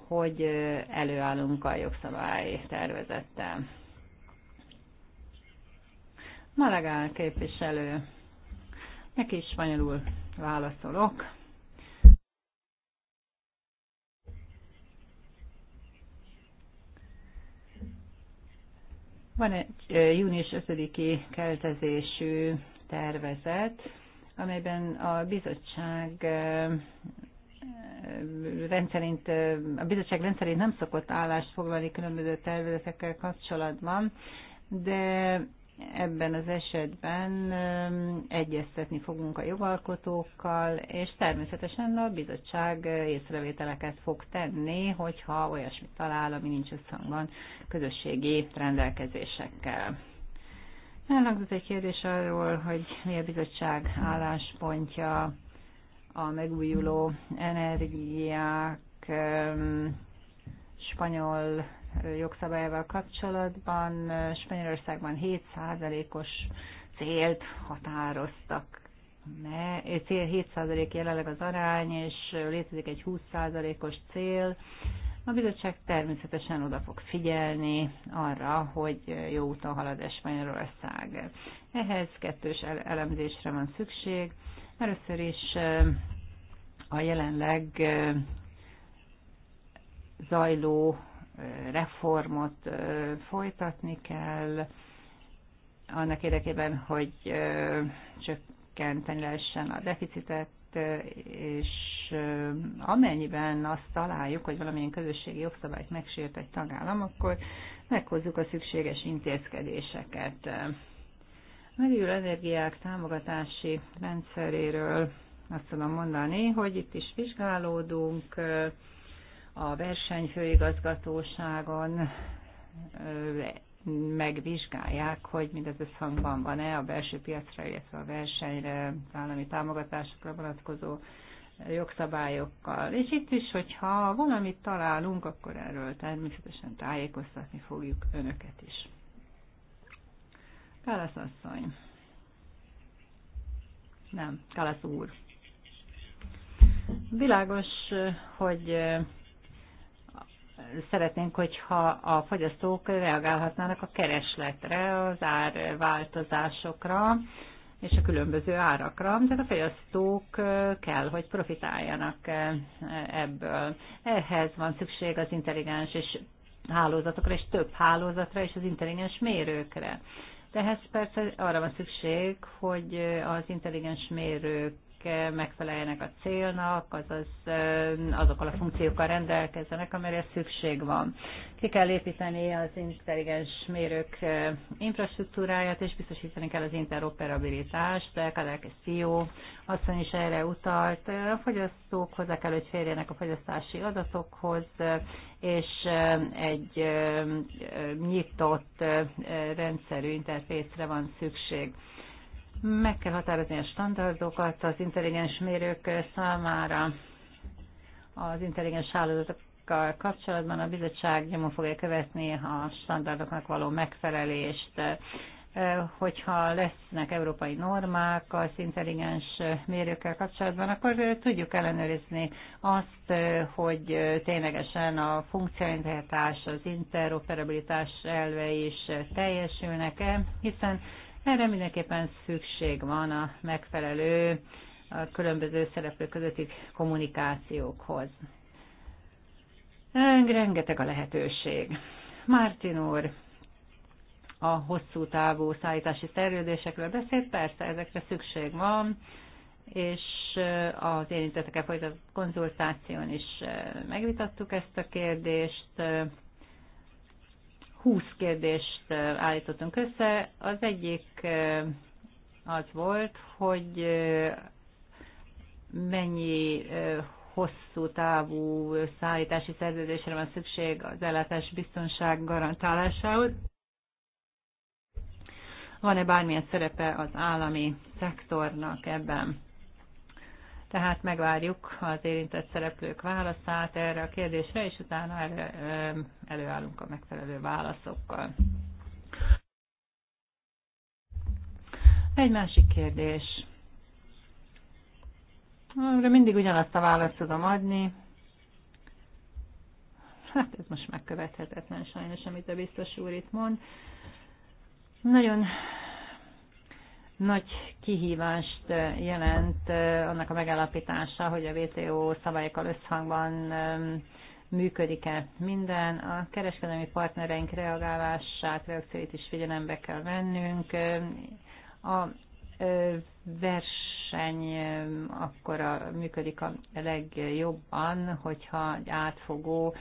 hogy e, előállunk a jogszabály tervezettel. Malegál képviselő, neki is spanyolul válaszolok. Van egy június 5-i keltezésű tervezet, amelyben a bizottság rendszerint, a bizottság rendszerint nem szokott állást foglalni különböző tervezetekkel kapcsolatban, de ebben az esetben egyeztetni fogunk a jogalkotókkal, és természetesen a bizottság észrevételeket fog tenni, hogyha olyasmit talál, ami nincs összhangban közösségi rendelkezésekkel. Elhangzott egy kérdés arról, hogy mi a bizottság álláspontja a megújuló energiák spanyol jogszabályával kapcsolatban Spanyolországban 7%-os célt határoztak ne, 7% jelenleg az arány, és létezik egy 20%-os cél. A bizottság természetesen oda fog figyelni arra, hogy jó úton halad Spanyolország. Ehhez kettős elemzésre van szükség. Először is eh, a jelenleg eh, zajló reformot folytatni kell, annak érdekében, hogy csökkenteni lehessen a deficitet, és amennyiben azt találjuk, hogy valamilyen közösségi jogszabályt megsért egy tagállam, akkor meghozzuk a szükséges intézkedéseket. Megújuló energiák támogatási rendszeréről azt tudom mondani, hogy itt is vizsgálódunk, a versenyfőigazgatóságon megvizsgálják, hogy mindez összhangban van-e a belső piacra, illetve a versenyre, állami támogatásokra vonatkozó jogszabályokkal. És itt is, hogyha valamit találunk, akkor erről természetesen tájékoztatni fogjuk önöket is. Kálasz asszony. Nem, Kálasz úr. Világos, hogy szeretnénk, hogyha a fogyasztók reagálhatnának a keresletre, az árváltozásokra és a különböző árakra, tehát a fogyasztók kell, hogy profitáljanak ebből. Ehhez van szükség az intelligens és hálózatokra, és több hálózatra, és az intelligens mérőkre. De ehhez persze arra van szükség, hogy az intelligens mérők Eh, megfeleljenek a célnak, azaz eh, azokkal a funkciókkal rendelkezzenek, amire szükség van. Ki kell építeni az intelligens mérők eh, infrastruktúráját, és biztosítani kell az interoperabilitást, Kadelke CEO asszony is erre utalt. A fogyasztók hozzá kell, hogy férjenek a fogyasztási adatokhoz, és egy nyitott rendszerű interfészre van szükség. Meg kell határozni a standardokat az intelligens mérők számára, az intelligens hálózatokkal kapcsolatban a bizottság nyomon fogja követni a standardoknak való megfelelést hogyha lesznek európai normák az intelligens mérőkkel kapcsolatban, akkor tudjuk ellenőrizni azt, hogy ténylegesen a funkcionalitás, az interoperabilitás elvei is teljesülnek-e, hiszen erre mindenképpen szükség van a megfelelő a különböző szereplők közötti kommunikációkhoz. Rengeteg a lehetőség. Mártin úr, a hosszú távú szállítási szerződésekről beszélt, persze ezekre szükség van, és eh, az érintettekkel folytatott konzultáción is eh, megvitattuk ezt a kérdést, eh, 20 kérdést állítottunk össze. Az egyik az volt, hogy mennyi hosszú távú szállítási szerződésre van szükség az ellátás biztonság garantálásához. Van-e bármilyen szerepe az állami szektornak ebben? tehát megvárjuk az érintett szereplők válaszát erre a kérdésre, és utána erre előállunk a megfelelő válaszokkal. Egy másik kérdés. Amire mindig ugyanazt a választ tudom adni. Hát ez most megkövethetetlen sajnos, amit a biztos úr itt mond. Nagyon nagy kihívást jelent annak a megállapítása, hogy a WTO szabályokkal összhangban működik-e minden. A kereskedelmi partnereink reagálását, reakcióit is figyelembe kell vennünk. A verseny akkor működik a legjobban, hogyha egy átfogó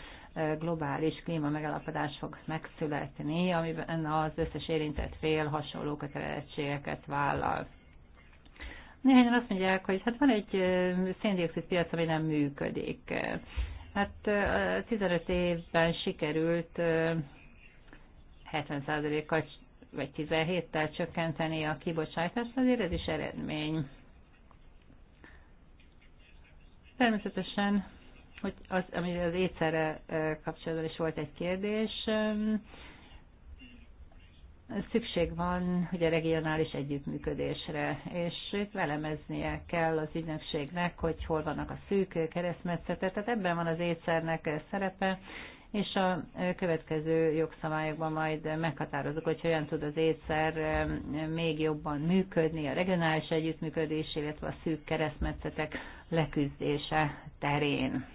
globális klíma megalapodás fog megszületni, amiben az összes érintett fél hasonló kötelezettségeket vállal. Néhányan azt mondják, hogy hát van egy széndiokszid piac, ami nem működik. Hát 15 évben sikerült 70%-kal vagy 17-tel csökkenteni a kibocsátást, azért ez is eredmény. Természetesen hogy az, ami az étszerre kapcsolatban is volt egy kérdés, szükség van hogy a regionális együttműködésre, és itt velemeznie kell az ügynökségnek, hogy hol vannak a szűk keresztmetszete, tehát ebben van az étszernek szerepe, és a következő jogszabályokban majd meghatározok, hogy hogyan tud az étszer még jobban működni a regionális együttműködés, illetve a szűk keresztmetszetek leküzdése terén.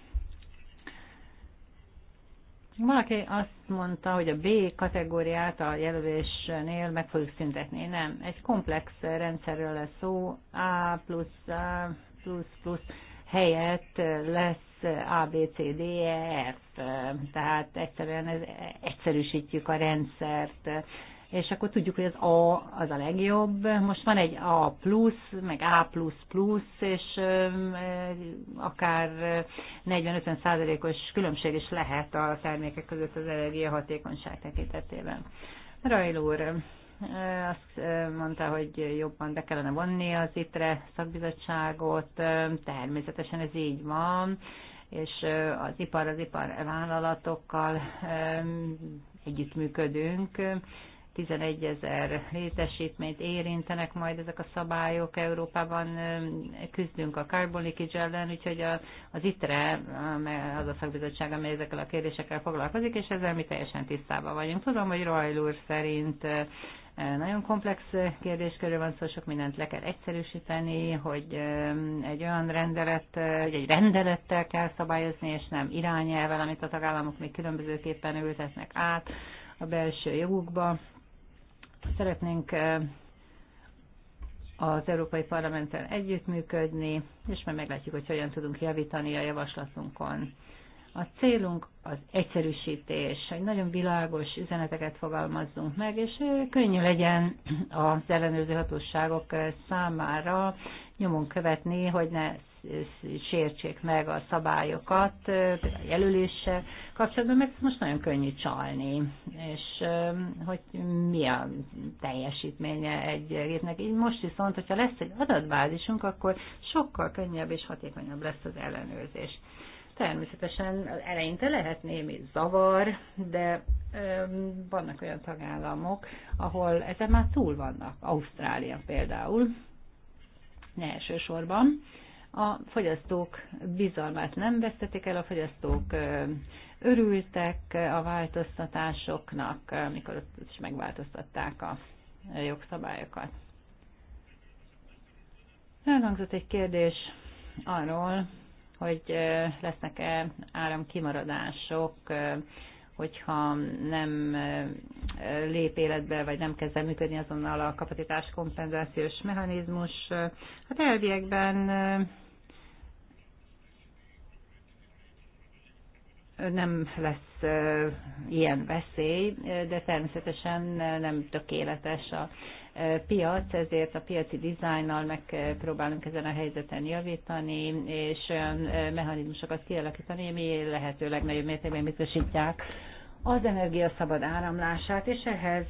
Valaki azt mondta, hogy a B kategóriát a jelölésnél meg fogjuk szüntetni. Nem, egy komplex rendszerről lesz szó, A plusz, A plusz, plusz helyett lesz A, B, C, D, E, F. Tehát egyszerűen ez, egyszerűsítjük a rendszert és akkor tudjuk, hogy az A az a legjobb. Most van egy A plusz, meg A plusz plusz, és akár 40-50 százalékos különbség is lehet a termékek között az hatékonyság tekintetében. Rajl úr, azt mondta, hogy jobban be kellene vonni az ITRE szakbizottságot, természetesen ez így van, és az ipar az ipar vállalatokkal együttműködünk, 11 ezer létesítményt érintenek majd ezek a szabályok. Európában küzdünk a carbon leakage ellen, úgyhogy az ITRE az a szakbizottság, amely ezekkel a kérdésekkel foglalkozik, és ezzel mi teljesen tisztában vagyunk. Tudom, hogy Rajl úr szerint nagyon komplex kérdéskörről van szó, szóval sok mindent le kell egyszerűsíteni, hogy egy olyan rendelet, hogy egy rendelettel kell szabályozni, és nem irányelvel, amit a tagállamok még különbözőképpen ültetnek át a belső jogukba. Szeretnénk az Európai Parlamenten együttműködni, és majd meglátjuk, hogy hogyan tudunk javítani a javaslatunkon. A célunk az egyszerűsítés, hogy nagyon világos üzeneteket fogalmazzunk meg, és könnyű legyen az ellenőrző hatóságok számára nyomon követni, hogy ne sértsék meg a szabályokat, például a jelöléssel kapcsolatban, mert most nagyon könnyű csalni, és hogy mi a teljesítménye egy gépnek. Így most viszont, hogyha lesz egy adatbázisunk, akkor sokkal könnyebb és hatékonyabb lesz az ellenőrzés. Természetesen eleinte lehet némi zavar, de öm, vannak olyan tagállamok, ahol ezen már túl vannak. Ausztrália például, ne elsősorban a fogyasztók bizalmát nem vesztették el, a fogyasztók örültek a változtatásoknak, amikor ott is megváltoztatták a jogszabályokat. Elhangzott egy kérdés arról, hogy lesznek-e áramkimaradások, hogyha nem lép életbe, vagy nem kezd el működni azonnal a kapacitás kompenzációs mechanizmus. Hát elviekben nem lesz ilyen veszély, de természetesen nem tökéletes a piac, ezért a piaci dizájnnal megpróbálunk ezen a helyzeten javítani, és olyan mechanizmusokat kialakítani, ami lehetőleg nagyobb mértékben biztosítják az energia szabad áramlását, és ehhez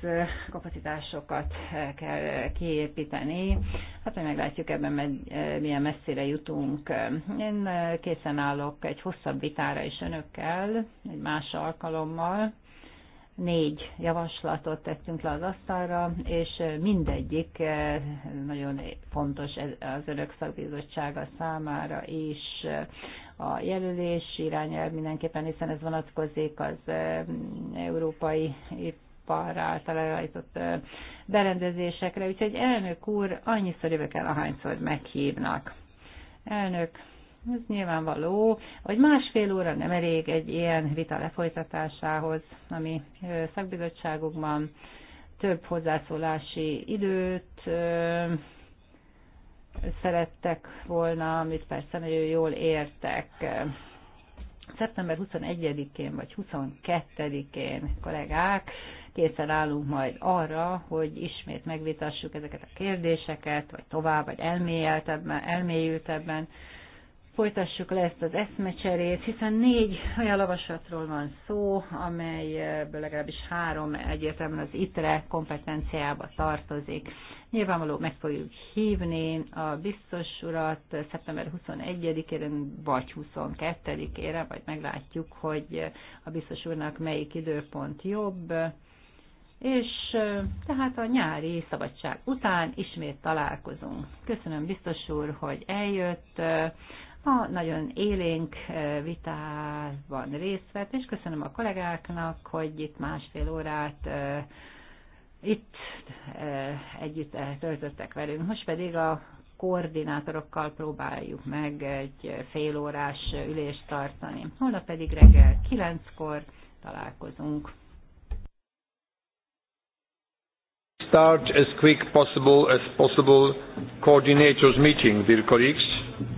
kapacitásokat kell kiépíteni. Hát hogy meglátjuk ebben, megy, milyen messzire jutunk. Én készen állok egy hosszabb vitára is önökkel, egy más alkalommal. Négy javaslatot tettünk le az asztalra, és mindegyik nagyon fontos az Önök Szakbizottsága számára is a jelölés irányelv mindenképpen, hiszen ez vonatkozik az európai ipar által elrajtott berendezésekre. Úgyhogy elnök úr, annyiszor jövök el, ahányszor meghívnak. Elnök, ez nyilvánvaló, hogy másfél óra nem elég egy ilyen vita lefolytatásához, ami szakbizottságunkban több hozzászólási időt szerettek volna, amit persze nagyon jól értek. Szeptember 21-én vagy 22-én, kollégák, készen állunk majd arra, hogy ismét megvitassuk ezeket a kérdéseket, vagy tovább, vagy elmélyültebben, elmélyültebben folytassuk le ezt az eszmecserét, hiszen négy olyan javaslatról van szó, amelyből legalábbis három egyértelműen az ITRE kompetenciába tartozik. Nyilvánvaló meg fogjuk hívni a biztos urat szeptember 21 ére vagy 22-ére, vagy meglátjuk, hogy a biztos úrnak melyik időpont jobb. És tehát a nyári szabadság után ismét találkozunk. Köszönöm biztos úr, hogy eljött Ma nagyon élénk eh, vitában részt vett, és köszönöm a kollégáknak, hogy itt másfél órát eh, itt eh, együtt töltöttek velünk. Most pedig a koordinátorokkal próbáljuk meg egy fél órás ülést tartani. Holnap pedig reggel kilenckor találkozunk. Start as quick possible as possible coordinators meeting, dear colleagues.